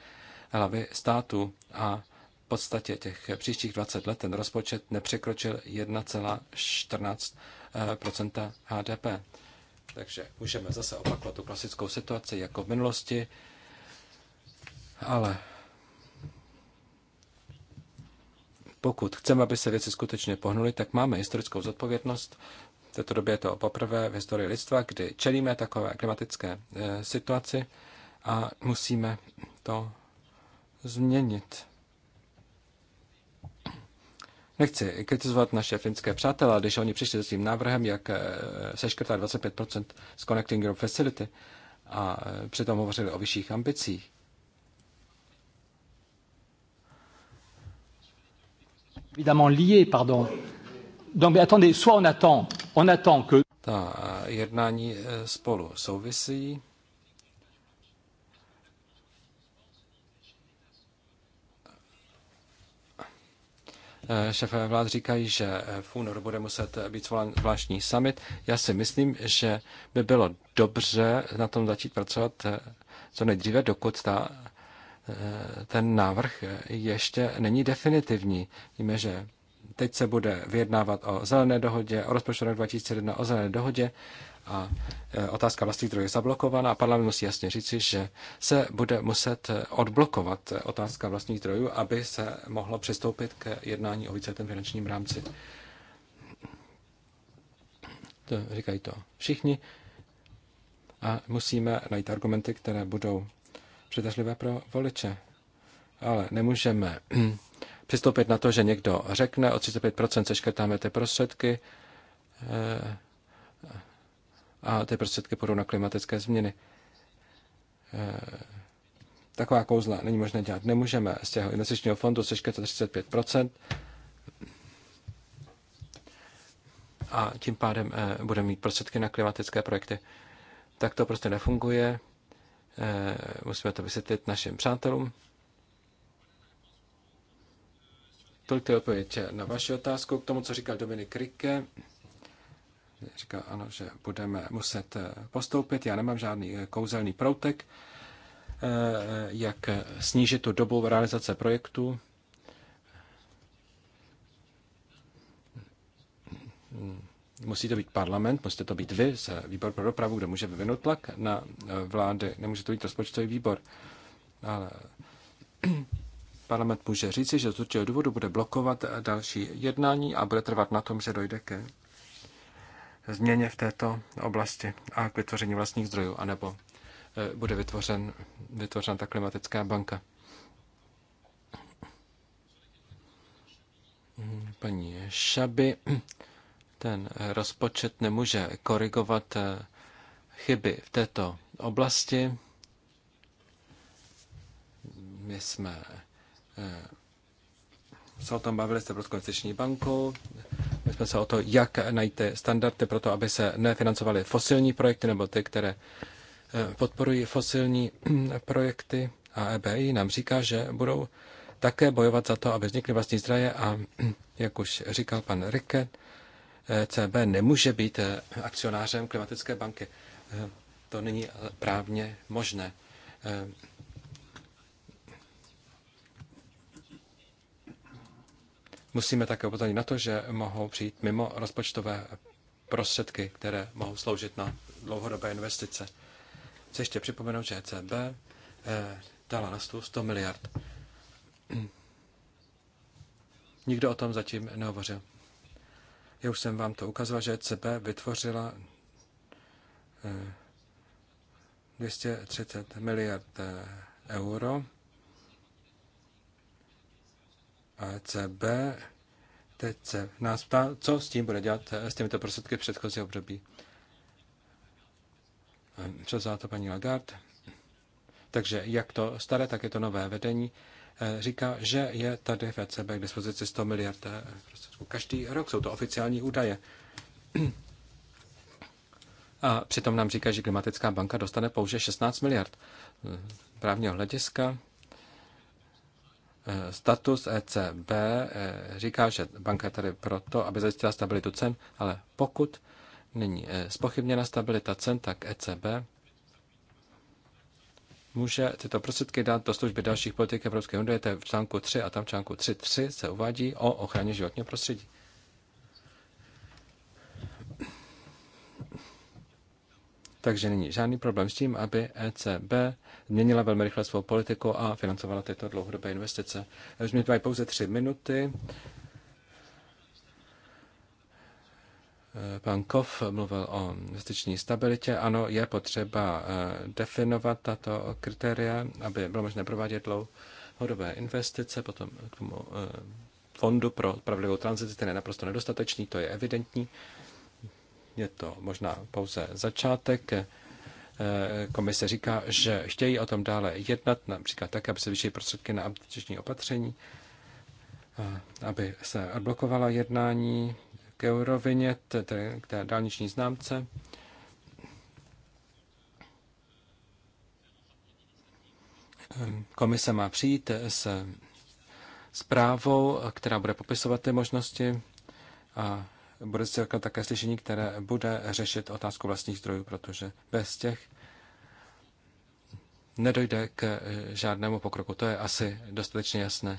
hlavy státu a v podstatě těch příštích 20 let ten rozpočet nepřekročil 1,14 eh, HDP. Takže můžeme zase opakovat tu klasickou situaci jako v minulosti, ale Pokud chceme, aby se věci skutečně pohnuly, tak máme historickou zodpovědnost. V této době je to poprvé v historii lidstva, kdy čelíme takové klimatické eh, situaci a musíme to změnit. Nechci kritizovat naše finské přátelé, když oni přišli s tím návrhem, jak eh, seškrtat 25% z Connecting Europe Facility a eh, přitom hovořili o vyšších ambicích. évidemment liées, pardon. Donc, mais attendez, soit on attend, on attend que... Ta eh, jednání eh, spolu souvisí. Eh, šéfové vlád říkají, že v únoru bude muset být zvolen zvláštní summit. Já si myslím, že by bylo dobře na tom začít pracovat co nejdříve, dokud ta Eh, ten návrh ještě není definitivní. Víme, že teď se bude vyjednávat o zelené dohodě, o rozpočtu rok 2001, o zelené dohodě a eh, otázka vlastní zdrojů je zablokovaná a parlament musí jasně říci, že se bude muset odblokovat otázka vlastních zdrojů, aby se mohlo přistoupit k jednání o víceletém finančním rámci. To říkají to všichni. A musíme najít argumenty, které budou přitažlivé pro voliče. Ale nemůžeme [CLEARS THROAT] přistoupit na to, že někdo řekne, o 35% seškrtáme ty prostředky eh, a ty prostředky půjdou na klimatické změny. Eh, taková kouzla není možné dělat. Nemůžeme z těho investičního fondu seškrtat 35% a tím pádem eh, budeme mít prostředky na klimatické projekty. Tak to prostě nefunguje. Eh, musíme to vysvětlit našim přátelům. Tolik to je odpověď na vaši otázku. K tomu, co říkal Dominik Rike, říkal, ano, že budeme muset eh, postoupit. Já nemám žádný eh, kouzelný proutek, jak snížit tu dobu realizace projektu musí to být parlament, musíte to být vy se výbor pro dopravu, kdo může vyvinout tlak na eh, vlády. Nemůže to být rozpočtový výbor. Ale [CLEARS THROAT] parlament může říci, že z určitého důvodu bude blokovat eh, další jednání a bude trvat na tom, že dojde ke změně v této oblasti a k vytvoření vlastních zdrojů, anebo eh, bude vytvořen, vytvořena ta klimatická banka. Hmm, paní Šaby ten rozpočet nemůže korigovat eh, chyby v této oblasti. My jsme eh, se o tom bavili s Evropskou investiční bankou. My jsme se o to, jak najít standardy pro to, aby se nefinancovaly fosilní projekty nebo ty, které eh, podporují fosilní projekty. A EBI nám říká, že budou také bojovat za to, aby vznikly vlastní zdraje. a, jak už říkal pan Ricket, ECB nemůže být e, akcionářem klimatické banky. E, to není právně možné. E, musíme také upozornit na to, že mohou přijít mimo rozpočtové prostředky, které mohou sloužit na dlouhodobé investice. Chci ještě připomenout, že ECB dala na stůl 100 miliard. Nikdo o tom zatím nehovořil. Já už jsem vám to ukazoval, že ECB vytvořila 230 eh, miliard eh, euro a ECB teď se nás ptá, co s tím bude dělat eh, s těmito prostředky v předchozí období. Převzala to paní Lagarde. Takže jak to staré, tak je to nové vedení. Eh, říká, že je tady v ECB k dispozici 100 miliard eh, prostředků. Každý rok jsou to oficiální údaje. A přitom nám říká, že klimatická banka dostane pouze 16 miliard. Eh, právního hlediska status ECB říká, že banka je tady proto, aby zajistila stabilitu cen, ale pokud není spochybněna stabilita cen, tak ECB může tyto prostředky dát do služby dalších politik Evropské unie, to je v článku 3 a tam v článku 3.3 se uvádí o ochraně životního prostředí. Takže není žádný problém s tím, aby ECB změnila velmi rychle svou politiku a financovala tyto dlouhodobé investice. Už mi pouze tři minuty. Eh, pan Kov mluvil o investiční stabilitě. Ano, je potřeba eh, definovat tato kritéria, aby bylo možné provádět dlouhodobé investice, potom k tomu eh, fondu pro spravedlivou tranzici, ten je naprosto nedostatečný, to je evidentní. Je to možná pouze začátek. Komise říká, že chtějí o tom dále jednat, například tak, aby se vyšly prostředky na investiční opatření, aby se odblokovala jednání k eurovině, k té dálniční známce. Komise má přijít s zprávou, která bude popisovat ty možnosti a bude se také slyšení, které bude řešit otázku vlastních zdrojů, protože bez těch nedojde k žádnému pokroku. To je asi dostatečně jasné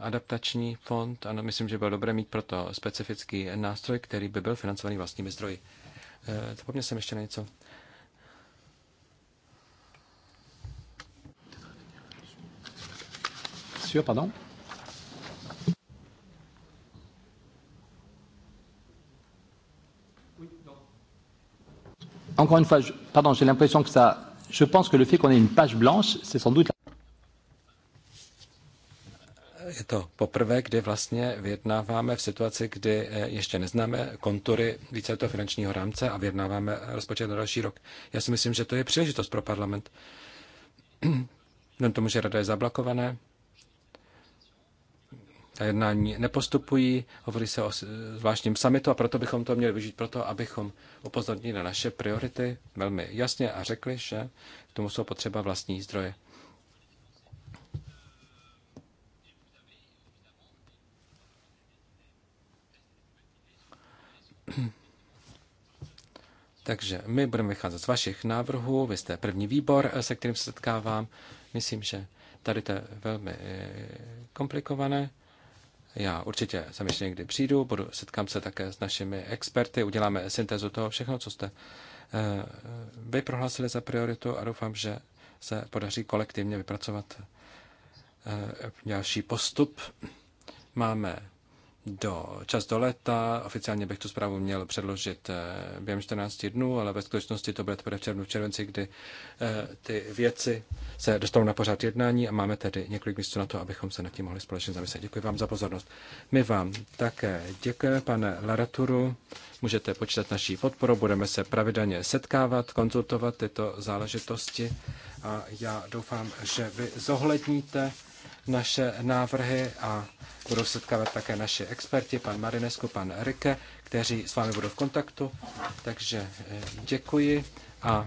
adaptační fond. Ano, myslím, že bylo dobré mít proto specifický nástroj, který by byl financovaný vlastními zdroji. Zapomněl eh, jsem ještě na něco. Monsieur, pardon Encore une fois, je, pardon, j'ai l'impression que ça. Je pense que le fait qu'on ait une page blanche, c'est sans doute je to poprvé, kdy vlastně vyjednáváme v situaci, kdy eh, ještě neznáme kontury více toho finančního rámce a vyjednáváme rozpočet na další rok. Já si myslím, že to je příležitost pro parlament. [CLEARS THROAT] Vzhledem tomu, že rada je zablokované, ta jednání nepostupují, hovorí se o zvláštním summitu a proto bychom to měli využít proto, abychom upozornili na naše priority velmi jasně a řekli, že k tomu jsou potřeba vlastní zdroje. Takže my budeme vycházet z vašich návrhů, vy jste první výbor, eh, se kterým se setkávám. Myslím, že tady to je velmi eh, komplikované. Já určitě sam ještě někdy přijdu, budu, setkám se také s našimi experty, uděláme syntézu toho všechno, co jste eh, vy prohlásili za prioritu a doufám, že se podaří kolektivně vypracovat další postup. Máme do, čas do leta. Oficiálně bych tu zprávu měl předložit eh, během 14 dnů, ale ve skutečnosti to bude teprve v červnu, v červenci, kdy eh, ty věci se dostanou na pořád jednání a máme tedy několik místů na to, abychom se nad tím mohli společně zamyslet. Děkuji vám za pozornost. My vám také děkujeme, pane Laraturu. Můžete počítat naší podporu, budeme se pravidelně setkávat, konzultovat tyto záležitosti a já doufám, že vy zohledníte naše návrhy a budou setkávat také naši experti, pan Marinesku, pan Rike, kteří s vámi budou v kontaktu. Takže eh, děkuji a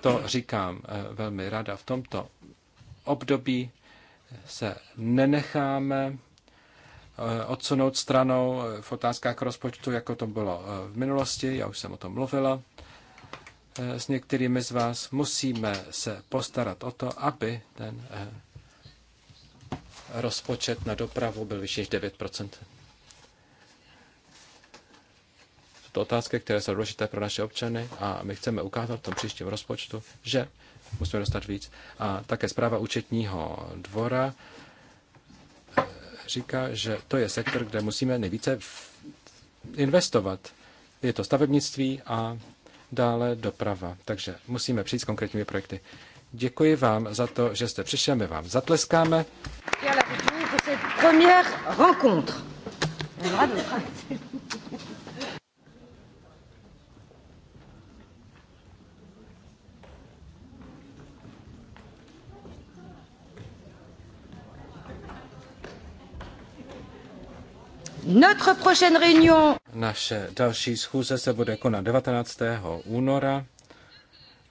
to říkám eh, velmi ráda. V tomto období se nenecháme eh, odsunout stranou v otázkách rozpočtu, jako to bylo v minulosti, já už jsem o tom mluvila. S některými z vás musíme se postarat o to, aby ten rozpočet na dopravu byl vyšší než 9 Jsou to otázky, které jsou důležité pro naše občany a my chceme ukázat v tom příštím rozpočtu, že musíme dostat víc. A také zpráva účetního dvora eh, říká, že to je sektor, kde musíme nejvíce investovat. Je to stavebnictví a dále doprava. Takže musíme přijít s konkrétními projekty. Děkuji vám za to, že jste přišel, my vám zatleskáme. Notre prochaine réunion. Naše další schůze se bude konat 19. února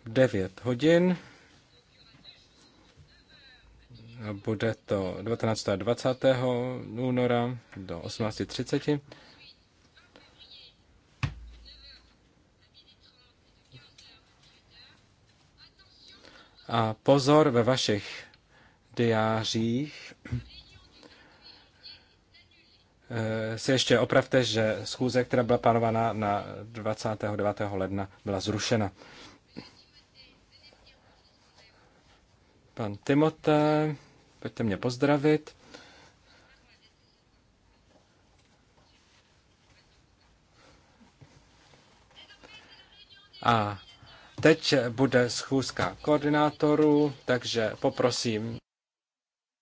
v 9 hodin. Bude to 19. a 20. února do 18.30. A pozor ve vašich diářích eh, Se ještě opravte, že schůze, která byla plánována na 29. ledna, byla zrušena. Pan Timote, pojďte mě pozdravit. A teď bude schůzka koordinátorů, takže poprosím